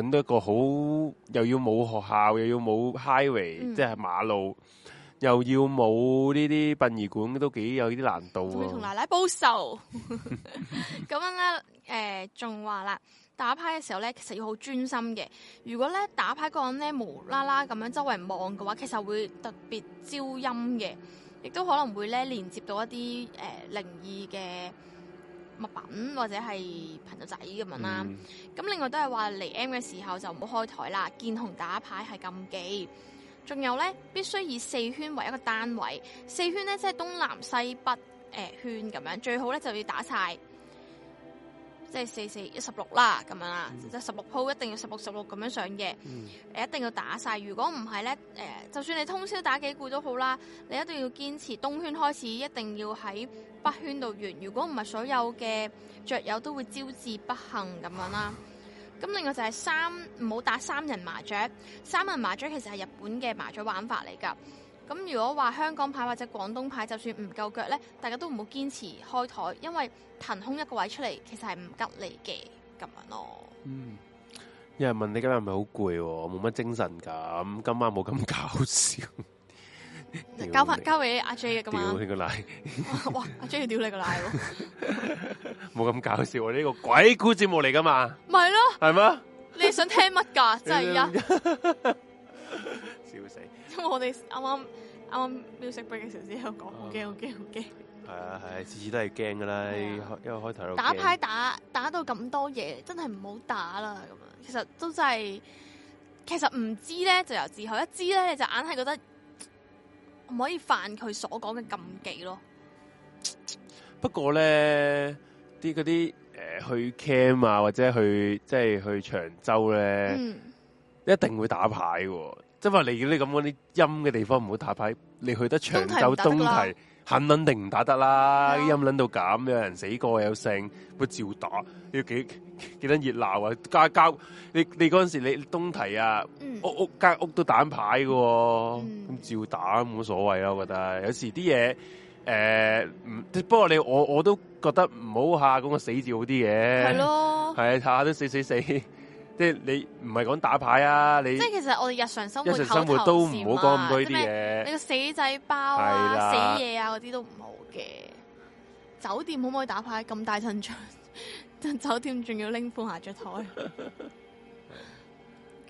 揾到一個好又要冇學校，又要冇 highway，即係、嗯、馬路。又要冇呢啲殯儀館，都幾有呢啲難度。會同奶奶報仇 呢。咁樣咧，誒，仲話啦，打牌嘅時候咧，其實要好專心嘅。如果咧打牌個人咧無啦啦咁樣周圍望嘅話，其實會特別招陰嘅，亦都可能會咧連接到一啲誒靈異嘅物品或者係朋友仔咁樣啦。咁、嗯、另外都係話嚟 M 嘅時候就唔好開台啦，見紅打牌係禁忌。仲有咧，必須以四圈為一個單位，四圈咧即係東南西北誒、呃、圈咁樣，最好咧就要打晒，即係四四一十六啦咁樣啦，嗯、即十六鋪一定要十六十六咁樣上嘅，誒、嗯、一定要打晒。如果唔係咧，誒、呃、就算你通宵打幾攰都好啦，你一定要堅持東圈開始，一定要喺北圈度完。如果唔係，所有嘅雀友都會招致不幸咁樣啦。嗯。咁另外就係三，唔好打三人麻雀，三人麻雀其實係日本嘅麻雀玩法嚟㗎。咁如果話香港牌或者廣東牌，就算唔夠腳咧，大家都唔好堅持開台，因為騰空一個位出嚟，其實係唔吉利嘅咁樣咯。嗯，有人問你今日係咪好攰，冇乜精神咁，今晚冇咁搞笑。交翻交俾阿 J 嘅咁屌你個奶！哇！阿 J 要屌你個奶！冇咁搞笑，啊，呢個鬼故節目嚟噶嘛？咪咯，係咩？你想聽乜噶？真係啊！笑死！因為我哋啱啱啱啱 music break 嘅時候先有講，好驚好驚好驚！係啊係，次次都係驚噶啦，因為開頭打牌打打到咁多嘢，真係唔好打啦咁啊！其實都真係，其實唔知咧就由自好，一知咧你就硬係覺得。唔可以犯佢所講嘅禁忌咯。不過咧，啲嗰啲誒去 Cam 啊，或者去即係去長洲咧，嗯、一定會打牌嘅。即係話你啲咁嗰啲陰嘅地方唔會打牌，你去得長洲東堤。體肯肯定唔打得啦！Yeah. 陰撚到咁，有人死過有剩都照打，要幾幾多熱鬧啊！家交，你你嗰陣時你東堤啊，mm. 屋屋間屋都打，打牌喎，哦。咁、mm. 照打冇所謂咯，啊。我覺得有時啲嘢，誒、呃，不過你我我都覺得唔好下咁個死字好啲嘅，係咯了，係下都死死死。死即係你唔係講打牌啊！你即係其實我哋日常生活，生活都唔好講咁多呢啲嘢。你個死仔包啊，是的 死嘢啊，嗰啲都唔好嘅。酒店可唔可以打牌麼？咁大陣仗，酒店仲要拎副麻雀台。咁，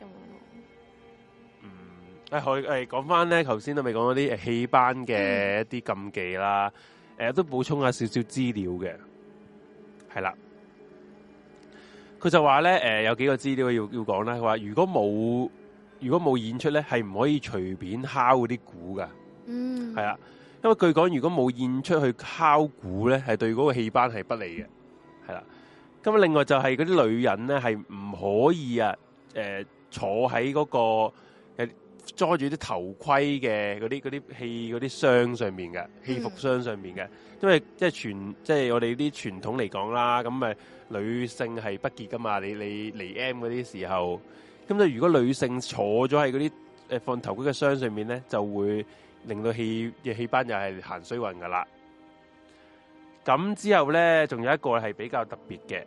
嗯，誒、哎，可誒，講翻咧，頭先都未講嗰啲戲班嘅一啲禁忌啦，誒，都補充一下少少資料嘅，係啦。佢就話咧、呃，有幾個資料要要講啦。佢話如果冇如果冇演出咧，係唔可以隨便敲嗰啲鼓噶，嗯，係啊，因為據講如果冇演出去敲鼓咧，係對嗰個戲班係不利嘅，係啦。咁啊，另外就係嗰啲女人咧，係唔可以啊、呃，坐喺嗰、嗰個誒裝住啲頭盔嘅嗰啲啲戲嗰啲箱上面嘅戲服箱上面嘅，嗯、因為即係傳即係我哋啲傳統嚟講啦，咁、嗯、咪。女性係不結噶嘛？你你嚟 M 嗰啲時候，咁就如果女性坐咗喺嗰啲誒放頭盔嘅箱上面咧，就會令到氣嘅氣班又係行水雲噶啦。咁之後咧，仲有一個係比較特別嘅，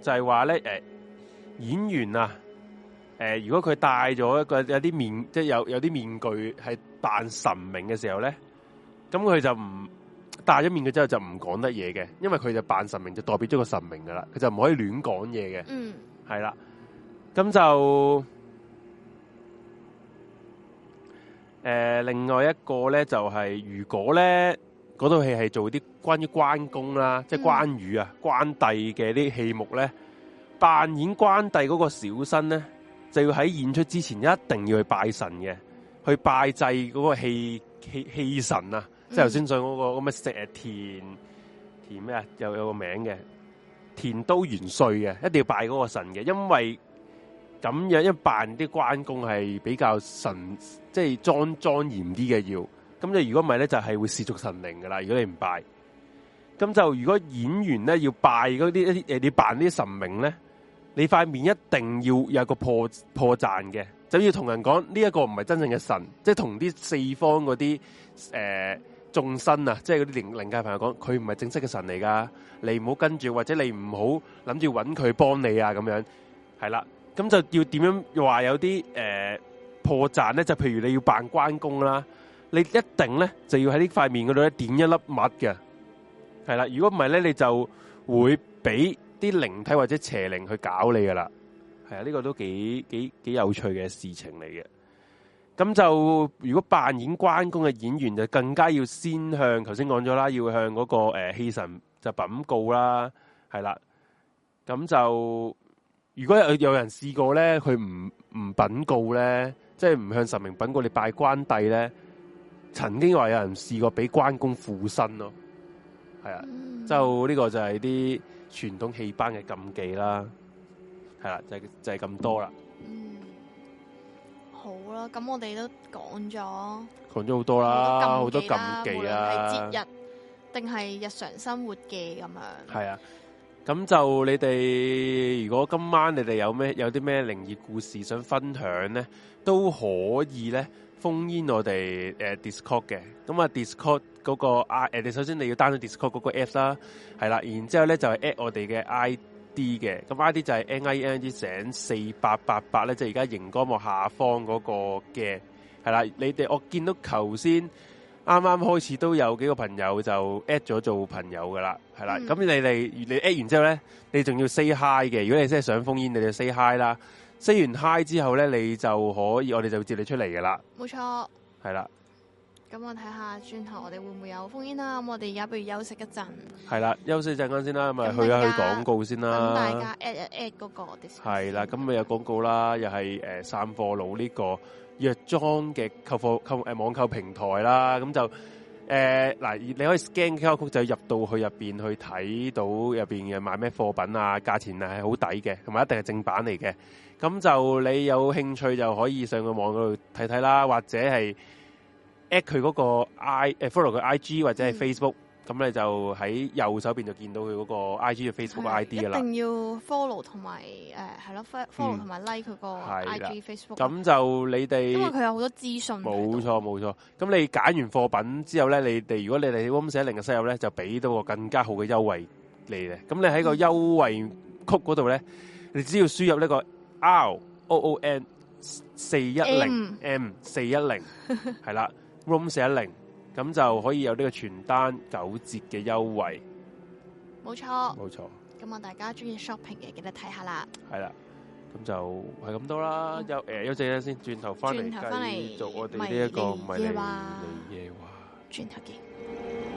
就係話咧誒演員啊誒、呃，如果佢戴咗一個有啲面，即係有有啲面具係扮神明嘅時候咧，咁佢就唔。戴咗面具之後就唔講得嘢嘅，因為佢就扮神明就代表咗個神明噶啦，佢就唔可以亂講嘢嘅。嗯，係啦，咁就誒、呃、另外一個咧就係、是、如果咧嗰套戲係做啲關於關公啦，嗯、即係關羽啊關帝嘅啲戲目咧，扮演關帝嗰個小生咧，就要喺演出之前一定要去拜神嘅，去拜祭嗰個戲戲戲神啊。嗯、即係頭先上嗰個咁嘅石田田咩啊？有，有個名嘅田都元帥嘅，一定要拜嗰個神嘅，因為咁樣為辦一扮啲關公係比較神，即係莊莊嚴啲嘅要。咁你如果唔係咧，就係會褻瀆神靈㗎啦。如果你唔拜，咁就如果演員咧要拜嗰啲一啲誒，你扮啲神明咧，你塊面一定要有個破破綻嘅，就要同人講呢一個唔係真正嘅神，即係同啲四方嗰啲眾生啊，即係嗰啲靈靈界朋友講，佢唔係正式嘅神嚟噶，你唔好跟住，或者你唔好諗住揾佢幫你啊咁樣，係啦，咁就要點樣話有啲誒、呃、破綻咧？就譬如你要扮關公啦，你一定咧就要喺呢塊面嗰度咧點一粒物嘅，係啦，如果唔係咧你就會俾啲靈體或者邪靈去搞你噶啦，係啊，呢、呢個都幾幾幾有趣嘅事情嚟嘅。咁就如果扮演關公嘅演員就更加要先向，頭先講咗啦，要向嗰、那個誒戲神、呃、就禀告啦，係啦。咁就如果有有人試過咧，佢唔唔禀告咧，即係唔向神明禀告，你拜關帝咧，曾經話有人試過俾關公附身咯，係啊，就呢個就係啲傳統戲班嘅禁忌啦，係啦，就就係咁多啦。好啦，咁我哋都講咗，講咗好多啦，好多，多禁忌啊，無論係節日定係日常生活嘅咁樣。係啊，咁就你哋如果今晚你哋有咩有啲咩靈異故事想分享咧，都可以咧封煙我哋誒、uh, Discord 嘅，咁、嗯那個、啊 Discord 嗰個啊誒，你、呃、首先你要 down 咗 Discord 嗰個 app 啦，係啦、嗯啊，然之後咧就係 at 我哋嘅 I。D 嘅咁 I D 就係 N I N g 醒四八八八咧，即係而家盈光幕下方嗰個嘅係啦。你哋我見到頭先啱啱開始都有幾個朋友就 at 咗做朋友噶啦，係啦。咁、嗯、你哋你，你 at 完之後咧，你仲要 say hi 嘅。如果你真係想封煙，你就 say hi 啦。say 完 hi 之後咧，你就可以我哋就接你出嚟噶啦。冇錯，係啦。咁我睇下，轉頭我哋會唔會有封煙？風煙啦，咁我哋而家不如休息一陣。係啦，休息陣間先啦，咪去一去廣告先啦。大家一嗰個我哋。係啦，咁咪有廣告啦，嗯、又係、呃、散貨佬呢個藥妝嘅購貨購購網購平台啦。咁就嗱、呃，你可以 scan QR code 就入到去入面去睇到入面嘅賣咩貨品啊，價錢係好抵嘅，同埋一定係正版嚟嘅。咁就你有興趣就可以上個網度睇睇啦，或者係。at 佢嗰個 I 誒 follow 佢 IG 或者係 Facebook，咁你就喺右手邊就見到佢嗰個 IG 嘅 Facebook ID 噶啦。一定要 follow 同埋誒係咯，follow 同埋 like 佢個 IG Facebook。咁就你哋因為佢有好多資訊。冇錯冇錯，咁你揀完貨品之後咧，你哋如果你哋 room 四一零嘅室友咧，就俾到個更加好嘅優惠你嘅。咁你喺個優惠曲嗰度咧，你只要輸入呢個 R O O N 四一零 M 四一零係啦。room 四一零，咁就可以有呢個全單九折嘅優惠。冇錯錯，冇錯錯。咁望大家中意 shopping 嘅記得睇下啦。係啦，咁就係咁多啦。休、嗯，誒，休、呃、息一陣先，轉頭翻嚟繼續我哋呢一個唔係嚟嘅話。轉頭見。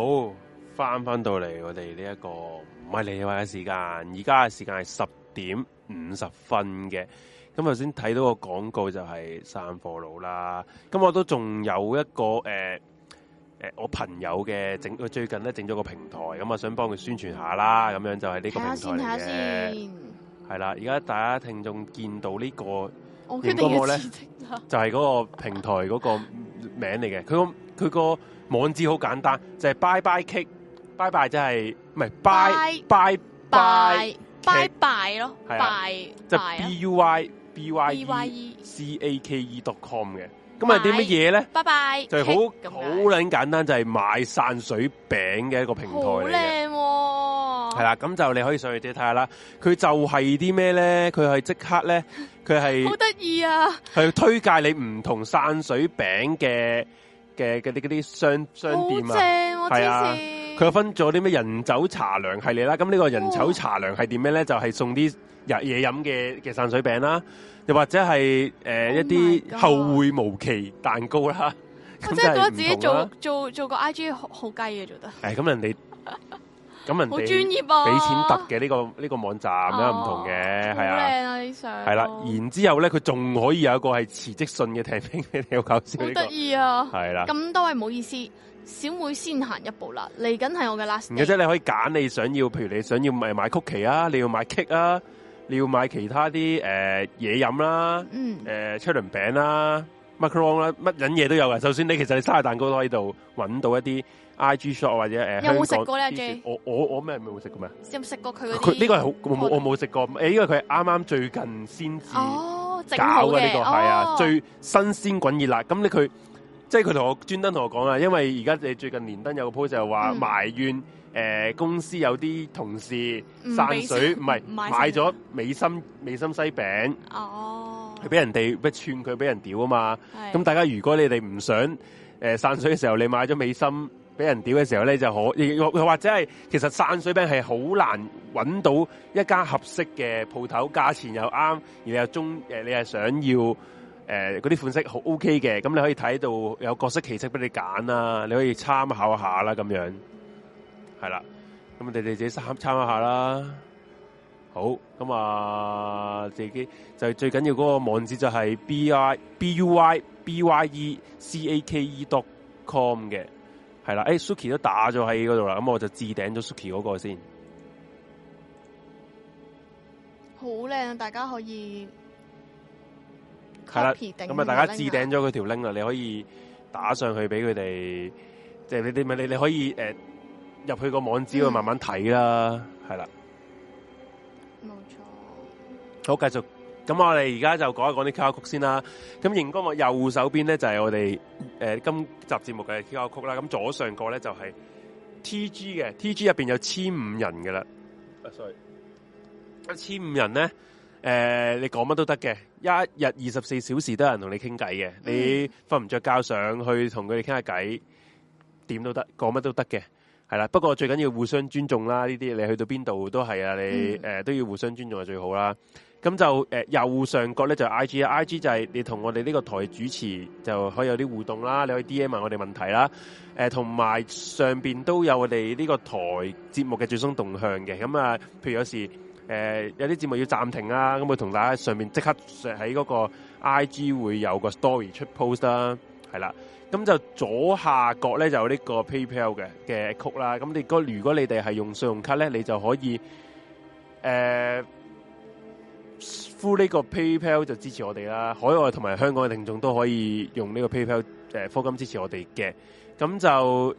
好，翻翻到嚟，我哋呢一個唔係你話嘅時間，而家嘅時間係十點五十分嘅。咁頭先睇到個廣告就係散貨佬啦。咁我都仲有一個誒誒、呃呃，我朋友嘅整，佢最近咧整咗個平台，咁啊想幫佢宣傳下啦。咁樣就係呢個平台先，係啦，而家大家聽眾見到呢、這個，我決定要辭職啦，呢就係、是、嗰個平台嗰個名嚟嘅，佢個佢個。網址好簡單，就係 bye bye cake，bye bye 就係唔係 bye bye bye bye bye 咯，by 就 b u y b y e c a k e dot com 嘅，咁係啲乜嘢咧？bye bye 就係好好捻簡單，就係買散水餅嘅一個平台嚟嘅。係啦，咁就你可以上去睇下啦，佢就係啲咩咧？佢係即刻咧，佢係好得意啊，去推介你唔同散水餅嘅。嘅啲啲商商店啊，係啊，佢又、啊、分咗啲咩人酒茶涼系列啦、啊。咁呢個人酒茶涼係點咩咧？哦、就係送啲日嘢飲嘅嘅散水餅啦、啊，又或者係誒、呃哦、一啲後會無期蛋糕啦、啊。即係覺得自己做、啊、做，做，做個 I G 好好雞嘅做得、哎。咁、嗯、人哋。 咁人哋俾錢揼嘅呢個呢個網站都唔同嘅，係啊、哦，好靚啊啲相，係啦，然之後咧佢仲可以有一個係辭職信嘅評你嘅，有搞笑，好得意啊，係啦的，咁都係唔好意思，小妹先行一步啦，嚟緊係我嘅 last，即你可以揀你想要，譬如你想要買買曲奇啊，你要買 cake 啊，啊，你要買其他啲誒、呃、野飲啦、啊，嗯，誒車、呃、輪餅啦，macaron 啦，乜嘢、啊、都有嘅，首先你其實你生日蛋糕都可以度揾到一啲。I G Shop 或者誒香港，我我我咩冇食嘅咩？有冇食過佢佢呢個係好，我冇我冇食過。誒，因為佢係啱啱最近先至搞嘅呢個係啊，最新鮮滾熱辣。咁咧佢即係佢同我專登同我講啊，因為而家你最近連登有個 post 就話埋怨誒公司有啲同事散水，唔係買咗美心美心西餅哦，係俾人哋串佢，俾人屌啊嘛。咁大家如果你哋唔想誒散水嘅時候，你買咗美心。俾人屌嘅時候咧，就可又又或者係其實散水餅係好難揾到一家合適嘅鋪頭，價錢又啱，而你又中、呃、你係想要誒嗰啲款式好 OK 嘅，咁你可以睇到有各式奇色俾你揀啦，你可以參考下啦，咁樣係啦，咁你哋自己參,參考一下啦。好，咁啊自己就最緊要嗰個網址就係 b、u、i b u y b y e c a k e dot com 嘅。係啦，誒，Suki 都打咗喺嗰度啦，咁我就置頂咗 Suki 嗰個先漂亮。好靚，大家可以了 copy 咁啊！大家置頂咗佢條 link 啦，嗯、你可以打上去俾佢哋，即、就、係、是、你哋咪你你可以誒入、呃、去個網址去慢慢睇啦，係啦、嗯了。冇錯。好，繼續。咁我哋而家就講一講啲 QQ 曲先啦。咁熒光幕右手邊咧就係、是、我哋誒、呃、今集節目嘅 QQ 曲啦。咁左上角咧就係、是、TG 嘅，TG 入邊有千五人㗎啦。s o r r y 一千五人咧，誒、呃，你講乜都得嘅，一日二十四小時都有人同你傾偈嘅，你瞓唔着覺上去同佢哋傾下偈，點都得，講乜都得嘅，係啦。不過最緊要互相尊重啦，呢啲你去到邊度都係啊，你誒、呃、都要互相尊重係最好啦。咁就誒、呃、右上角咧就 IG，IG、是、IG 就係你同我哋呢個台主持就可以有啲互動啦，你可以 DM 我哋問題啦。誒，同埋上邊都有我哋呢個台節目嘅最新動向嘅。咁啊，譬如有時誒、呃、有啲節目要暫停啊，咁我同大家上面即刻喺嗰個 IG 會有個 story 出 post 啦，係啦。咁就左下角咧就有呢個 PayPal 嘅嘅曲啦。咁你如果如果你哋係用信用卡咧，你就可以誒。呃付呢個 PayPal 就支持我哋啦，海外同埋香港嘅聽眾都可以用呢個 PayPal 誒，科金支持我哋嘅。咁就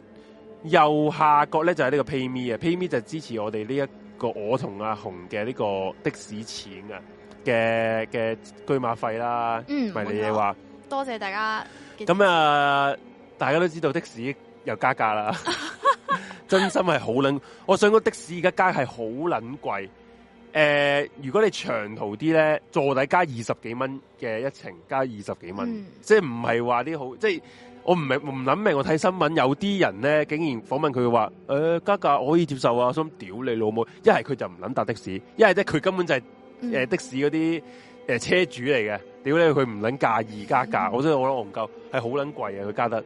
右下角咧就係呢個 PayMe 啊，PayMe 就支持我哋呢一個我同阿紅嘅呢個的士錢啊嘅嘅車馬費啦。嗯，你嘢話，多謝大家。咁啊，大家都知道的士又加價啦，真心係好捻。我上個的士而家街係好捻貴。誒、呃，如果你長途啲咧，座底加二十幾蚊嘅一程，加二十幾蚊，嗯、即係唔係話啲好？即係我唔明，唔諗明。我睇新聞，有啲人咧，竟然訪問佢話：誒、呃、加價可以接受啊！我想屌你老母！一係佢就唔撚搭的士，一係即佢根本就係、是嗯呃、的士嗰啲、呃、車主嚟嘅。屌你，佢唔撚價二加價，嗯、我真係我諗我唔夠係好撚貴啊！佢加得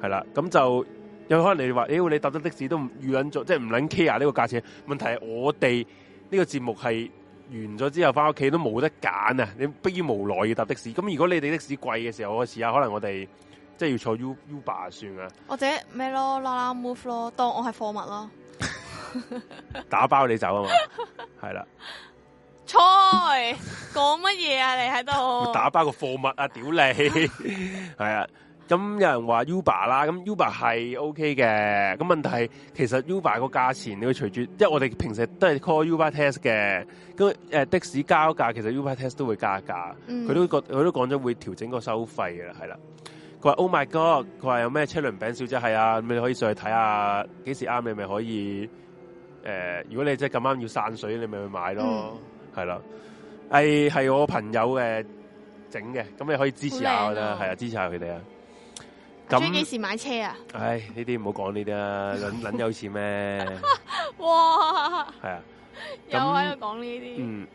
係啦，咁就有可能你話：妖你搭得的士都唔預撚咗，即係唔撚 care 呢個價錢。問題係我哋。呢個節目係完咗之後返屋企都冇得揀啊！你逼於無奈要搭的士，咁如果你哋的士貴嘅時候，我試下可能我哋即係要坐 U Uber 算啊，或者咩咯，啦啦 Move 咯，當我係貨物咯， 打包你走啊嘛，係啦 的，菜講乜嘢啊？你喺度？打包個貨物啊！屌你，係 啊！咁、嗯、有人話 Uber 啦，咁 Uber 係 OK 嘅。咁問題其實 Uber 個價錢，你會隨住，即係我哋平時都係 call Uber test 嘅。咁誒的士交價，其實 Uber test 都會加價，佢、嗯、都佢都講咗會調整個收費嘅，係啦。佢話 Oh my God，佢話有咩車輪餅小姐係啊，咁你可以上去睇下，幾時啱你咪可以、呃。如果你真咁啱要散水，你咪去買咯，係啦、嗯。係、哎、係我朋友嘅整嘅，咁你可以支持下我啦，係啊，支持下佢哋啊。咁幾時買車啊？唉，呢啲唔好講呢啲啦，諗諗有錢咩？ 哇！係啊，又喺度講呢啲。嗯，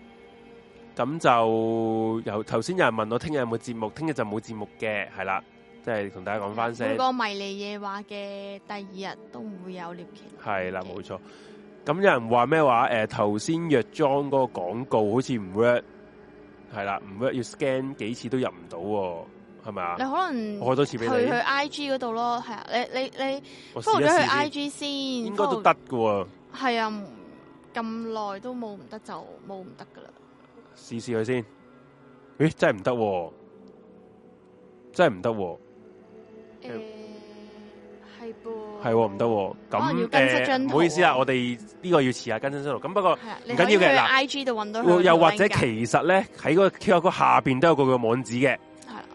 咁就由頭先有人問我聽日有冇節目，聽日就冇節目嘅，係啦、啊，即係同大家講翻聲。個迷你夜話嘅第二日都唔會有獵奇。係啦、啊，冇錯 Okay。咁有人話咩話？誒、呃，頭先藥妝嗰個廣告好似唔 work，係啦，唔 work、啊、要 scan 幾次都入唔到、啊。係咪啊？你可能去去 I G 嗰度咯，係啊，你你你 follow 咗去 I G 先，應該都得㗎。係啊，咁耐都冇唔得就冇唔得噶啦。試試佢先，咦？真係唔得，真係唔得。誒，係噃，係唔得，咁誒，唔好意思啊，我哋呢個要遲下更新先咯。咁不過唔緊要嘅，嗱，I G 度搵到又或者其實咧喺個 Q R 碼下邊都有個個網址嘅。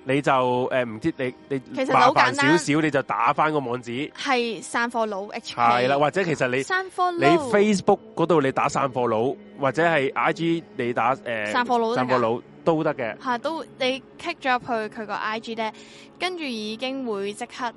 你就誒唔、呃、知你你麻煩少少，你就打翻個網址，係散貨佬 h 係係啦，或者其實你散佬你 Facebook 嗰度你打散貨佬，或者係 IG 你打誒、呃、散貨佬，散佬都得嘅，吓都你 k i c k 咗入去佢個 IG 咧，跟住已經會即刻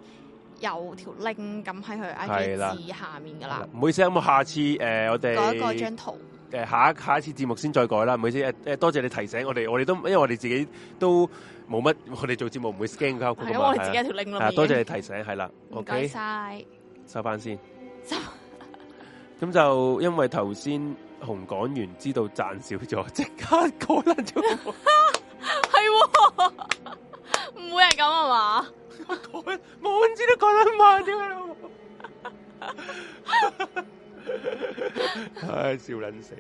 有條 link 咁喺佢 IG 字了下面噶啦。唔好意思，咁冇下次誒、呃、我哋攞一個張圖。下一下次節目先再改啦，唔好意思誒誒，多謝你提醒我哋，我哋都因為我哋自己都冇乜，我哋做節目唔會 scan 嗰個問題。因為我自己一條 link 多謝你提醒，係啦，OK，收翻先收。咁就因為頭先紅講完，知道賺少咗， 即刻改翻咗。係喎，唔會係咁啊嘛，改滿支都改得慢啲 唉，笑捻死！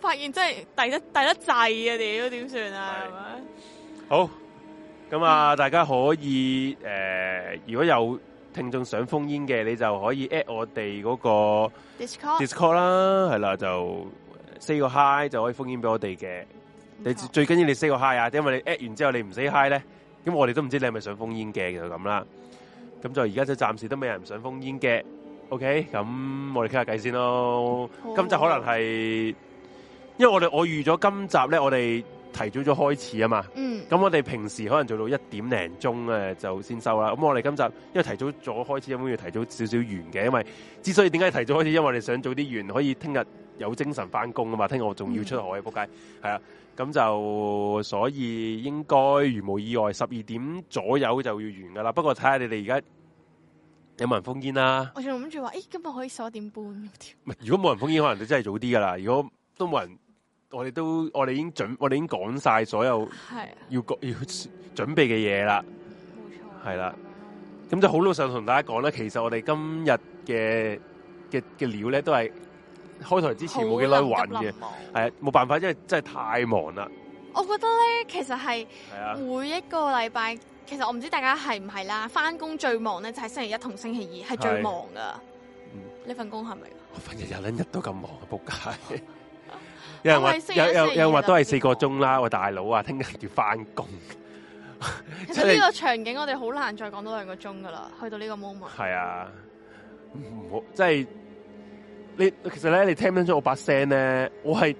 發現真係遞得遞得滯啊！屌，點算啊？對吧好，咁啊，嗯、大家可以誒、呃，如果有聽眾想封煙嘅，你就可以 at 我哋嗰、那個 Discord, Discord 啦，係啦，就 say 個 hi 就可以封煙俾我哋嘅。錯你最緊要你 say 個 hi 啊，因為你 at 完之後你唔 say hi 咧，咁我哋都唔知你係咪想封煙嘅就咁啦。咁、嗯、就而家就暫時都未有人想封煙嘅。OK，咁我哋傾下偈先咯。好今集可能係，好因為我哋我預咗今集咧，我哋提早咗開始啊嘛。嗯，咁我哋平時可能做到一點零鐘咧就先收啦。咁我哋今集因為提早咗開始，一般要提早少少完嘅。因為之所以點解提早開始，因為我哋想早啲完，可以聽日有精神翻工啊嘛。聽日我仲要出海仆街，係啊、嗯，咁就所以應該如無意外十二點左右就要完噶啦。不過睇下你哋而家。有冇人封煙啦、啊？我仲諗住話，誒，今日可以十一點半。 如果冇人封煙，可能你真係早啲噶啦。如果都冇人，我哋都我哋已經準，我哋已經講晒所有要要，要準備嘅嘢啦。冇錯錯，係啦的。咁就好老實同大家講咧，其實我哋今日嘅嘅嘅料咧，都係開台之前冇幾耐揾嘅。係啊，冇的辦法，因為真係太忙啦。我覺得咧，其實係每一個禮拜。其實我唔知大家係唔係啦，翻工最忙咧就係星期一同星期二係最忙噶。呢是份工係咪？我份日日兩日都咁忙啊，仆街！又人話有有有話都係四個鐘啦，我大佬、 就是、啊，聽日要翻工。其實呢個場景我哋好難再講多兩個鐘噶啦，去到呢個 moment。係啊，唔好即係你其實咧，你聽唔聽到我把聲咧？我係。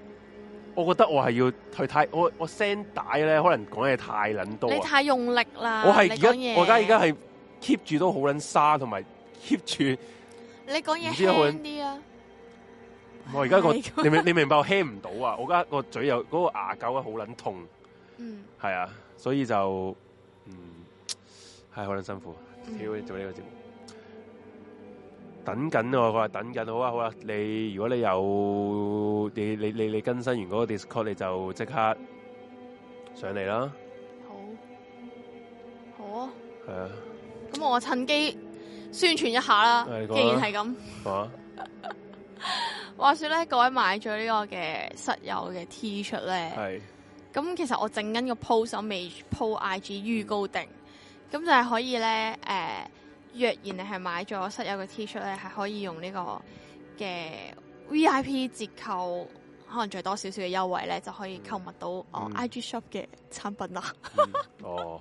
我覺得我係要去太我我聲帶咧，可能講嘢太卵多，你太用力啦！我係而家我而家而家係 keep 住都好卵沙，同埋 keep 住你講嘢唔知好啲啊！我而家個你明你明白我輕唔到啊！我而家個嘴又嗰，那個牙膠啊好卵痛，嗯，係啊，所以就嗯係好卵辛苦，要做呢個節目。等緊我，佢話等緊，好啊，好啊，你如果你有你你你你更新完嗰個 Discord，你就即刻上嚟啦。好，好啊。係啊。咁我趁機宣傳一下啦。哎、既然係咁。好啊。 話說咧，各位買咗呢個嘅室友嘅 T 恤咧，係是。咁其實我整緊個 post，我未 po IG 預告定，咁就係可以咧，誒、呃。若然你係買咗室友嘅 T 恤咧，係可以用呢個嘅 VIP 折扣，可能再多少少嘅優惠咧，就可以購物到哦 IG Shop 嘅產品啦，嗯嗯。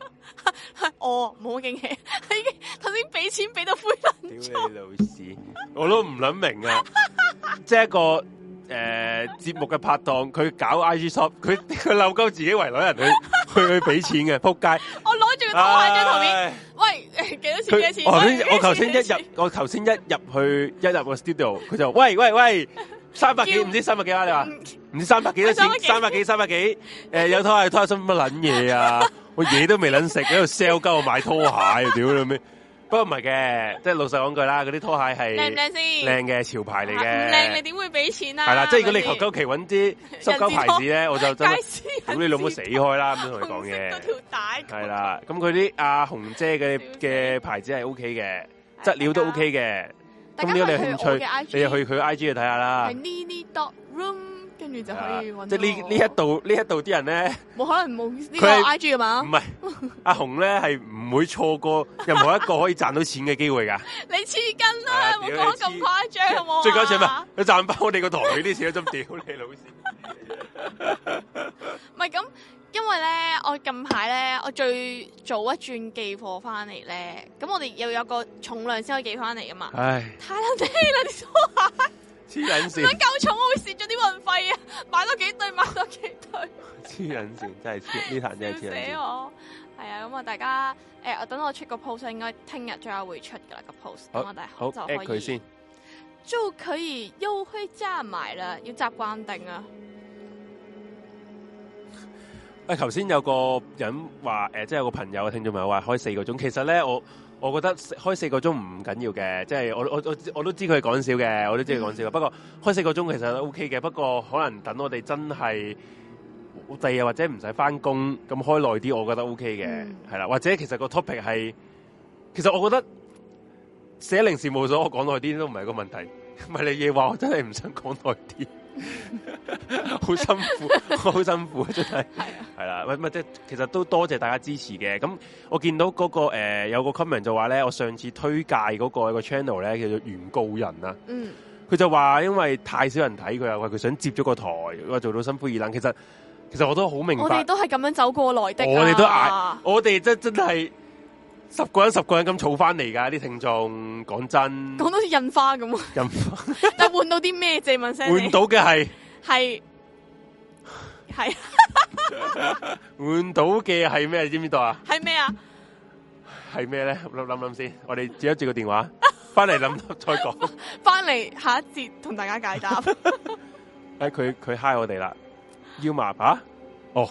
哦，唔好 驚喜，已經頭先俾錢俾到灰粉。點解你老屎！ 我都唔諗明啊，即係 一個。誒，節目嘅拍檔，佢搞 IG shop，佢佢鬧鳩自己為女人去去去俾錢嘅，撲街！我攞住拖鞋張圖片，喂，幾多錢？幾多錢？我頭先一入，我頭先一入去一入個 studio，佢就喂喂喂，三百幾唔知三百幾啊？你話唔知三百幾多錢？三百幾三百幾？誒，有拖鞋拖鞋送乜撚嘢啊？我嘢都未撚食，喺度 sell 鳩我買拖鞋啊！屌你咪～不過唔係嘅，即係老實講句啦，嗰啲拖鞋係靚唔靚先？靚嘅潮牌嚟嘅。唔靚、啊、你點會俾錢啊？係啦，即係如果你求求其揾啲濕鳩牌子咧，我就真係屌你老母死開啦！咁樣同你講嘢。紅色嗰條帶。係啦，咁佢啲阿紅姐嘅嘅牌子係 OK 嘅，質料都 OK 嘅。咁家如果你有興趣，IG, 你又去佢 I G 度睇下啦。跟住就可以揾、啊，即係呢呢一度呢一度啲人咧，冇可能冇呢個 I G 噶嘛？唔係， 阿紅咧係唔會錯過任何一個可以賺到錢嘅機會噶。 你黐筋啦，冇講咁誇張，好冇？最緊要咩？ 你賺翻我哋個台啲錢，就屌你老師。唔係咁，因為咧，我近排咧，我最早一轉寄貨翻嚟咧，咁我哋又有個重量先可以寄翻嚟噶嘛。唉，太難聽啦！你坐下。黐隱線，想夠重我會蝕咗啲運費啊！買多幾對，買多幾對。黐隱線真係黐，呢壇真係黐。笑死我！係、嗯、啊，咁啊大家，欸、我等我出個 post，應該聽日最後一會出嘅啦個 post，啊。我好，好就 at 佢他先就可以。就佢要開揸埋啦，要習慣定啊，欸！喂，頭先有個人話，欸、即係有個朋友聽眾朋友話開四個鐘，其實咧我。我覺得開四個鐘唔緊要嘅，即係我我我我都知佢講笑嘅，我都知佢講笑，的我都知道他是笑的。不過開四個鐘其實 O K 嘅，不過可能等我哋真係第日或者唔使翻工咁開耐啲，我覺得 O K 嘅，係啦。或者其實個 topic 係其實我覺得寫零時冇所，我講耐啲都唔係個問題。唔係你嘢話，我真係唔想講耐啲。好 辛苦，好 辛苦， 真係係啦，唔係唔係，即係其實都多謝，謝大家支持嘅。咁我見到嗰、那個誒、呃，有個 comment 就話咧，我上次推介嗰個個 channel 咧叫做《原告人》啊，嗯，佢就話因為太少人睇佢啊，話佢想接咗個台，話做到心灰意冷。其實其實我都好明白，我哋都係咁樣走過來的、啊我們，啊、我哋都，嗌，我哋真真係。十個人十個人咁儲翻嚟噶啲聽眾，講真，講到似印花咁啊！印花，但換到啲咩借問聲？換到嘅係係係換到嘅係咩？知唔知道啊？係咩啊？係咩咧？諗諗諗先，我哋接一接個電話，翻嚟諗再講，翻嚟 下一節同大家解答、 啊。哎，佢佢嗨我哋啦，要麻爸哦，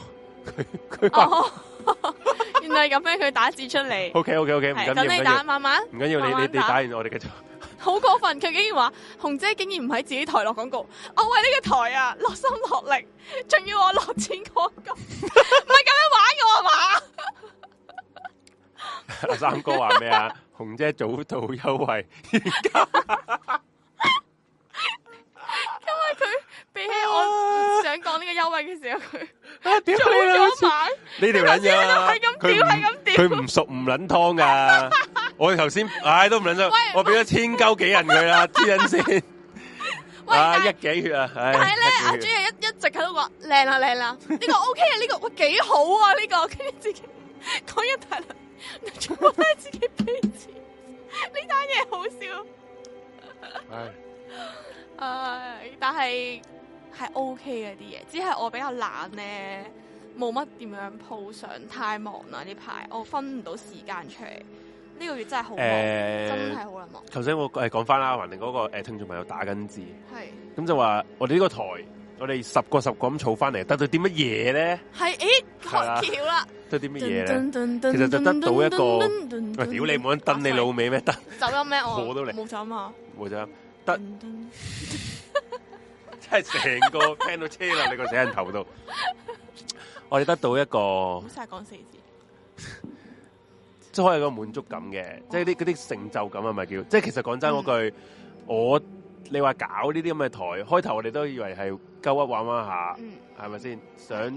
佢佢 原嚟係咁樣，佢打字出嚟。OK OK OK，唔緊要，慢慢，慢慢，唔緊要，你你你打完我的，我哋繼續。好過分，佢竟然話，紅 姐竟然唔喺自己台落廣告，我為呢個台啊，落心落力，仲要我落錢廣告，唔係咁樣玩我係嘛？阿 三哥話咩啊？紅姐早到優惠，而家因為佢。比起我想講呢個優惠嘅時候，佢做咗買呢條捻嘢啦，佢唔熟唔捻湯噶，我哋頭先唉都唔捻得，我俾咗千鳩幾人佢啦，知人先，啊一幾血啊，唉，但係咧，阿 J 啊一一直喺度話靚啦靚啦，呢個 OK 啊，呢個喂幾好啊呢個，跟住自己講一大輪，全部都係自己俾錢，呢單嘢好笑，唉，唉，但係。係 OK 嘅啲嘢，只係我比較懶咧，冇乜點樣鋪上，太忙啦呢排，我分唔到時間出嚟。呢、這個月真係好忙的，呃、真係好難忙剛才。頭先我誒講翻啦，還定嗰個誒聽眾朋友打緊字，係咁是就話我哋呢個台，我哋十個十個咁儲翻嚟，得到啲乜嘢咧？係誒，開竅啦，得啲乜嘢咧？其實就得到一個，屌、哎、你冇得蹬你老味咩？得走音咩？我都嚟冇走音啊，冇走得。 係成個聽到車啦，你個死人頭度，我哋得到一個，唔好晒講四字，即係可以有個滿足感嘅，即係啲嗰啲成就感係咪叫，即係其實講真嗰句，我你話搞呢啲咁嘅台，開頭我哋都以為係鳩噏玩玩下，嗯，係咪先？想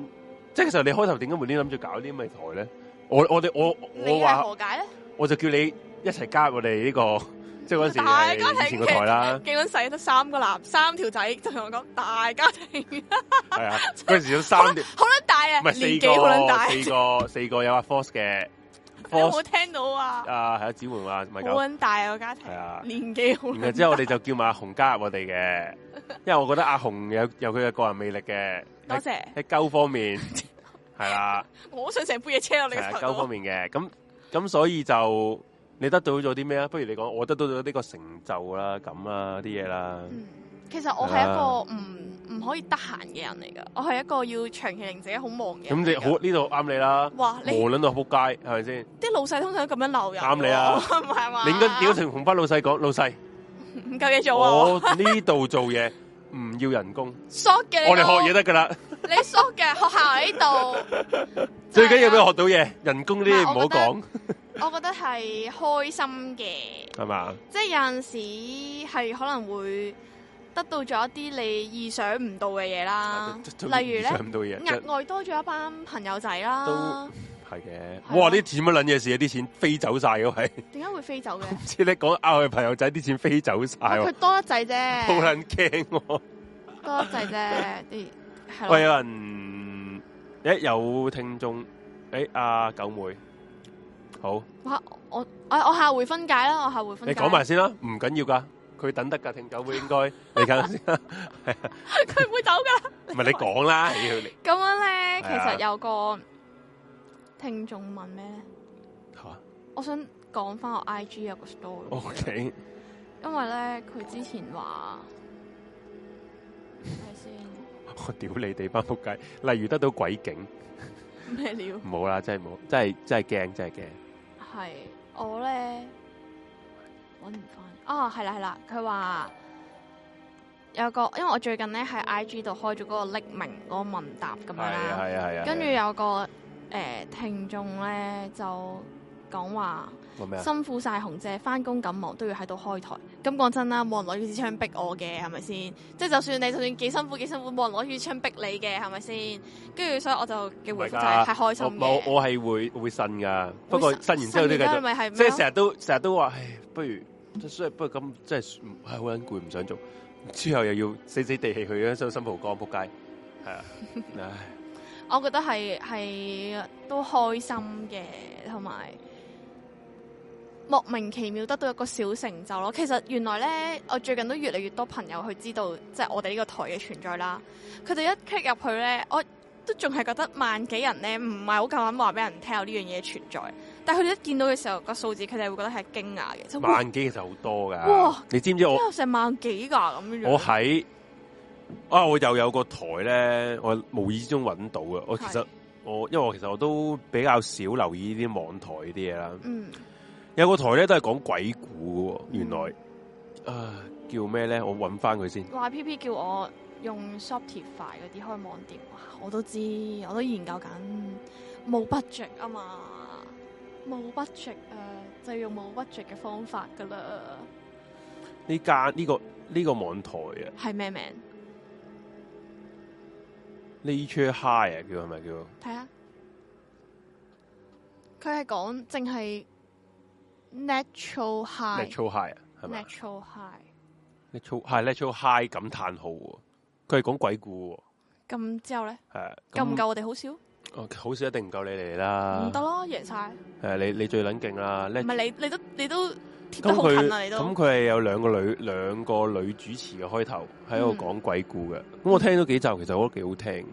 即係其實你開頭點解無端諗住搞啲咁嘅台咧？我我哋我我話何解咧？我就叫你一齊加入我哋呢個。即係嗰時，大家庭啦，幾卵細得三個男，三條仔，就同我講大家庭。係啊，陣時都三條，好卵大啊！唔係，年紀好卵大，四個，四個，四個有阿 Force 嘅，你有冇聽到啊？啊，係啊，子煥話好卵大個家庭，係啊，年紀好。之後我哋就叫埋阿洪加入我哋嘅，因為我覺得阿洪有有佢嘅個人魅力嘅。多謝喺鳩方面係啦，我想成杯嘢車我哋，鳩方面嘅，咁咁所以就。你得到咗啲咩啊？不如你講，我得到咗呢個成就啦，咁啊啲嘢啦。嗯，其實我係一個唔唔可以得閒嘅人嚟噶，我係一個要長期令自己好忙嘅。咁你好呢度啱你啦。哇，忙到扑街係咪先？啲老細通常咁樣鬧人，啱你啊，唔係嘛？你個表情同翻老細講，老細唔夠嘢做。我呢度做嘢唔要人工，short 嘅，我哋學嘢得噶啦。你 short 嘅學校喺度，最緊要畀學到嘢，人工呢啲唔好講。我覺得係開心嘅，係嘛？即係有陣時係可能會得到咗一啲你意想唔到嘅嘢啦，例如咧，額外多咗一班朋友仔啦，都係嘅。哇！啲錢乜撚嘢事啊？啲錢飛走晒。嘅喎，點解會飛走嘅？唔知咧，講啱嘅朋友仔啲錢飛走曬喎，佢多得滯啫，好撚驚我，多得滯啫。喂，有人，一有聽眾，誒阿九妹。好，我我下回分解啦，我下回分解。你講埋先啦，唔緊要噶，佢等得噶，停久會應該嚟緊先，佢唔會走噶。唔係你講啦，咁樣咧，其實有個聽眾問咩咧？吓，我想講翻我 I G 有個 story。O K，因為咧佢之前話係先？我屌你哋班仆街！例如得到鬼景咩料？冇啦，真係冇，真係真係驚，真係驚。係我咧搵唔返啊！係啦係啦，佢、哦、話有個，因為我最近咧喺 I G 度開咗嗰個匿名嗰個問答咁樣啦，係啊係啊，跟住有個誒、呃、聽眾咧就。.講話說辛苦晒，紅姐翻工咁忙都要喺度開台。咁講真啦，冇人攞住支槍逼我嘅，係咪先？即係就算你，就算幾辛苦，幾辛苦，冇人攞住支槍逼你嘅，係咪先？跟住所以我就嘅回復就係、是啊、開心嘅。我我係會我會呻噶慎、啊，不過呻完之後呢，即係成日都成日都話，唉，不如即係不過咁，即係係好撚攰，唔想做，之後又要死死地氣去，樣身身蒲光街，係啊， 唉我覺得係係都開心嘅，同埋。莫名其妙得到一個小成就咯，其實原來咧，我最近都越嚟越多朋友去知道，即係我哋呢個台嘅存在啦。佢哋一 click 入去咧，我都仲係覺得萬幾人咧，唔係好夠膽話俾人聽有呢樣嘢存在。但係佢哋一見到嘅時候，個數字佢哋會覺得係驚訝嘅。就萬幾其實好多㗎，哇你知唔知我？有成萬幾㗎咁樣我喺啊，我又有個台咧，我無意中揾到嘅。我其實是我因為我其實我都比較少留意呢啲網台呢啲嘢啦。嗯。有個台咧都係講鬼故嘅，原來啊，叫咩咧？我揾翻佢先。話 P P 叫我用 Shopify 嗰啲開網店，我都知，我都研究緊冇 budget 啊嘛，冇 budget 啊，就要用冇 budget 嘅方法噶啦。呢間呢，呢個呢，呢個網台啊，係咩名？Lazy High 啊，叫係咪叫？睇下，佢係講淨係。Natural high，Natural high 啊 high，係咪？Natural high，Natural high，Natural high 感嘆號，佢係講鬼故，咁之後咧係夠唔夠我哋好少？哦，好少一定唔夠你哋嚟啦，唔得咯，贏晒。誒，你你最捻勁啦，唔係你你都你都貼得好近啊，你都。咁佢係有兩個女兩個女主持嘅開頭喺度講鬼故嘅，咁、嗯、我聽咗幾集，其實我都幾好聽。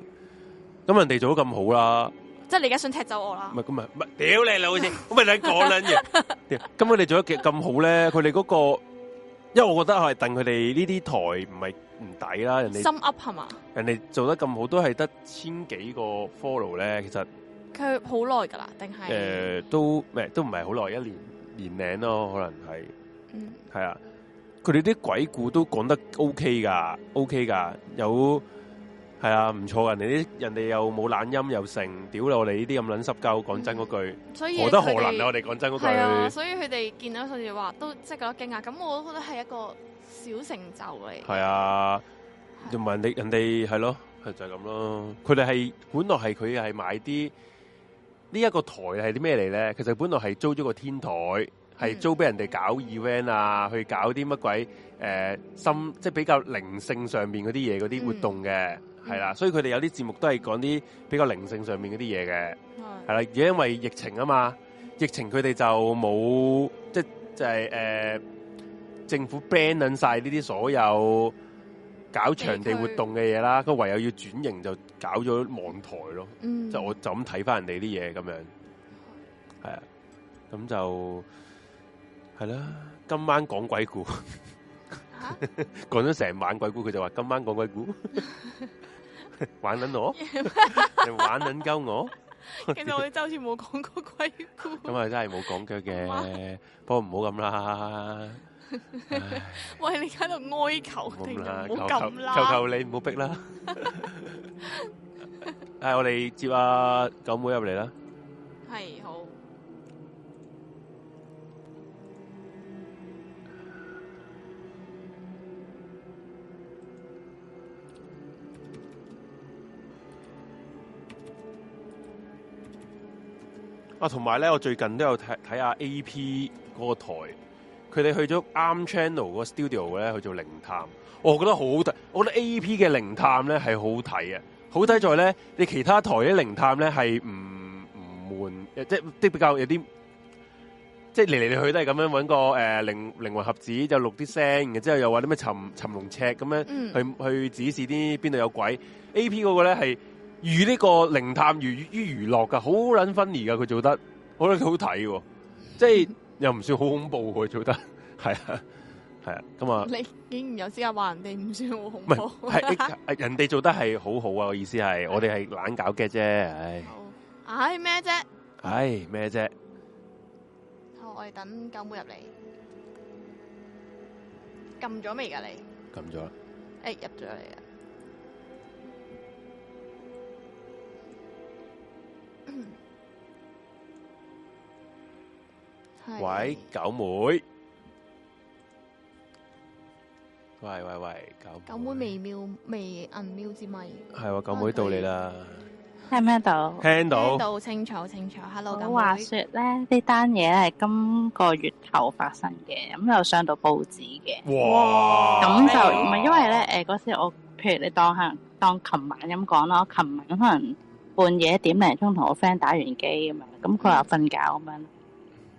咁人哋做得咁好啦、啊。即係你而家想踢走我啦？唔係，咁咪咪屌你老味，咁咪你講捻嘢。咁佢哋做得咁好咧，佢哋嗰個，因為我覺得係戥佢哋呢啲台唔係唔抵啦。人哋心 up 係嘛？人哋做得咁好，都係得千幾個 follow 咧。其實佢好耐噶啦，定係誒，都咩都唔係好耐，一年年零咯，可能係。嗯。係啊，佢哋啲鬼故都講得 OK 噶，OK 噶有。係啊，唔錯，人哋啲，人哋又冇懶音又成，屌落我哋呢啲咁撚濕鳩，講、嗯、真嗰句，何得何能啊！我哋講真嗰句。係啊，所以佢哋見到佢哋話都即係覺得驚訝啊！咁我都覺得係一個小成就嚟。係啊，又唔係人哋人哋，係咯，就係咁咯。佢哋係本來係佢係買啲呢一、呢個台係啲咩嚟咧？其實本來係租咗個天台，係、嗯、租俾人哋搞 event 啊，去搞啲乜鬼誒心，即係比較靈性上面嗰啲嘢嗰啲活動嘅。嗯係啦，所以佢哋有啲節目都係講啲比較靈性上面嗰啲嘢嘅，係啦、嗯，而家因為疫情啊嘛，疫情佢哋就冇即係就係、是、誒、呃、政府 ban 晒呢啲所有搞場地活動嘅嘢啦，佢他唯有要轉型就搞咗網台咯，嗯、就我就咁睇翻人哋啲嘢咁樣，係啊，咁就係啦，今晚講鬼故，講咗成晚鬼故，佢就話今晚講鬼故。啊 玩緊我，你玩緊鳩我。其實我哋就好似冇講過鬼故。咁啊，真係冇講腳嘅，不過唔好咁啦。喂，你喺度哀求定唔好咁啦？求求你唔好逼啦。誒，我哋接阿九妹入嚟啦。係好。啊，同埋咧，我最近都有睇睇下 A P 嗰個台，佢哋去咗啱 Channel 嗰個 studio 咧去做靈探，我覺得好得，我覺得 A P 嘅靈探咧係好睇啊！好睇在咧，你其他台嘅靈探咧係唔唔悶，即係啲比較有啲即係嚟嚟去都係咁樣揾個誒、呃、靈靈魂盒子就錄啲聲，然之後又話啲咩尋尋龍尺咁樣去去指示啲邊度有鬼。A P 嗰個咧係。是如呢個靈探如於娛樂噶，好捻 funny 噶，佢做，做， 做得，好捻好睇喎，即係又唔算好恐怖，佢做得，係係啊，咁啊，啊你竟然有資格話人哋唔算好恐怖，係、啊、 人哋做得係好好啊，我意思係對 我哋係懶搞嘅啫，唉，唉咩啫，唉咩啫，我哋等九妹入嚟，撳咗未噶你？撳咗啦，誒入咗嚟啦。喂，九妹，喂喂喂，九九妹未 mute 未按 mute 支咪？係喎，九妹到你啦。聽唔聽到？聽到，聽到清楚清楚。Hello，咁話說咧，呢單嘢係今個月頭發生嘅，咁又上到報紙嘅。哇！咁就唔係因為咧，誒，嗰時我，譬如你當下當琴晚咁講咯，琴晚可能。半夜一點零鐘同我 friend 打完機咁樣，咁佢話瞓覺咁樣，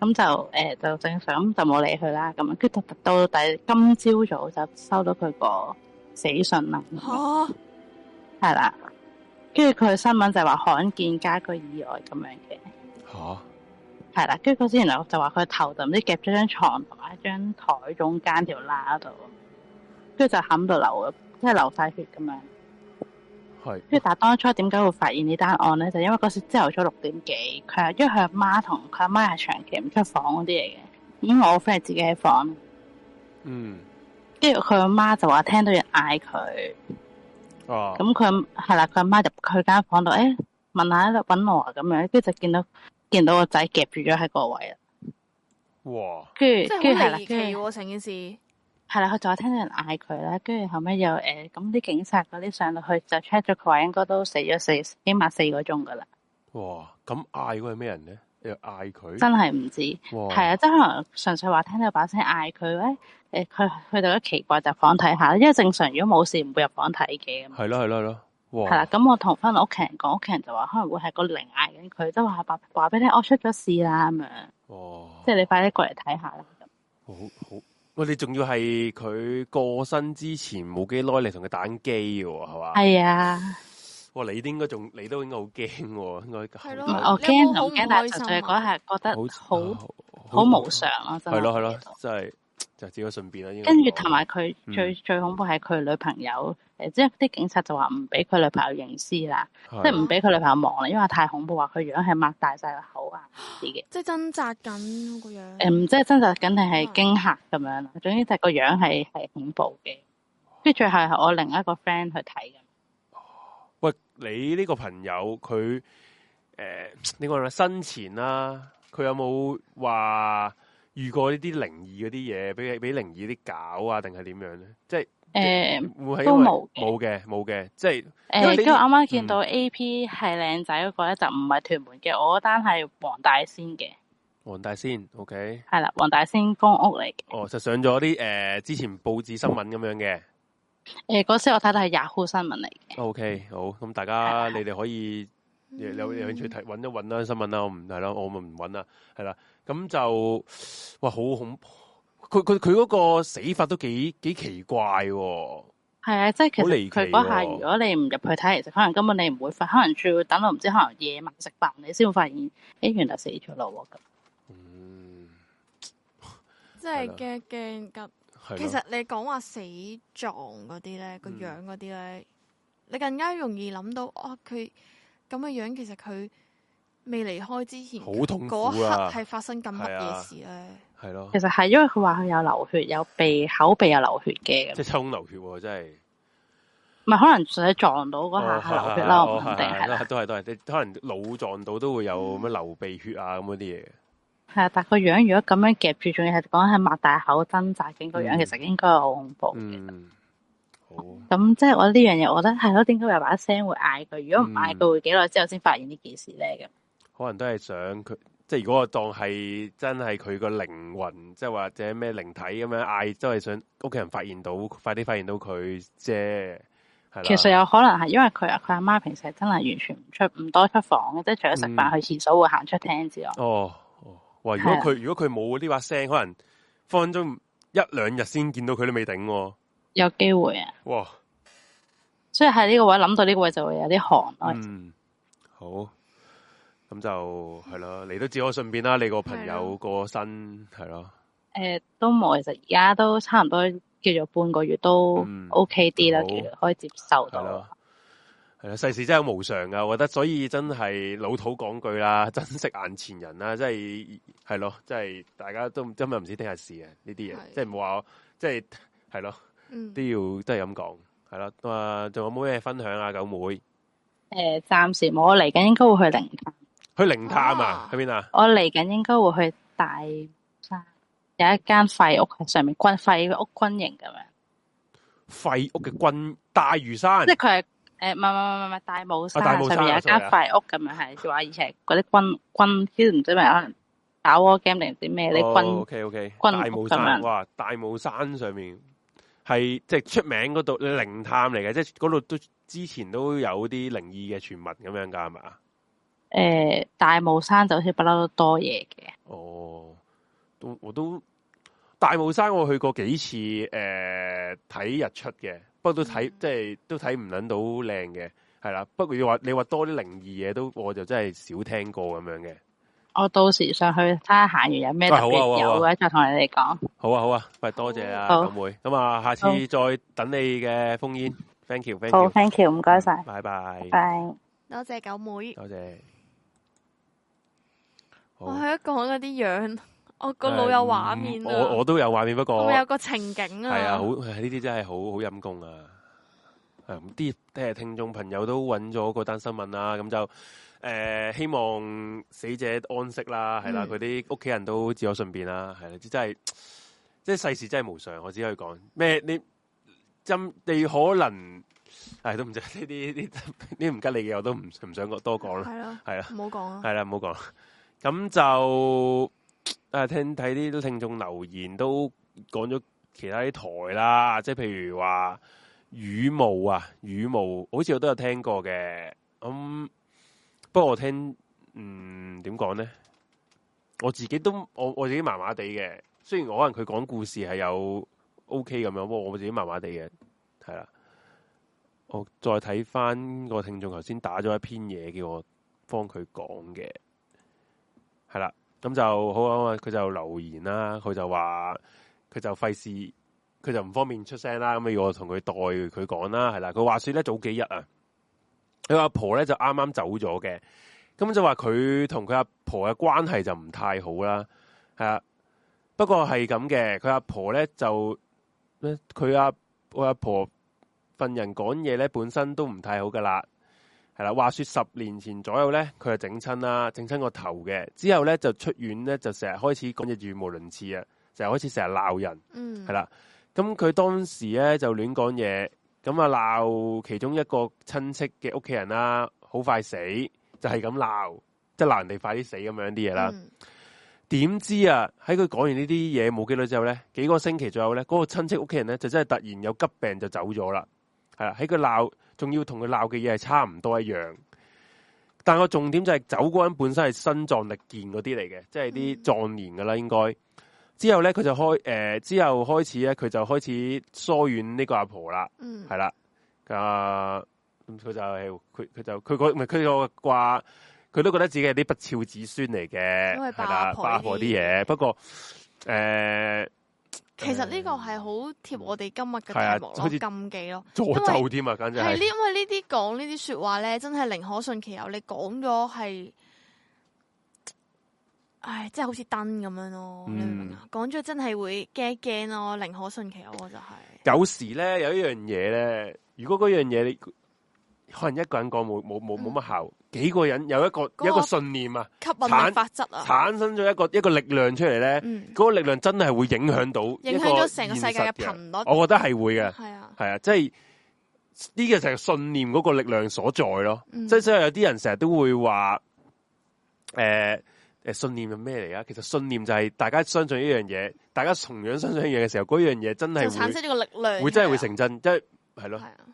咁就誒、欸、就正常就冇理佢啦。咁樣，跟到到底今朝早就收到佢個死訊啦。吓、啊，係啦，跟住佢嘅新聞就話罕見家居意外咁樣嘅。吓、啊，係啦，跟住佢之前就話佢頭就唔知夾咗張床同埋喺張台中間條罅度，跟住就冚到流，即係流晒血咁樣。跟住，但係當初點解會發現這呢單案咧？就因為嗰時朝頭早六點幾，佢因為佢阿媽同佢阿媽係長期唔出房嗰啲嚟嘅，咁我 friend 係自己喺房。嗯。跟住佢阿媽就話聽到人嗌佢。哦、啊。咁佢係啦，佢阿媽入佢間房度，誒、欸，問一下喺度搵我啊，咁樣，跟住就見到見到個仔夾住咗喺個位啦。哇！跟住著即係好離奇喎，成件事。係啦，佢就聽到有人嗌佢啦，跟住後尾又誒，咁、呃、啲警察嗰啲上到去就 check 咗佢話應該都死咗四起碼四個鐘噶啦。哇！咁嗌嘅係咩人咧？又嗌佢？真係唔知。哇！係啊，即係可能純粹話聽到把聲嗌佢咧，誒、呃，佢佢就好奇怪就房睇下，因為正常如果冇事唔會入房睇嘅。係咯係咯係咯。哇！係啦，咁我同翻我屋企人講，屋企人就話可能會係個靈嗌緊佢，即係話話俾你，我出咗事啦咁樣。哦哇。即係你快啲過嚟睇下啦。好好。我哋仲要係佢過身之前冇幾耐嚟，同佢打機嘅係嘛？係啊，哇、哦！你都應該仲，你都應該好驚嘅，應該係咯。啊、我驚同驚，但係最嗰下覺得好好好，好無常啊！係咯係咯，真係、啊。自己就自可順便啦。應該跟住同埋佢最最恐怖係佢女朋友，誒、嗯，即係啲警察就話唔俾佢女朋友認屍啦，即係唔俾佢女朋友望啦，因為太恐怖，話佢樣係擘大晒個口啊，自己，即係掙扎緊個樣。誒、呃，唔即係掙扎緊定係驚嚇咁樣啦。嗯、總之就個樣係係恐怖嘅。跟住最後係我另一個 friend 去睇嘅。喂，你呢個朋友佢誒、呃，你講話生前啦、啊，佢有冇話？遇過呢啲靈異嗰啲嘢，俾俾靈異啲搞啊，定係點樣咧？即係誒，欸、會會都冇冇嘅，冇嘅，即係。欸、因為今日啱啱見到 A P 係靚仔嗰、嗰個咧，就唔係屯門嘅，我嗰單係黃大仙嘅。黃大仙，OK。係啦，黃大仙公屋嚟。嘅。哦，就上咗啲誒，之前報紙新聞咁樣嘅。誒、欸，嗰時我睇到係 Yahoo 新聞嚟。嘅、哦。OK，好，咁大家的你哋可以。嗯、有有興趣睇揾一揾啦、啊、新聞啦、啊，我唔係啦，我咪唔揾啦，係啦、啊。咁就哇好恐怖！佢佢佢嗰個死法都幾幾奇怪喎、啊。係啊，即係其實佢嗰下，如果你唔入去睇其實，可能根本你唔會發，可能仲要等到唔知可能夜晚食飯，你先會發現，哎、欸、原來死咗咯咁。的嗯，即係驚驚急。啊啊、其實你講話死狀嗰啲咧，個、嗯、樣嗰啲咧，你更加容易諗到哦佢。啊咁嘅樣，的樣，其實佢未離開之前，嗰、啊、刻係發生咁乜嘢事咧？係咯、啊，其實係因為佢話佢有流血，有鼻口鼻有流血嘅，即係抽流血，真係咪可能或者撞到嗰下流血啦？唔肯定係啦，都係都係，你可能腦撞到都會有咩流鼻血啊咁嗰啲嘢。係啊、嗯，但係個樣如果咁樣夾住，仲要係講係擘大口掙扎嘅個樣，其實應該好恐怖嘅。嗯咁即係我呢樣嘢，我覺得係咯，點解有把聲會嗌佢？如果唔嗌佢，會幾耐之後先發現呢件事咧？咁、嗯、可能都係想佢，即係如果我當係真係佢個靈魂，即係或者咩靈體咁樣嗌，都係想屋企人發現到，快啲發現到佢啫。係其實有可能係因為佢啊，佢阿媽平時真係完全唔出唔多出房嘅，即係除咗食飯去廁所會行出廳之外。哦，哇！如果佢的如果佢冇呢把聲，可能分分鐘一兩日先見到佢都未頂、啊。有機會啊！哇，所以喺呢個位諗到呢個位就會有啲寒咯。嗯，好，咁就係咯。你都只可順便啦。你個朋友過身係咯。誒，都冇。其實而家都差唔多叫做半個月都 OK 啲啦，其實可以接受到。係啦，世事真係無常噶。我覺得所以真係老土講句啦，珍惜眼前人啦。即係係咯，即係大家都今日唔知聽日事啊。呢啲嘢，即係唔好話我，即係係咯。都要都係咁講，係啦。啊，仲有冇咩分享啊？九妹，誒，暫時冇我嚟緊應該會去靈探去靈探啊？喺邊啊？我嚟緊應該會去大山有一間廢屋喺上面軍廢屋軍營咁樣廢屋嘅軍大嶼山，即係佢係誒，唔唔唔唔唔大帽山上面有一間廢屋咁樣係，話而且嗰啲軍軍即係唔知咪打 war game 定啲咩你軍。OK OK，大帽山哇，大帽山上面。係即係出名嗰度，你靈探嚟嘅，即係嗰度都之前都有啲靈異嘅傳聞咁樣噶，係嘛？誒、呃，大霧山就好似不嬲都多嘢嘅。哦，都我都大霧山我去過幾次，誒、呃，睇日出嘅，不過都睇、嗯、即係都睇唔捻到靚嘅，係啦。不過你話你話多啲靈異嘢，都我就真係少聽過咁樣嘅。我到時上去睇下行完有咩特別有嘅，再同你哋講。好啊好啊，唔多、啊啊啊啊、謝啊好九妹，咁啊下次再等你嘅烽煙。Thank you，Thank you，Thank you，唔該晒。拜拜。拜,拜，多謝九妹。多謝。我喺一講嗰啲樣，我個腦有畫面、嗯。我我都有畫面，不過我有個情景啊。係啊，好呢啲真係好好陰功啊。啲聽聽眾朋友都揾咗嗰單新聞啦，咁就。誒、呃，希望死者安息啦，係、嗯、啦，啲屋企人都自我順變啦，係啦，真係即係即係世事真係無常，我只可以講咩？你你可能係都唔知呢啲啲啲唔吉利嘅，我都唔唔想多講了啦，係咯，係啦，唔好講啦，係啦，唔好講。咁就啊，聽睇啲聽眾留言都講咗其他啲台啦，即係譬如話羽毛啊，羽毛，好似我都有聽過嘅咁。嗯不過我聽，嗯，點講咧？我自己都我我自己麻麻地嘅，雖然可能佢講故事係有 OK 咁樣，不過我自己麻麻地嘅係啦。我再睇翻個聽眾頭先打咗一篇嘢，叫我幫佢講嘅係啦。咁就好啊，佢就留言啦，佢就話佢就費事，佢就唔方便出聲啦，咁咪要我同佢代佢講啦，係啦。佢話說咧，早幾日啊。佢阿婆咧就啱啱走咗嘅，咁就話佢同佢阿婆嘅關係就唔太好啦，係啊。不過係咁嘅，佢阿婆咧就咧，佢阿佢阿婆份人講嘢咧本身都唔太好噶啦，係啦。話說十年前左右咧，佢係整親啦，整親個頭嘅，之後咧就出院咧就成日開始講嘢語無倫次啊，成日開始成日鬧人，嗯，係啦。咁佢當時咧就亂講嘢。咁啊！鬧其中一個親戚嘅屋企人啦、啊，好快死，就係咁鬧，即係鬧人哋快啲死咁樣啲嘢啦。點、嗯、知啊，喺佢講完呢啲嘢冇幾耐之後咧，幾個星期左右咧，嗰、那個親戚屋企人咧就真係突然有急病就走咗啦。係喺佢鬧，仲要同佢鬧嘅嘢係差唔多一樣，但係個重點就係、是、走嗰個人本身係身壯力健嗰啲嚟嘅，即係啲壯年噶啦，應該。嗯之後咧，佢就開誒、呃，之後開始咧，佢就開始疏遠呢個阿婆啦，係啦、嗯，咁、啊、佢就係佢佢就佢佢個卦，佢都覺得自己係啲不肖子孫嚟嘅，因為，阿的婆啲嘢。不過誒，其實呢個係好貼我哋今日嘅題目好似、啊、禁忌咯，詛咒添啊，簡直係。因為呢啲講呢啲說話咧，真係寧可信其有，你講咗係。唉，即係好似燈咁樣咯，明講咗真係會驚驚咯，寧可信其有就係。有時咧，有一樣嘢咧，如果嗰樣嘢，可能一個人講冇冇冇冇乜效，嗯、幾個人有一個、那個、一個信念啊，吸引力法則啊，產生咗一個一個力量出嚟咧，嗰、嗯、個力量真係會影響到影響咗成個世界嘅頻率。我覺得係會嘅，係啊，係啊，即係呢個就係信念嗰個力量所在咯。即係、嗯、所以有啲人成日都會話，誒、呃。誒，信念係咩嚟㗎？其實信念就係大家相信一樣嘢，大家同樣相信一樣嘢嘅時候，嗰樣嘢真係會產生呢個力量，會真係會成真，即係係咯。係啊，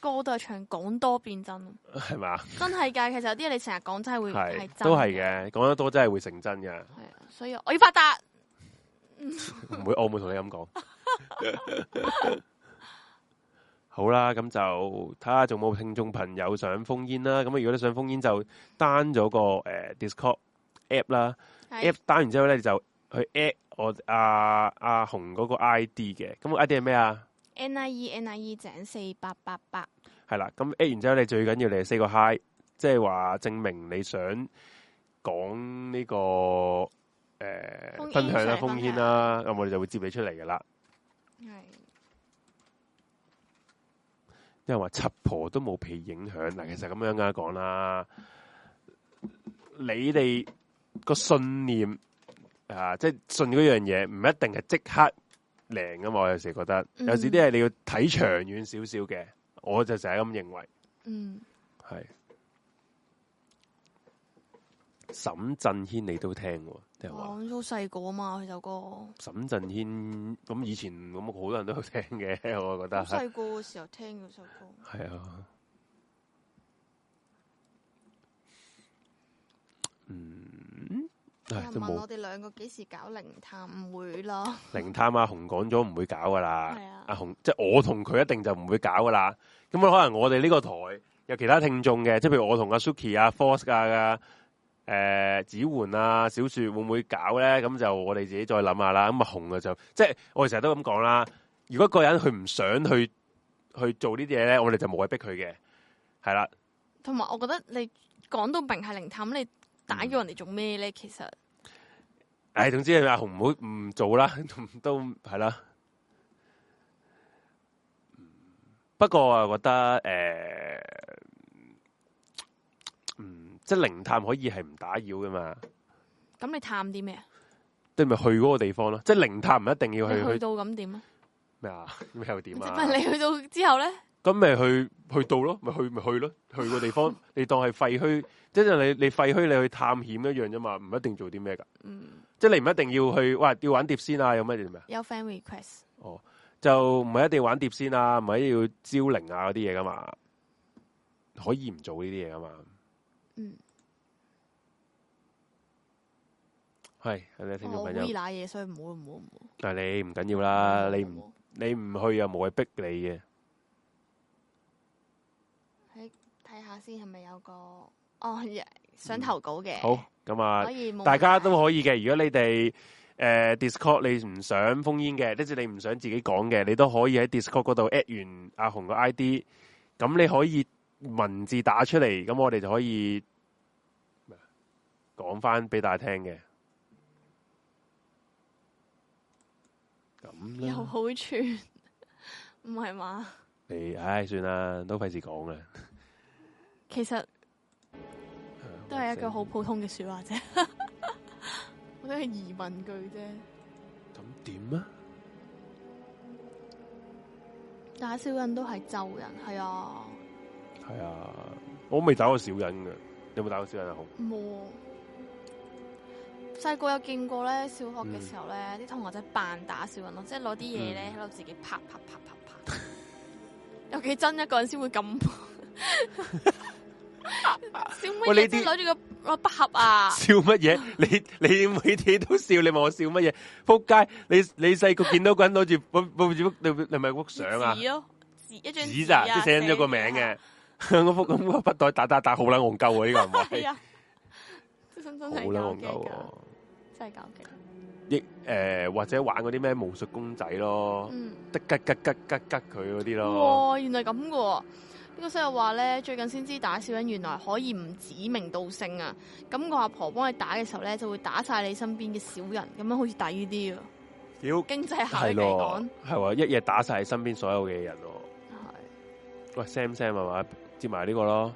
歌都係唱講多變真咯，咪吧？嘛？真係噶，其實有啲你成日講真係會係都係嘅，講得多真係會成真嘅。係啊，所以我要發達，唔 會，我唔會同你咁講。 好啦，咁就睇下仲有冇聽眾朋友想封煙啦。咁如果你想封煙，就單咗個誒 Discord。app 啦是，app 打完之後咧就去 add 我阿阿紅嗰個 ID 嘅、啊，咁 ID 係咩啊？NIE NIE 井四八八八，係啦，咁 add 完之後你最緊要你四個 Hi，即係話證明你想講呢個誒、呃、風險 分享啦、啊，風險啦，咁我哋就會接你出嚟噶啦。係，因為話七婆都冇被影響，嗱，其實咁樣噶講啦，你哋。個信念啊，即係信嗰樣嘢，唔一定係即刻靈㗎嘛。我有時覺得，有時啲係你要睇長遠少少嘅，我就成日咁認為。嗯，係。沈振軒你都聽㗎、哦？我好細個啊嘛，佢首歌。沈振軒咁以前咁好多人都有聽嘅，我覺得。細個嘅時候聽嗰首歌。係啊。嗯。哎、問我哋兩個幾時搞靈探會咯？靈探啊，紅講咗唔會搞噶啦。阿是、啊啊、紅即係我同佢一定就唔會搞噶啦。咁可能我哋呢個台有其他聽眾嘅，即係譬如我同阿 Suki 啊、Force 啊，啊、誒子煥啊、小樹會唔會搞咧？咁就我哋自己再諗下啦。咁、嗯、啊，紅嘅就即係我哋成日都咁講啦。如果個人佢唔想去去做呢啲嘢咧，我哋就冇謂逼佢嘅。係啦。同埋，我覺得你講到明係靈探。你。打擾人哋做咩咧？其實，誒、哎，總之阿紅妹唔做啦，都係啦。不過我覺得誒、呃，嗯，即係靈探可以係唔打擾噶嘛。咁你探啲咩？都咪去嗰個地方咯。即係靈探唔一定要去去到咁點啊？咩啊？咩又點啊？唔係你去到之後咧？咁咪去去到咯，咪去咪去咯，去個地方 你當係廢墟，即係你你廢墟你去探險一樣啫嘛，唔一定做啲咩噶，嗯、即係你唔一定要去，哇，要玩碟仙啊，有咩嘢咩？有 friend family request 哦，就唔係一定要玩碟仙啊，唔係一定要招靈啊嗰啲嘢噶嘛，可以唔做呢啲嘢噶嘛，嗯，係、哎哦、我唔到打嘢，所以唔好唔好唔好，但係、啊、你唔緊要啦，嗯、你唔你唔去又冇嘢逼你嘅。下先係咪有個哦想投稿嘅，嗯？好咁，嗯、以啊，問大家都可以嘅。如果你哋誒、呃、Discord 你唔想封煙嘅，即住你唔想自己講嘅，你都可以喺 Discord 嗰度 at 完阿紅個 ID，咁你可以文字打出嚟，咁我哋就可以講翻俾大家聽嘅。咁又好串，唔係嘛？你唉，哎哎、算啦，都費事講啦。其實都係一句好普通嘅說話啫，我都係疑問句啫。咁點啊？打小人都係咒人，係啊，係啊，我未打過小人㗎，你有冇打過小人啊？好，冇。細個有，有見過咧，小學嘅時候咧，啲、嗯、同學仔扮打小人咯，即係攞啲嘢咧喺度自己啪啪啪啪啪，啪。 有幾真一個人先會咁？ 笑乜嘢？你攞住個筆盒啊！笑乜嘢？你你每次都笑，你問我笑乜嘢？撲街！你你細個見到個人攞住，不不，只不過你你咪屋相啊？紙咯，一張紙咋？都寫咗個名嘅。我幅咁個筆袋打打打，好撚戇鳩啊！呢個係啊，真真真係戇鳩，真係戇鳩。亦誒，或者玩嗰啲咩武術公仔咯，得吉吉吉吉吉佢嗰啲咯。哇，原來咁噶。呢個真係話咧，最近先知打小人原來可以唔指名道姓啊！咁個阿婆幫你打嘅時候咧，就會打晒你身邊嘅小人，咁樣好似抵啲咯。妖要！經濟下嚟講，係話的一夜打晒身邊所有嘅人咯。係的喂，Sam Sam 係嘛？接埋呢個咯。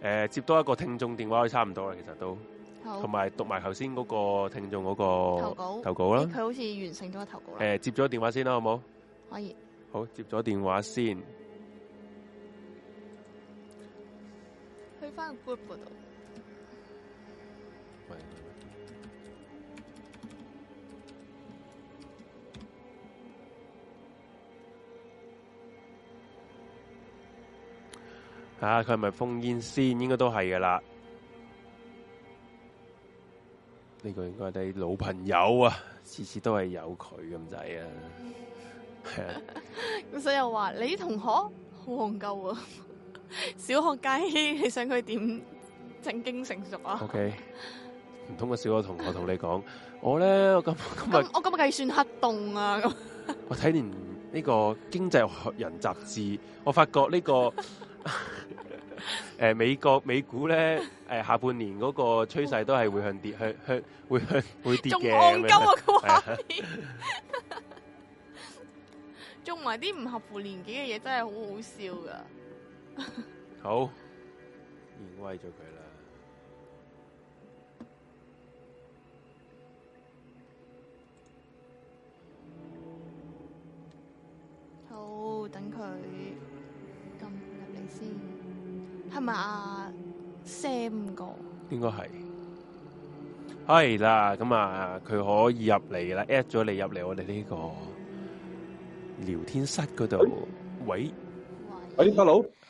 誒、呃，接多一個聽眾電話都差唔多啦，其實都同埋好讀埋頭先嗰個聽眾嗰個，稿個投稿投稿啦。佢好似完成咗個投稿。誒，接咗電話先啦，好冇？可以。好，接咗電話先。翻古不度，啊！佢係咪烽煙線？應該都係噶啦。呢個應該係老朋友啊，次次都係有佢咁仔啊。咁 所以又話你同學好憨鳩啊。小學雞，你想佢點正經成熟啊？OK，唔通個小學同學同你講，我咧，我今天今日我計算黑洞啊！咁我睇完呢個經濟學人雜誌，我發覺呢、這個誒、 呃、美國美股咧，誒、呃、下半年嗰個趨勢都係會向跌，向向會向會跌嘅。仲憨鳩我個做埋啲唔合乎年紀嘅嘢，真係好好笑噶。好，應為咗佢啦。好，等佢入嚟先，係咪啊？Sam 哥，應該係係啦。咁啊，佢可以入嚟啦。At 咗你入嚟我哋呢個聊天室嗰度。喂，喂，hello。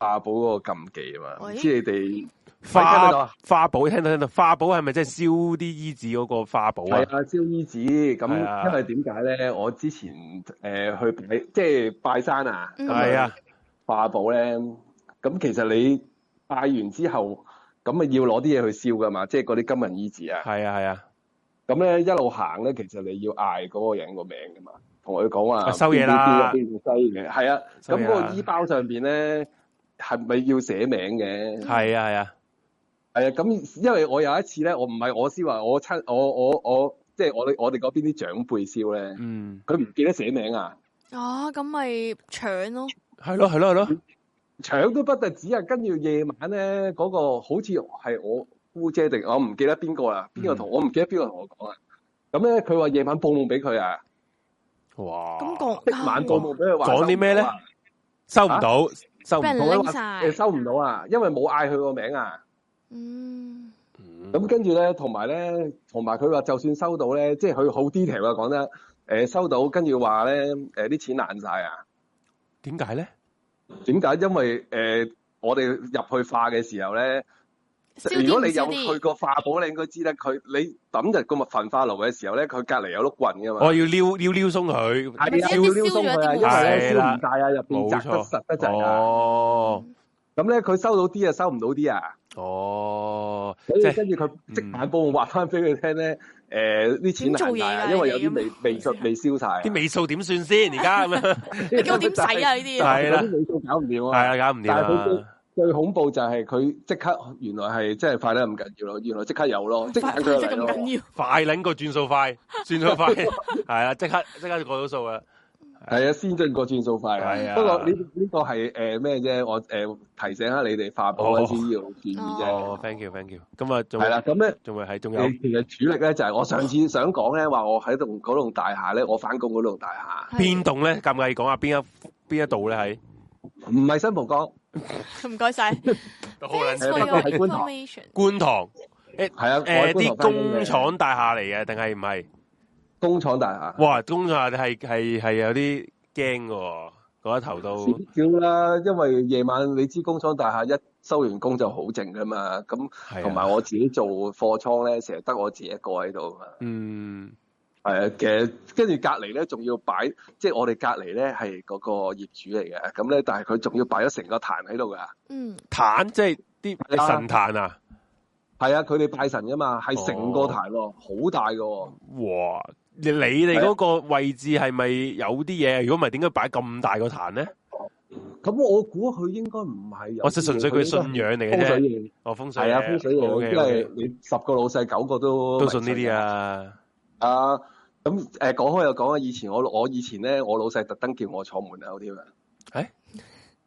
化寶嗰個禁忌啊嘛，唔、哎、呀知你哋化化寶聽到化寶聽到，化寶係咪即係燒啲衣紙嗰個化寶啊？係啊，燒衣紙咁，因為點解咧？我之前誒、呃、去拜，即係拜山啊。係啊，化寶咧，咁其實你拜完之後，咁啊要攞啲嘢去燒噶嘛，即係嗰啲金銀衣紙啊。係啊係啊，咁咧、啊、一路行咧，其實你要嗌嗰個人個名噶嘛，同佢講啊收嘢啦，收嘢係啊，咁個衣包上邊咧。係咪要寫名嘅？係啊係啊，係啊！咁因為我有一次咧，我唔係我先話，我親我我我即係我我哋嗰邊啲長輩燒咧，嗯，佢唔記得寫名啊，啊，咁咪搶咯，係咯係咯係咯，搶都不得止啊！跟住夜晚咧，嗰個好似係我姑姐定我唔記得邊個啊？邊個同我唔記得邊個同我講啊！咁咧佢話夜晚報夢俾佢啊，哇！咁講，夜晚報夢俾佢講啲咩咧？收唔到。就同佢話誒收唔到啊，因為冇嗌佢個名啊。嗯，咁跟住咧，同埋咧，同埋佢話就算收到咧，即係佢好 detail 啊，講得誒收到，跟住話咧誒啲錢爛晒啊。點解咧？點解？因為誒我哋入去化嘅時候咧。如果你有去過化寶，你應該知得佢，你抌就個物焚化爐嘅時候咧，佢隔離有碌棍嘅嘛。我要撩撩撩鬆佢，啊。係你燒撩鬆佢，係啦。因為咧燒唔晒啊，入邊紮得實得滯。冇錯。哦。咁咧，佢收到啲啊，收唔到啲啊。哦。即係跟住佢即刻報我話翻俾佢聽咧，誒啲錢難賺，因為有啲未未未未燒晒。啲尾數點算先？而家咁樣。你叫我點洗啊？呢啲。係啦。啲尾數搞唔掂啊！係啊，搞唔掂最恐怖就係佢即刻原來係即係快得咁緊要咯，原來即刻有咯，即刻咁嚟咯，快過轉數快， 轉數快，係啊， 即刻即刻就過到數啊，係啊，先進過轉數快啊。不過呢呢個係誒咩啫？我誒、呃、提醒下你哋發佈緊啲建議啫、哦。哦，哦，thank you，thank you。咁啊，係啦，咁咧仲咪喺，仲有。有有其實主力咧就係、是、我上次想講咧話，我喺棟嗰棟大廈咧，我返工嗰棟大廈邊棟咧？咁我講下邊一邊一度咧喺。唔係新蒲崗，唔該晒。好難睇，不過喺觀塘。觀塘誒，係堂、欸、啊，啲、呃、工廠大廈嚟嘅，定係唔係工廠大廈？哇，工廠大廈係係係有啲驚嘅，嗰一頭都少點啦。因為夜晚你知工廠大廈一收完工就好靜噶嘛。咁同埋我自己做貨倉咧，成日得我自己一個喺度啊。嗯。係啊，嘅，跟住隔籬咧，仲要擺，即係我哋隔籬咧係嗰個業主嚟嘅，咁咧，但係佢仲要擺咗成個壇喺度噶嗯，壇即係啲神壇啊。係啊、哦，佢哋拜神㗎嘛，係成個壇咯，好大噶。哇！你你哋嗰個位置係咪有啲嘢？如果唔係，點解擺咁大個壇咧？咁我估佢應該唔係。我就純粹佢信仰嚟嘅啫。我風水係、哦、啊，風水我、哦 okay, okay、因為你十個老細九個都信都信呢啲啊。啊，咁誒講開又講啊！以前我我以前咧，我老細特登叫我坐門口添啊。誒、欸，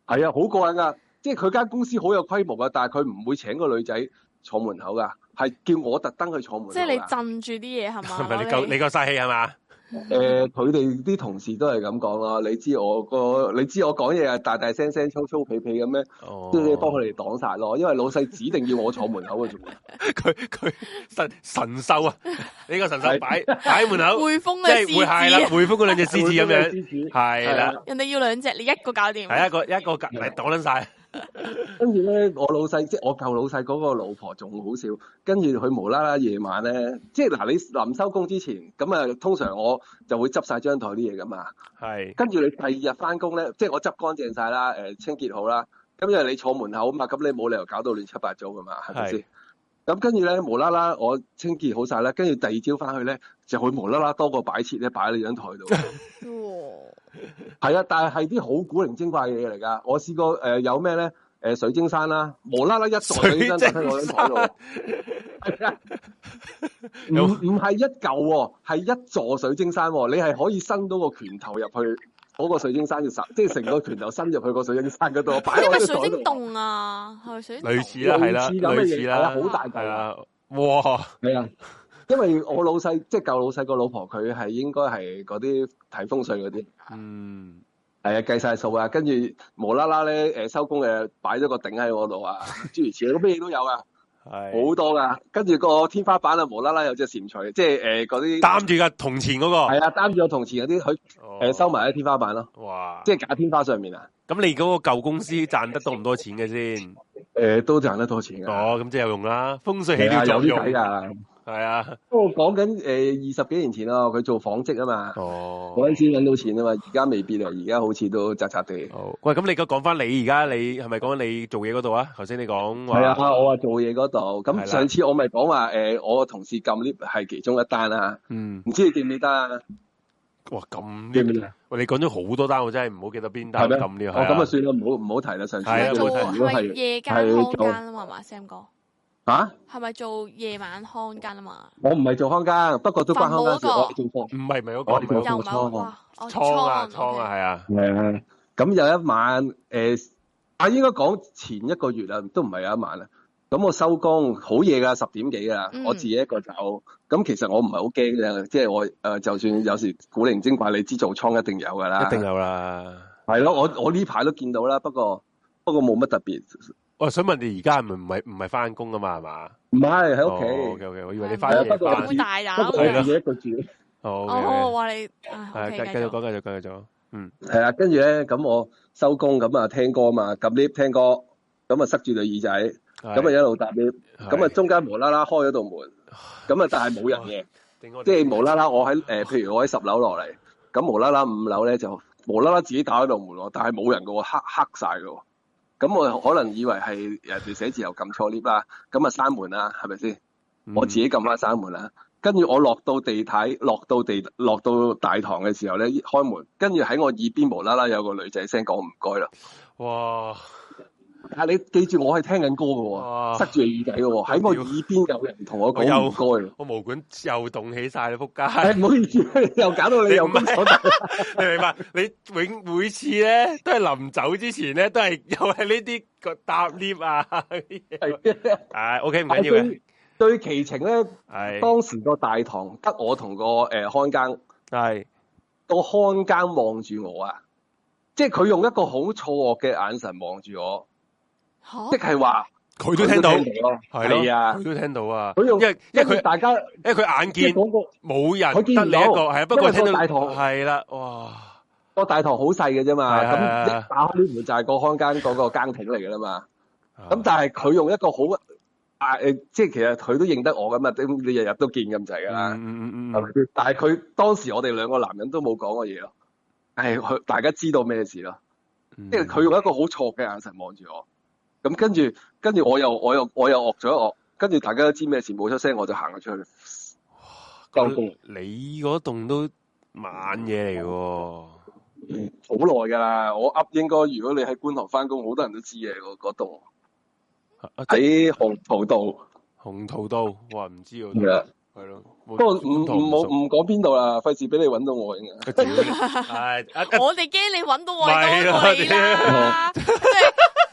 係啊，好過癮啊。即係佢間公司好有規模啊，但係佢唔會請個女仔坐門口噶，係叫我特登去坐門口。即係你鎮住啲嘢係嘛？係咪 你夠你夠嘥氣係嘛？是誒，佢哋啲同事都係咁講啦。你知我個，你知我講嘢係大大聲聲、粗粗屁屁咁咩。哦，即係幫佢哋擋晒咯。因為老細指定要我坐門口啊，做佢佢神神獸啊！你 個神獸擺擺門口，即係會係啦，匯豐嗰兩隻獅子咁樣子，係啦。的的人哋要兩隻，你一個搞掂，係 一個一個嚟擋捻晒。 跟住咧， 我老細即係我舊老細嗰個老婆仲好笑。跟住佢無啦啦夜晚咧，即係嗱，你臨收工之前，咁啊通常我就會執晒張台啲嘢噶嘛。係是。跟住你第二日翻工咧，即係我執乾淨晒啦，誒清潔好啦。咁因為你坐門口啊嘛，咁你冇理由搞到亂七八糟噶嘛，係咪先？咁跟住咧，無啦啦我清潔好晒啦，跟住第二朝翻去咧，就會無啦啦多個擺設咧擺喺你張台度。 係啊，但係係啲好古靈精怪嘅嘢嚟噶。我試過誒、呃，有咩咧？誒、呃，水晶山啦、啊，無啦啦一,一、哦、一座水晶山就喺我張台度。係啊，唔唔係一嚿，係一座水晶山。你係可以伸到個拳頭入去嗰個水晶山，就即係成個拳頭伸入去個水晶山嗰度。呢個水晶洞啊，係水晶類似啦，係啦，類似啦，好、啊、大塊啊，哇，你啊？ 因為我老細，即係舊老細個老婆佢係應該係嗰啲睇風水嗰啲，嗯，係啊，計晒數啊，跟住無啦啦咧誒收工嘅擺咗個頂喺我度啊，諸如此類乜嘢都有啊，係好 是的 多噶跟住個天花板啊無啦啦有隻蟾蜍，即係誒嗰啲擔住個銅、啊、錢嗰、嗰個，係啊擔住個銅錢嗰啲佢誒收埋喺天花板咯，哇！哦、即係假天花上面啊，咁你嗰個舊公司賺得多唔多錢嘅先？誒、 呃、都賺得多錢啊、哦！哦咁即係有用啦，風水起啲有啲用。係啊，不過講緊誒二十幾年前啊，佢做紡織啊嘛，嗰陣時搵到錢啊嘛，而家未必啊，而家好似都窄窄地。喂，咁你而家講翻你而家你係咪講緊你做嘢嗰度啊？頭先你講係啊，我話做嘢嗰度。咁上次我咪講話誒，我個同事撳 lift 係其中一單啊，嗯，唔知你記唔記得啊？哇，咁 lift 喂，你講咗好多單，我真係唔好記得邊單撳 lift。哦，咁啊算啦，唔好唔好提啦，上次。係啊，係夜間開間啊嘛嘛，Sam 哥啊，係咪做夜晚看間啊嘛？我唔係做看間，不過都關看間事。唔係唔係嗰個，又唔係。我倉，我倉啊倉啊係啊，係啊。咁有一晚誒，okay 啊應該講前一個月啦，都唔係有一晚啦。咁我收工好夜噶，十點幾噶啦。嗯、我自己一個走。咁其實我唔係好驚嘅，即係我誒，就算有時古靈精怪，你知做倉一定有噶啦。一定有啦，係咯。我我呢排都見到啦，不過不過冇乜特別。我想問你，而家係咪唔係唔係翻工噶嘛？係嘛？唔係喺屋企。O K O K，我以為你翻咗嘢。不過大膽，我自己一個住。哦，話你係繼繼續講，繼續繼續咗。嗯，係啊。跟住咧，咁我收工，咁啊聽歌啊嘛，撳 lift 聽歌，咁啊塞住對耳仔，咁啊一路搭 lift，咁啊中間無啦啦開咗道門，咁啊但係冇人嘅，即係無啦啦我喺誒，譬如我喺十樓落嚟，咁無啦啦五樓咧就無啦啦自己打咗道門喎，但係冇人嘅喎，黑黑曬嘅喎。咁我可能以為係人哋寫字又撳錯 lift 啦，咁啊閂門啦，係咪先？我自己撳啦閂門啦，跟住我落到地底，落到地落到大堂嘅時候咧，開門，跟住喺我耳邊無啦啦有個女仔聲講唔該啦，哇！啊！你記住，我係聽緊歌嘅喎，塞住耳仔嘅喎，喺、哦、我耳邊有人同我講唔該，我毛又管又動起曬啦，仆街！唔、哎、好意思，又搞到你又唔得，你， 你明白嗎？你永每次咧都係臨走之前咧，都係又係呢啲個搭 lift 啊， 的啊 okay，係 OK 唔緊要。對其情咧，的當時個大堂得我同個誒的看更係個看更望住我啊，即係佢用一個好錯愕嘅眼神望住我。即係話佢都聽到，係啊，都聽到啊。佢用因為因為佢大家，因為佢眼見冇人得你一個，係啊，不過聽到大堂係啦，哇，個大堂好細嘅啫嘛。咁打開門就係個空間嗰個更艇嚟噶啦嘛。咁但係佢用一個好啊，即係其實佢都認得我噶嘛。你日日都見咁滯噶啦。嗯嗯嗯。但係佢當時我哋兩個男人都冇講過嘢咯，佢大家知道咩事咯。即係佢用一個好錯嘅眼神望住我。咁跟住，跟住我又我又我又惡咗惡，跟住大家都知咩事冇出聲，我就行咗出去。哇、哦！你嗰棟都晚嘢嚟喎，好耐噶啦！我噏應該如果你喺觀塘翻工，好多人都知嘅嗰嗰棟喺鴻圖道，鴻圖道我話唔知喎，係咯了？了不過唔唔冇唔講邊度啦，費事俾你揾到我嘅。我哋驚你揾到我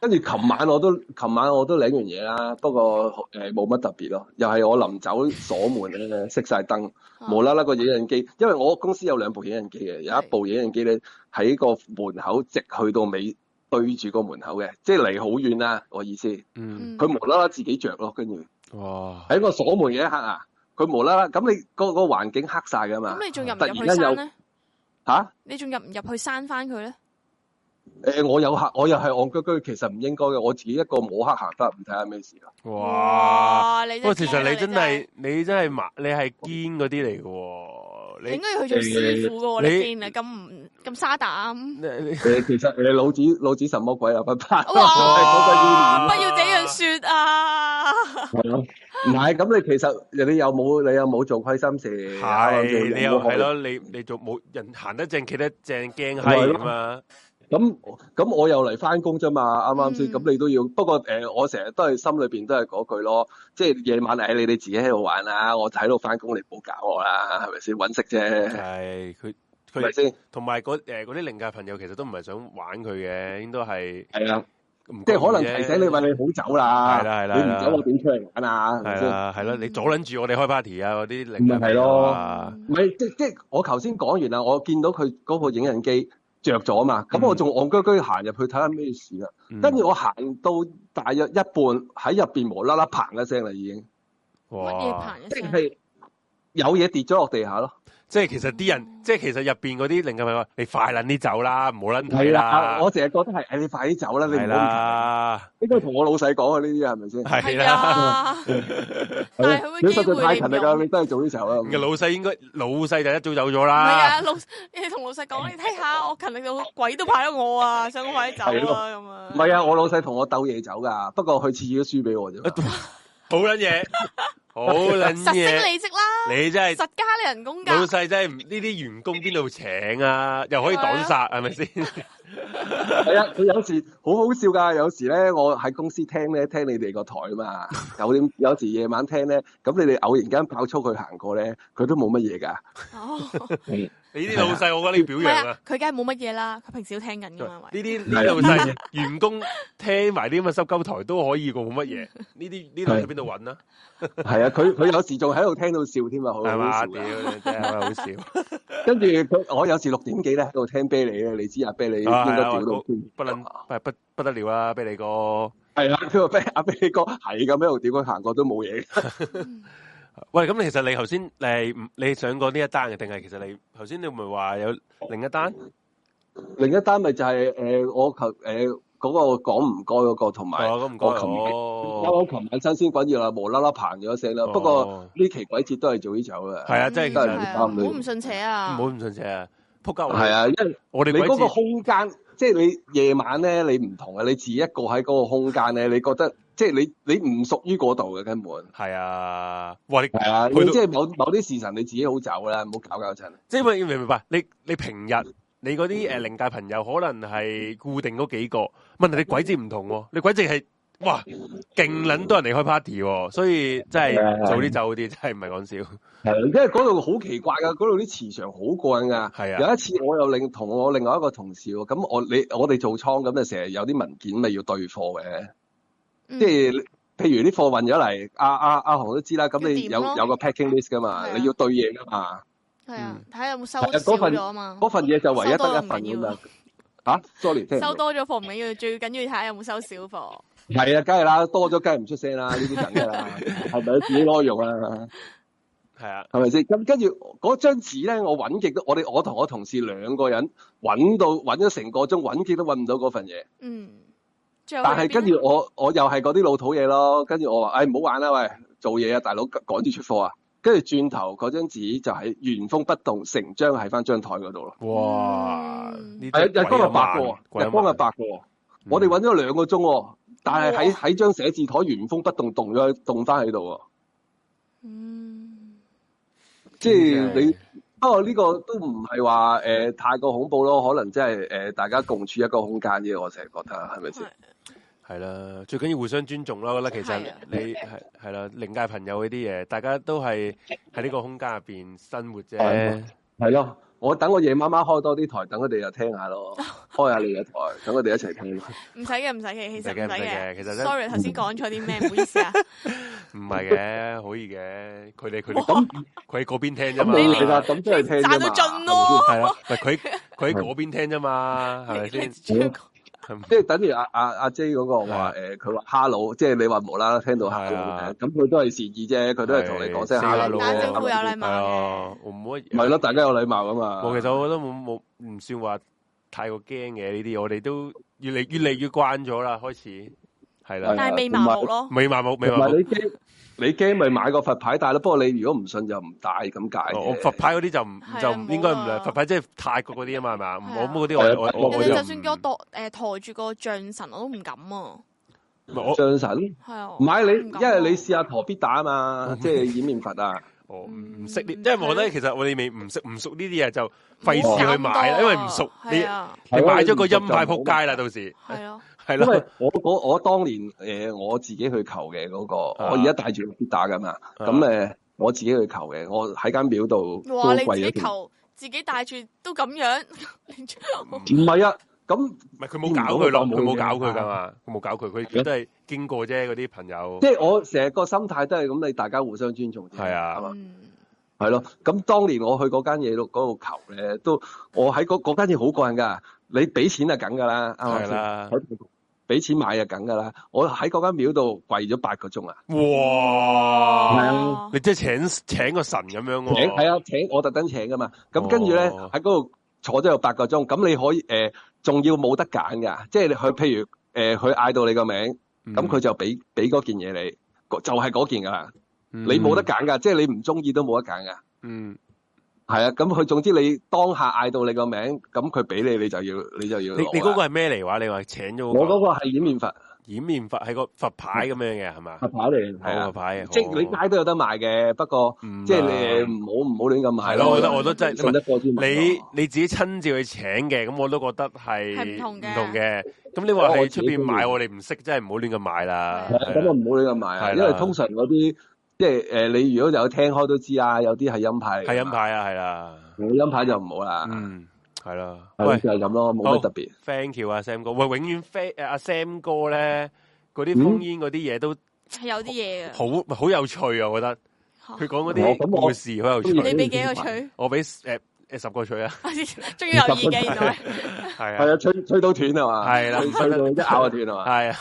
跟住琴晚我都琴晚我都領完嘢啦，不過誒，冇乜特別咯，又係我臨走鎖門咧熄晒燈，無啦啦個影印機，因為我公司有兩部影印機嘅，有一部影印機咧喺個門口直去到尾對住個門口嘅，即係離好遠啦，我意思，佢、嗯、無啦啦自己着咯，跟住喺個鎖門嘅一刻啊，佢無啦啦咁你個個環境黑晒噶嘛，咁你仲入唔入去閂咧？吓？你仲入唔入去閂翻佢咧？誒，我有客，我又係戇居居，其實唔應該嘅，我自己一個摸黑行翻，唔睇下咩事啊！哇，喂，其實你真係你真係麻，你係堅嗰啲嚟嘅，你應該要去做師傅嘅，你先咁咁沙膽，你其實你腦子腦子乜嘢鬼啊！爸爸，哇，不要這樣說啊！係咯，唔係咁你其實你有冇你有冇做虧心事？係你又係咯，你你做冇人行得正企得正，驚閪啊咁咁我又嚟翻工啫嘛，啱唔啱先？咁你都要，不過誒，我成日都係心裏邊都係嗰句咯，即係夜晚嚟你，你自己喺度玩啦，我就喺度翻工，你唔好搞我啦，係咪先？搵食啫。係佢佢係咪先？同埋嗰誒嗰啲另界朋友其實都唔係想玩佢嘅，應該係係啦，即係可能提醒你話你好走啦。係啦係啦，你唔走我點出嚟玩啊？係啦係啦，你阻捻住我哋開 party 啊嗰啲另係咯，唔係即即係我頭先講完啦，我見到佢嗰部影印機。着咗啊嘛，咁我仲戇居居行入去睇下咩事啦，跟住、嗯、我行到大約一半喺入邊無啦啦嘭一聲啦已經乜嘢嘭，哇！一定係有嘢跌咗落地下咯。即係其實啲人，即係其實入邊嗰啲，令咪話你快捻啲走啦，唔好捻睇啦。我成日覺得係，誒，你快啲走啦，你唔好唔。係啦，你都同我老細講啊，呢啲係咪先？係啦，但係會機會。你實在太勤力啊，你都係早啲走啦。嘅老細應該老細就一早走咗啦。係啊，老你同老細講，你睇下我勤力到鬼都怕咗我啊，想快啲走啦咁啊。唔係啊，我老細同我鬥嘢走噶，不過佢次次都輸俾我啫。好捻嘢。好撚實升利息啦，你真係實加你人工噶。老細真係呢啲員工邊度請啊？又可以擋殺係咪先？不 係啊，佢有時好好笑噶。有時咧，我喺公司聽咧，聽你哋個台啊嘛。九點有時夜晚聽咧，咁你哋偶然間爆粗佢行過咧，佢都冇乜嘢噶。哦，你啲老細，我覺得要表揚啊。佢梗係冇乜嘢啦，佢平時都聽緊噶嘛。呢啲呢老細，員工聽埋啲咁嘅收鳩台都可以，冇乜嘢。呢啲呢度去邊度揾啊？係啊，佢佢有時仲喺度聽到笑添啊，好好笑。跟住佢，我有時六點幾咧喺度聽啤梨啊，你知啊，啤梨。係啊，阿阿哥，不能，不不不得了啦，貝利哥。係啦，佢話阿貝利哥係咁，一路點佢行過都冇嘢。喂，咁你其實你頭先誒，你上過呢一單嘅，定係其實你頭先你唔係話有另一單？另一單咪就係誒，我求誒嗰個講唔該嗰個，同埋我琴晚啱啱琴晚新鮮滾熱啦，無啦啦棚咗一聲啦。不過呢期鬼節都係做呢手啦。係啊，真係好唔順邪啊！好唔順邪啊！撲街！係啊，因為我你嗰個空間，即係你夜晚咧，你唔同啊！你自己一個喺嗰個空間咧，你覺得即係你你唔屬於嗰度嘅根本。係啊，喂，係啊，到你即係某某啲時辰，你自己好走啦，唔好搞搞震。即係要明明白，你你平日你嗰啲誒靈界朋友可能係固定嗰幾個，問題你鬼迹唔同、哦，你鬼迹係。哇，勁捻多人離開 party，所以真係早啲走啲，真係唔係講笑。係啊，因為嗰度好奇怪噶，嗰度啲磁場好過癮噶。係啊，有一次我又另同我另外一個同事喎，咁我你我哋做倉咁，就成日有啲文件咪要對貨嘅。即係譬如啲貨運咗嚟，阿阿阿雄都知啦。咁你有有個 packing list 噶嘛？你要對應噶嘛？係啊，睇下有冇收少咗嘛？嗰份嘢就唯一得一份噶嘛。吓，sorry。收多咗貨唔緊要，最緊要睇下有冇收少貨。係啊，梗係啦，多咗梗係唔出聲啦，呢啲梗噶啦，係咪 自己攞嚟用啊？係 啊，係咪先？咁跟住嗰張紙咧，我揾極都，我哋我同我同事兩個人揾到，揾咗成個鐘，揾極都揾唔到嗰份嘢。嗯，但係跟住我，我又係嗰啲老土嘢咯。跟住我話，唉、哎，唔好玩啦，喂，做嘢啊，大佬趕住出貨啊！跟住轉頭嗰張紙就喺原封不動成張喺翻張台嗰度咯。哇！日、嗯、日光日白，日光日白，嗯、我哋揾咗兩個鐘。但係喺喺張寫字枱，原封不動動咗動返喺度，嗯，即係是你、哦，這個、不過呢個都唔係話誒太過恐怖咯，可能即係誒大家共處一個空間啫，我成日覺得係咪先？係啦、啊，最緊要互相尊重啦。我覺得其實你係係啦，鄰界朋友嗰啲嘢，大家都係喺呢個空間入邊生活啫，係咯。我等我夜媽媽開多啲台，等佢哋又聽下咯，開下你嘅台，等佢哋一齊聽。唔使嘅，唔使嘅，其實唔使嘅。其實呢 sorry 頭先講咗啲咩唔好意思啊？唔係嘅，可以嘅，佢哋佢哋咁，佢喺嗰邊聽啫嘛。你其實咁即係賺到盡咯。係啦，佢佢喺嗰邊聽啫嘛，係咪先？即係等於阿阿阿姐嗰個話，誒，佢話 hello，即係你話無啦，聽到 hello 嘅，咁佢都係善意啫，佢都係同你講聲 hello 嘅，大家會有禮貌嘅，唔好，咪咯，大家有禮貌啊嘛。我其實我覺得冇冇唔算話太過驚嘅呢啲，我哋都越嚟越嚟越慣咗啦，開始係啦，但係未麻木咯，未麻木，未麻木。你驚咪買個佛牌戴咯，不過你如果唔信就唔戴咁解。我佛牌嗰啲就唔就唔應該唔嚟，佛牌即係泰國嗰啲啊嘛，係咪啊？我冇嗰啲我我。人哋就算叫我抬誒抬住個象神我都唔敢啊！象神係啊，唔係你，因為你試下何必打啊嘛，即係掩面佛啊。我唔唔識呢，因為我覺得其實我哋未唔識唔熟呢啲嘢，就費事去買啦。因為唔熟，你你買咗個陰牌撲街啦，到時係咯。係咯，我我當年誒、呃，我自己去求嘅嗰、那個，啊、我而家帶住錄 b 打噶嘛，咁誒、啊，我自己去求嘅，我喺間廟度，哇，你自己求，自己帶住都咁樣，唔 係啊，咁唔係佢冇搞佢咯，佢冇搞佢噶嘛，佢冇、啊、搞佢，佢都係經過啫，嗰啲朋友，即係我成日個心態都係咁，你大家互相尊重，係啊，係嘛吧，係咯、嗯，咁、嗯、當年我去嗰間嘢度求咧，都我喺嗰嗰間嘢好過癮噶，你俾錢就 吧啊梗噶啦，係啦。俾錢買就梗噶啦，我喺嗰間廟度跪咗八個鐘啊！哇，係啊、嗯，你即係請請個神咁樣喎、啊。請係，啊，我請我特登請噶嘛。咁、哦、跟住咧喺嗰度坐咗有八個鐘。咁你可以誒，仲、呃、要冇得揀噶，即係你去，譬如誒，佢、呃、嗌到你個名，咁佢、嗯、就俾俾嗰件嘢你，就係、是、嗰件噶啦。你冇得揀噶，即係你唔中意都冇得揀噶。嗯。係啊，咁佢，總之你當下嗌到你個名，咁佢俾你，你就要，你就要。你你嗰個係咩嚟話？你話請咗我嗰個係掩面佛。掩面佛係個佛牌咁樣嘅係咪？佛牌嚟，係啊，佛牌。即係你街都有得賣嘅，不過即係你唔好唔好亂咁買。係咯，我覺得我都真信得過你你自己親自去請嘅，咁我都覺得係唔同嘅。咁你話你出邊買，我哋唔識，真係唔好亂咁買啦。咁啊唔好亂咁買，因為通常嗰啲。即係誒，你如果有聽開都知啊，有啲係音牌，係音牌啊，係啦，有音牌就唔好啦，嗯，係啦係就係咁咯，冇乜特別。Thank you 啊 Sam 哥，喂，永遠 Fan 誒阿 Sam 哥咧，嗰啲烽煙嗰啲嘢都，有啲嘢好好有趣啊，我覺得。佢講嗰啲故事好有趣。你俾幾個吹？我俾誒誒十個吹啊！終於有意見咗，係啊，吹吹到斷啊嘛，係啦，唔分得一咬就斷啊嘛，係啊，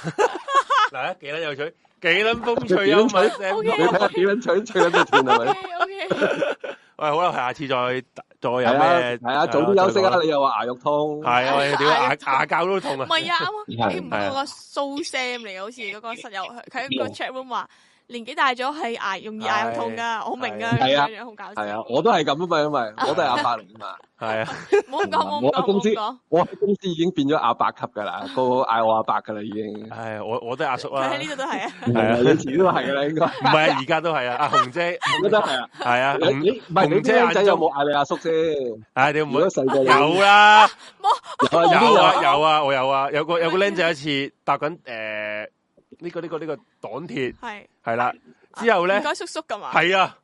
嗱，幾多有趣？幾捻風趣啊，美聲，你睇下幾捻吹，吹捻嘅片 O K，我哋好啦，下次再再有咩？係啊，早啲休息啦。你又話牙肉痛，係啊，點啊，牙膠都痛啊。唔係啊，你唔係嗰個蘇 Sam 嚟啊，好似嗰個室友佢喺個 chat room 話。年紀大咗係嗌，容易嗌我痛噶，我明噶，咁樣好搞笑。係啊，我都係咁啊嘛，因為我都係阿伯嚟噶嘛，係啊。唔好講，我唔夠工資。我喺公司已經變咗阿伯級噶啦，個個嗌我阿伯噶啦，已經。係啊，我我都係阿叔啊。喺呢度都係啊，係啊，你自己都係噶啦，應該。唔係啊，而家都係啊，阿紅姐。咁都係啊，係啊。紅唔係，紅姐阿仔有冇嗌你阿叔先？係你唔好咁細個。有啦。有啊有啊，我有啊，有個有個僆仔一次搭緊誒。呢個呢個呢、這個擋鐵係係啦，之後咧唔該叔叔噶嘛，係啊，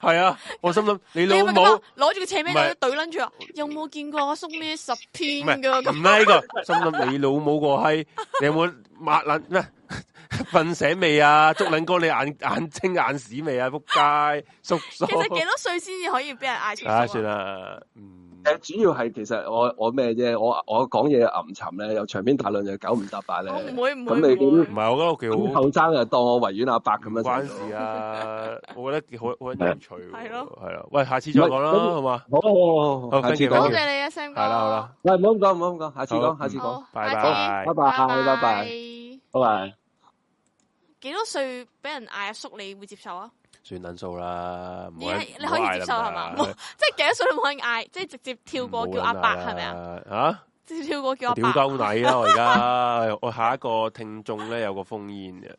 係啊，我心諗你老母攞住個斜孭仔懟捻住啊，是有冇見過我叔孭十片噶？唔，呢、這個心諗你老母個閪， 你有冇抹捻咩瞓醒未啊？捉捻哥你眼眼睛眼屎未啊？撲街叔叔，其實幾多歲先至可以俾人嗌出叔叔啊？算啦，嗯。誒，主要係其實我我咩啫？我我講嘢吟沉咧，又長篇大論又九唔搭八咧。唔會唔會唔係，我覺得好奇好後生啊，當我維園阿伯咁樣關事啊。我覺得好好有趣係咯，係啊。喂，下次再講啦，好嘛？好，下次講。多謝你啊，Sam 哥。係啦，好啦。喂，唔好咁講，唔好咁講。下次講，下次講。拜拜，拜拜，拜拜，拜拜，拜拜。幾多歲俾人嗌阿叔，你會接受啊？算 n u 啦，你可以接受係嘛？即係幾多數都唔可以嗌，即係直接跳過叫阿伯係咪啊？吓！跳過叫阿伯。丟泥啦！我而家我下一個聽眾咧有個烽煙嘅，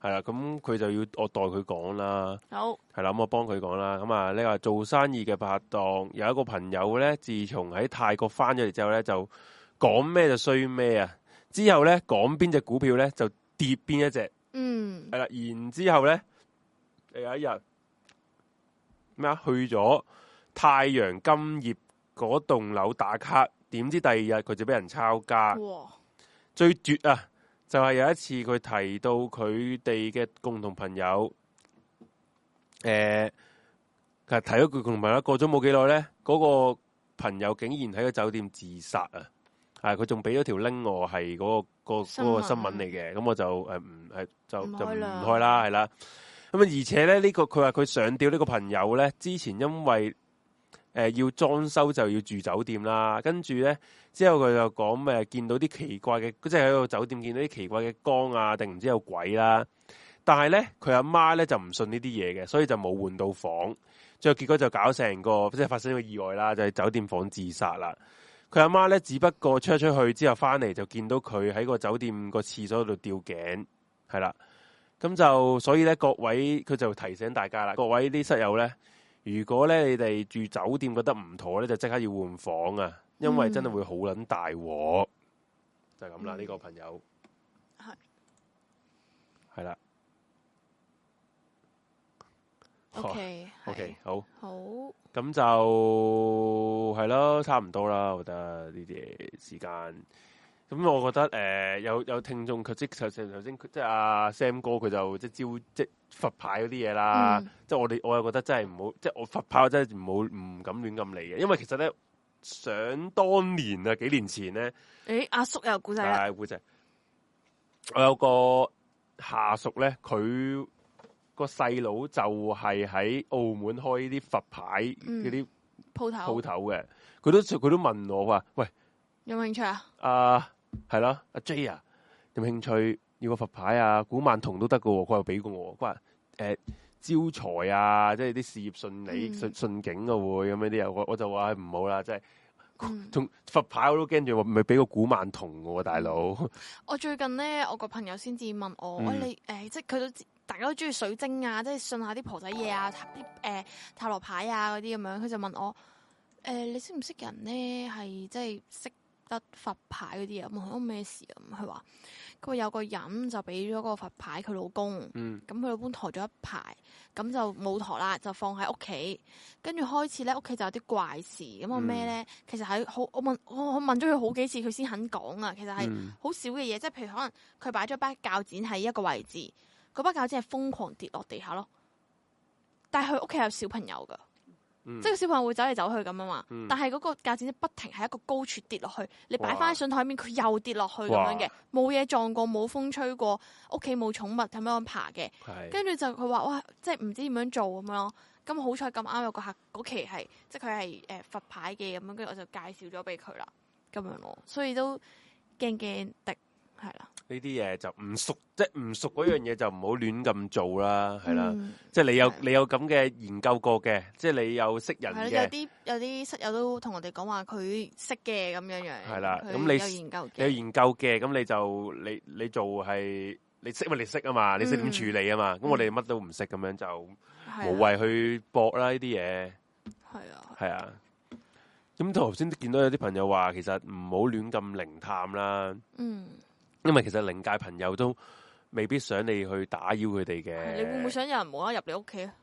係啦，咁佢就要我代佢講啦。好係啦，咁我幫佢講啦。咁啊，呢個做生意嘅拍檔有一個朋友咧，自從喺泰國翻咗嚟之後咧，就講咩就衰咩啊！之後咧講邊隻股票咧就跌邊一隻。嗯，係啦，然之後咧。有一日咩啊？去咗太陽金業嗰棟樓打卡，點知第二日佢就俾人抄家。哇最絕啊！就係、是、有一次佢提到佢哋嘅共同朋友，誒、呃，佢提咗佢共同朋友過咗冇幾耐咧，嗰、那個朋友竟然喺個酒店自殺啊！啊，佢仲俾咗條拎我，係嗰、那個、那個、那個新聞嚟嘅。咁我就誒唔誒就就唔開啦，係啦。咁而且咧，呢個佢話佢上吊，呢個朋友呢，之前因為誒要裝修就要住酒店啦，跟住呢之後佢就講咩見到啲奇怪嘅，即係喺個酒店見到啲奇怪嘅光啊，定唔知有鬼啦。但係呢，佢阿媽呢就唔信呢啲嘢嘅，所以就冇換到房。最後結果就搞成個即係發生一個意外啦，就係酒店房自殺啦。佢阿媽呢，只不過出出去之後翻嚟，就見到佢喺個酒店個廁所度吊頸，係啦。咁就所以咧，各位佢就提醒大家啦，各位啲室友咧，如果咧你哋住酒店覺得唔妥咧，就即刻要換房啊，因為真係會好捻大鑊，嗯、就咁啦。呢、嗯、個朋友係係啦。O K O K，好好。咁好就係咯，差唔多啦，我覺得呢啲時間。咁、嗯、我覺得誒、呃、有有聽眾佢即係頭頭先即係阿 Sam 哥佢就即係招即佛牌嗰啲嘢啦，嗯、即係我哋我又覺得真係唔好，即係我佛牌真係唔好唔敢亂咁嚟嘅，因為其實咧，想當年啊幾年前咧，誒阿、啊、叔有古仔古仔，我有個下屬咧，佢個細佬就係喺澳門開啲佛牌嗰啲、嗯、鋪頭鋪頭嘅，佢都佢都問我話，喂，有冇興趣啊？啊、呃！係咯，阿 J 啊，有冇興趣要個佛牌啊？古曼童都得噶喎，佢又俾過我，佢話誒、欸、招財啊，即係啲事業順利順順、嗯、景噶會咁嗰啲啊，我我就話唔好啦，即係同、嗯、佛牌我都驚住，唔係俾個古曼童噶大佬。我最近咧，我個朋友先至問我，嗯哎、你誒、呃，即係佢都大家都中意水晶啊，即係信下啲婆仔嘢啊，啲誒塔羅、呃、牌啊嗰啲咁樣，佢就問我誒、呃，你知知識唔識人咧？係即係識。得佛牌嗰啲啊，咁好多咩事啊？佢話，咁有個人就俾咗嗰個佛牌佢老公，咁佢、嗯、老公抬咗一排，咁就冇抬啦，就放喺屋企。跟住開始咧，屋企就有啲怪事，咁啊咩咧？其實係好，我問我問咗佢好幾次，佢先肯講啊。其實係好少嘅嘢，即係、嗯、譬如可能佢擺咗一把鉸剪喺一個位置，嗰把鉸剪係瘋狂跌落地下咯。但係佢屋企有小朋友噶。嗯、即係小朋友會走嚟走去咁啊嘛，嗯、但係嗰個架展不停喺一個高處跌落去，你擺翻喺神檯面，佢哇又跌落去咁樣嘅，冇嘢哇撞過，冇風吹過，屋企冇寵物咁樣爬嘅，跟住就佢話是哇，即係唔知點樣做咁樣咯。咁好彩咁啱有個客嗰期係，即係佢係誒佛牌嘅咁樣，跟住我就介紹咗俾佢啦，咁樣咯，所以都驚驚的係啦。呢啲嘢就唔熟，即係唔熟嗰樣嘢就唔好亂咁做啦，係、嗯、啦。即、就、係、是、你有是的 你有咁嘅研究過嘅，即、就、係、是、你有識人嘅。有啲有啲室友都同我哋講話佢識嘅咁樣樣。係啦的，咁你，你有研究嘅，咁你就你你做係你識，因你識啊嘛，你識點、嗯、處理啊嘛。咁、嗯、我哋乜都唔識，咁樣就無謂去搏啦呢啲嘢。係啊是的，係啊。咁頭先見到有啲朋友話，其實唔好亂咁靈探啦。嗯。因為其實靈界朋友都未必想你去打擾佢哋嘅，你會唔會想有人冇得入你屋企啊？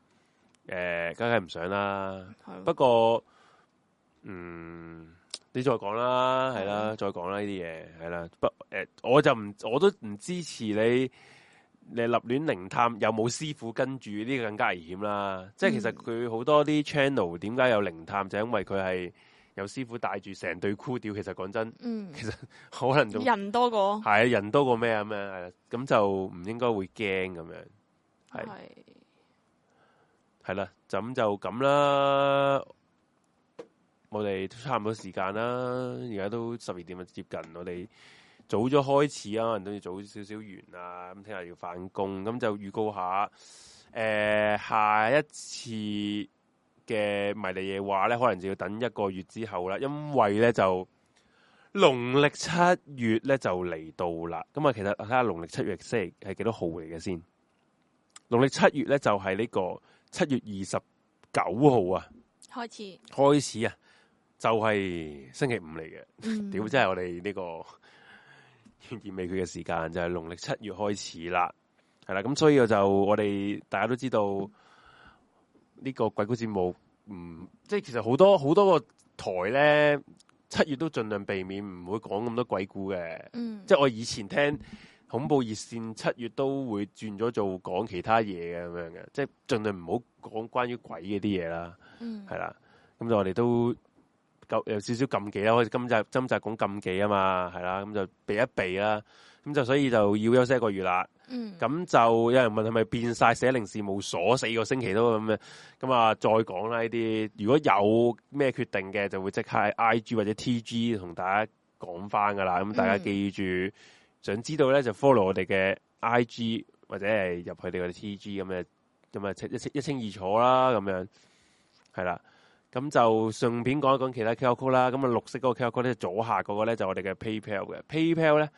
誒、呃，梗係唔想啦。的不過，嗯，你再講啦，係、嗯、啦，再講啦呢啲嘢，係啦。不，誒、呃，我就唔，我都唔支持你，你立亂靈探有冇師傅跟住呢、這個更加危險啦。嗯、即係其實佢好多啲 channel 點解有靈探就係、是、因為佢係。有師傅帶住成對箍，屌，其實講真，嗯、其實可能仲人多過係啊， 人多過咩咁是樣，咁就唔應該會驚咁樣，係係啦，咁就咁啦。我哋差唔多時間啦，而家都十二點啊，接近我哋早咗開始啊，可能都要早少少完啊，咁聽日要返工，咁就預告下，誒、呃、下一次嘅迷你嘢話咧，可能就要等一個月之後啦，因為咧就農曆七月咧就嚟到啦。咁、嗯、啊，其實我睇下農曆七月星期係幾多號嚟嘅先？農曆七月咧就係、是、呢、這個七月二十九號啊，開始開始啊，就係、是、星期五嚟嘅。屌、嗯，即係 我哋呢、這個意未佢嘅時間就係農曆七月開始啦，係啦。咁所以我就我哋大家都知道。嗯呢個鬼故事冇唔、嗯、即係其實好多好多個台咧七月都盡量避免唔會講咁多鬼故嘅，嗯、即係我以前聽恐怖熱線七月都會轉咗做講其他嘢嘅咁樣嘅，即係盡量唔好講關於鬼嗰啲嘢啦，係、嗯、啦，咁就我哋都有少少禁忌啦，好似今集今集講禁忌啊嘛，係啦，咁就避一避啦，咁就所以就要休息一個月啦。咁、嗯、就有人問係咪變晒寫零事務所四個星期都咁樣？咁啊再講啦呢啲，如果有咩決定嘅，就會即刻 I G 或者 T G 同大家講翻噶啦，咁大家記住，想知道咧就 follow 我哋嘅 I G 或者係入佢哋嘅 T G 咁嘅，咁啊一清一清二楚啦咁樣，係啦，咁就順便講一講其他 QR Code 啦，咁啊綠色嗰個 QR Code 咧，左下嗰個咧就是、我哋嘅 PayPal 嘅 PayPal 咧。Pay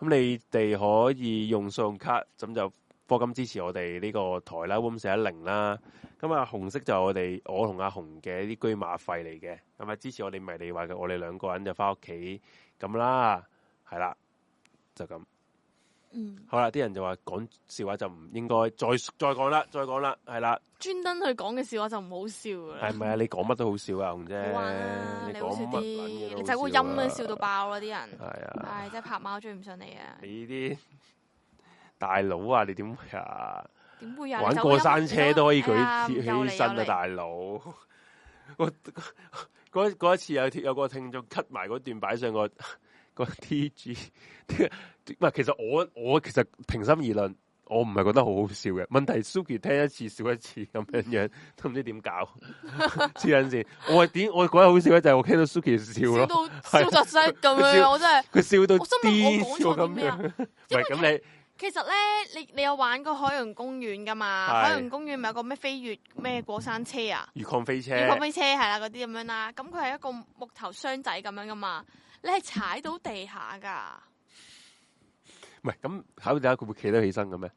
咁你哋可以用信用卡，咁就科金支持我哋呢個台啦，room 四一零啦。咁啊，紅色就我哋我同阿紅嘅一啲居馬費嚟嘅，咁啊支持我哋唔係你話嘅，我哋兩個人就翻屋企咁啦，係啦，就咁。嗯、好啦，啲人就話講笑話就唔應該再再講啦，再講啦，係啦。專登去講嘅笑話就唔好笑噶啦。係咪啊？你講乜都好笑啊，紅姐、啊。你都好笑啲、啊，你就嗰個音啊，笑到爆啲人。係、哎、呀啊。係，真係拍貓追唔上你啊！你呢啲大佬啊，你點呀？點會呀？玩過山車都可以舉起身啊，哎、呀理理大佬哥。嗰 一我 次有有個聽眾 cut 埋嗰段擺上個 個 T G。 其實我我其實平心而論，我唔係覺得好好笑嘅。問題 Suki 聽一次笑一次咁樣樣，都唔知點搞。有陣時，我點我覺得好笑嘅就係我聽到 Suki 笑咯，係咁樣，我真係佢笑到我癲咁樣。喂，咁你，其實咧你你有玩過海洋公園噶嘛？海洋公園咪有個咩飛越咩過山車啊？越礦飛車，越礦飛車係啦，嗰啲咁樣啦。咁佢係一個木頭箱仔咁樣噶嘛？你係踩到地下噶。唔係咁，考到大家佢會企得起身嘅咩？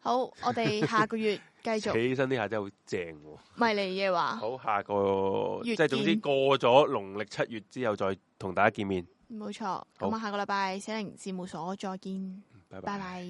好，我哋下個月繼續企起身呢下真係好正，唔係你嘅話。好，下個月即係總之過咗農曆七月之後再同大家見面。冇錯，咁啊下個禮拜小玲事務所再見，拜拜。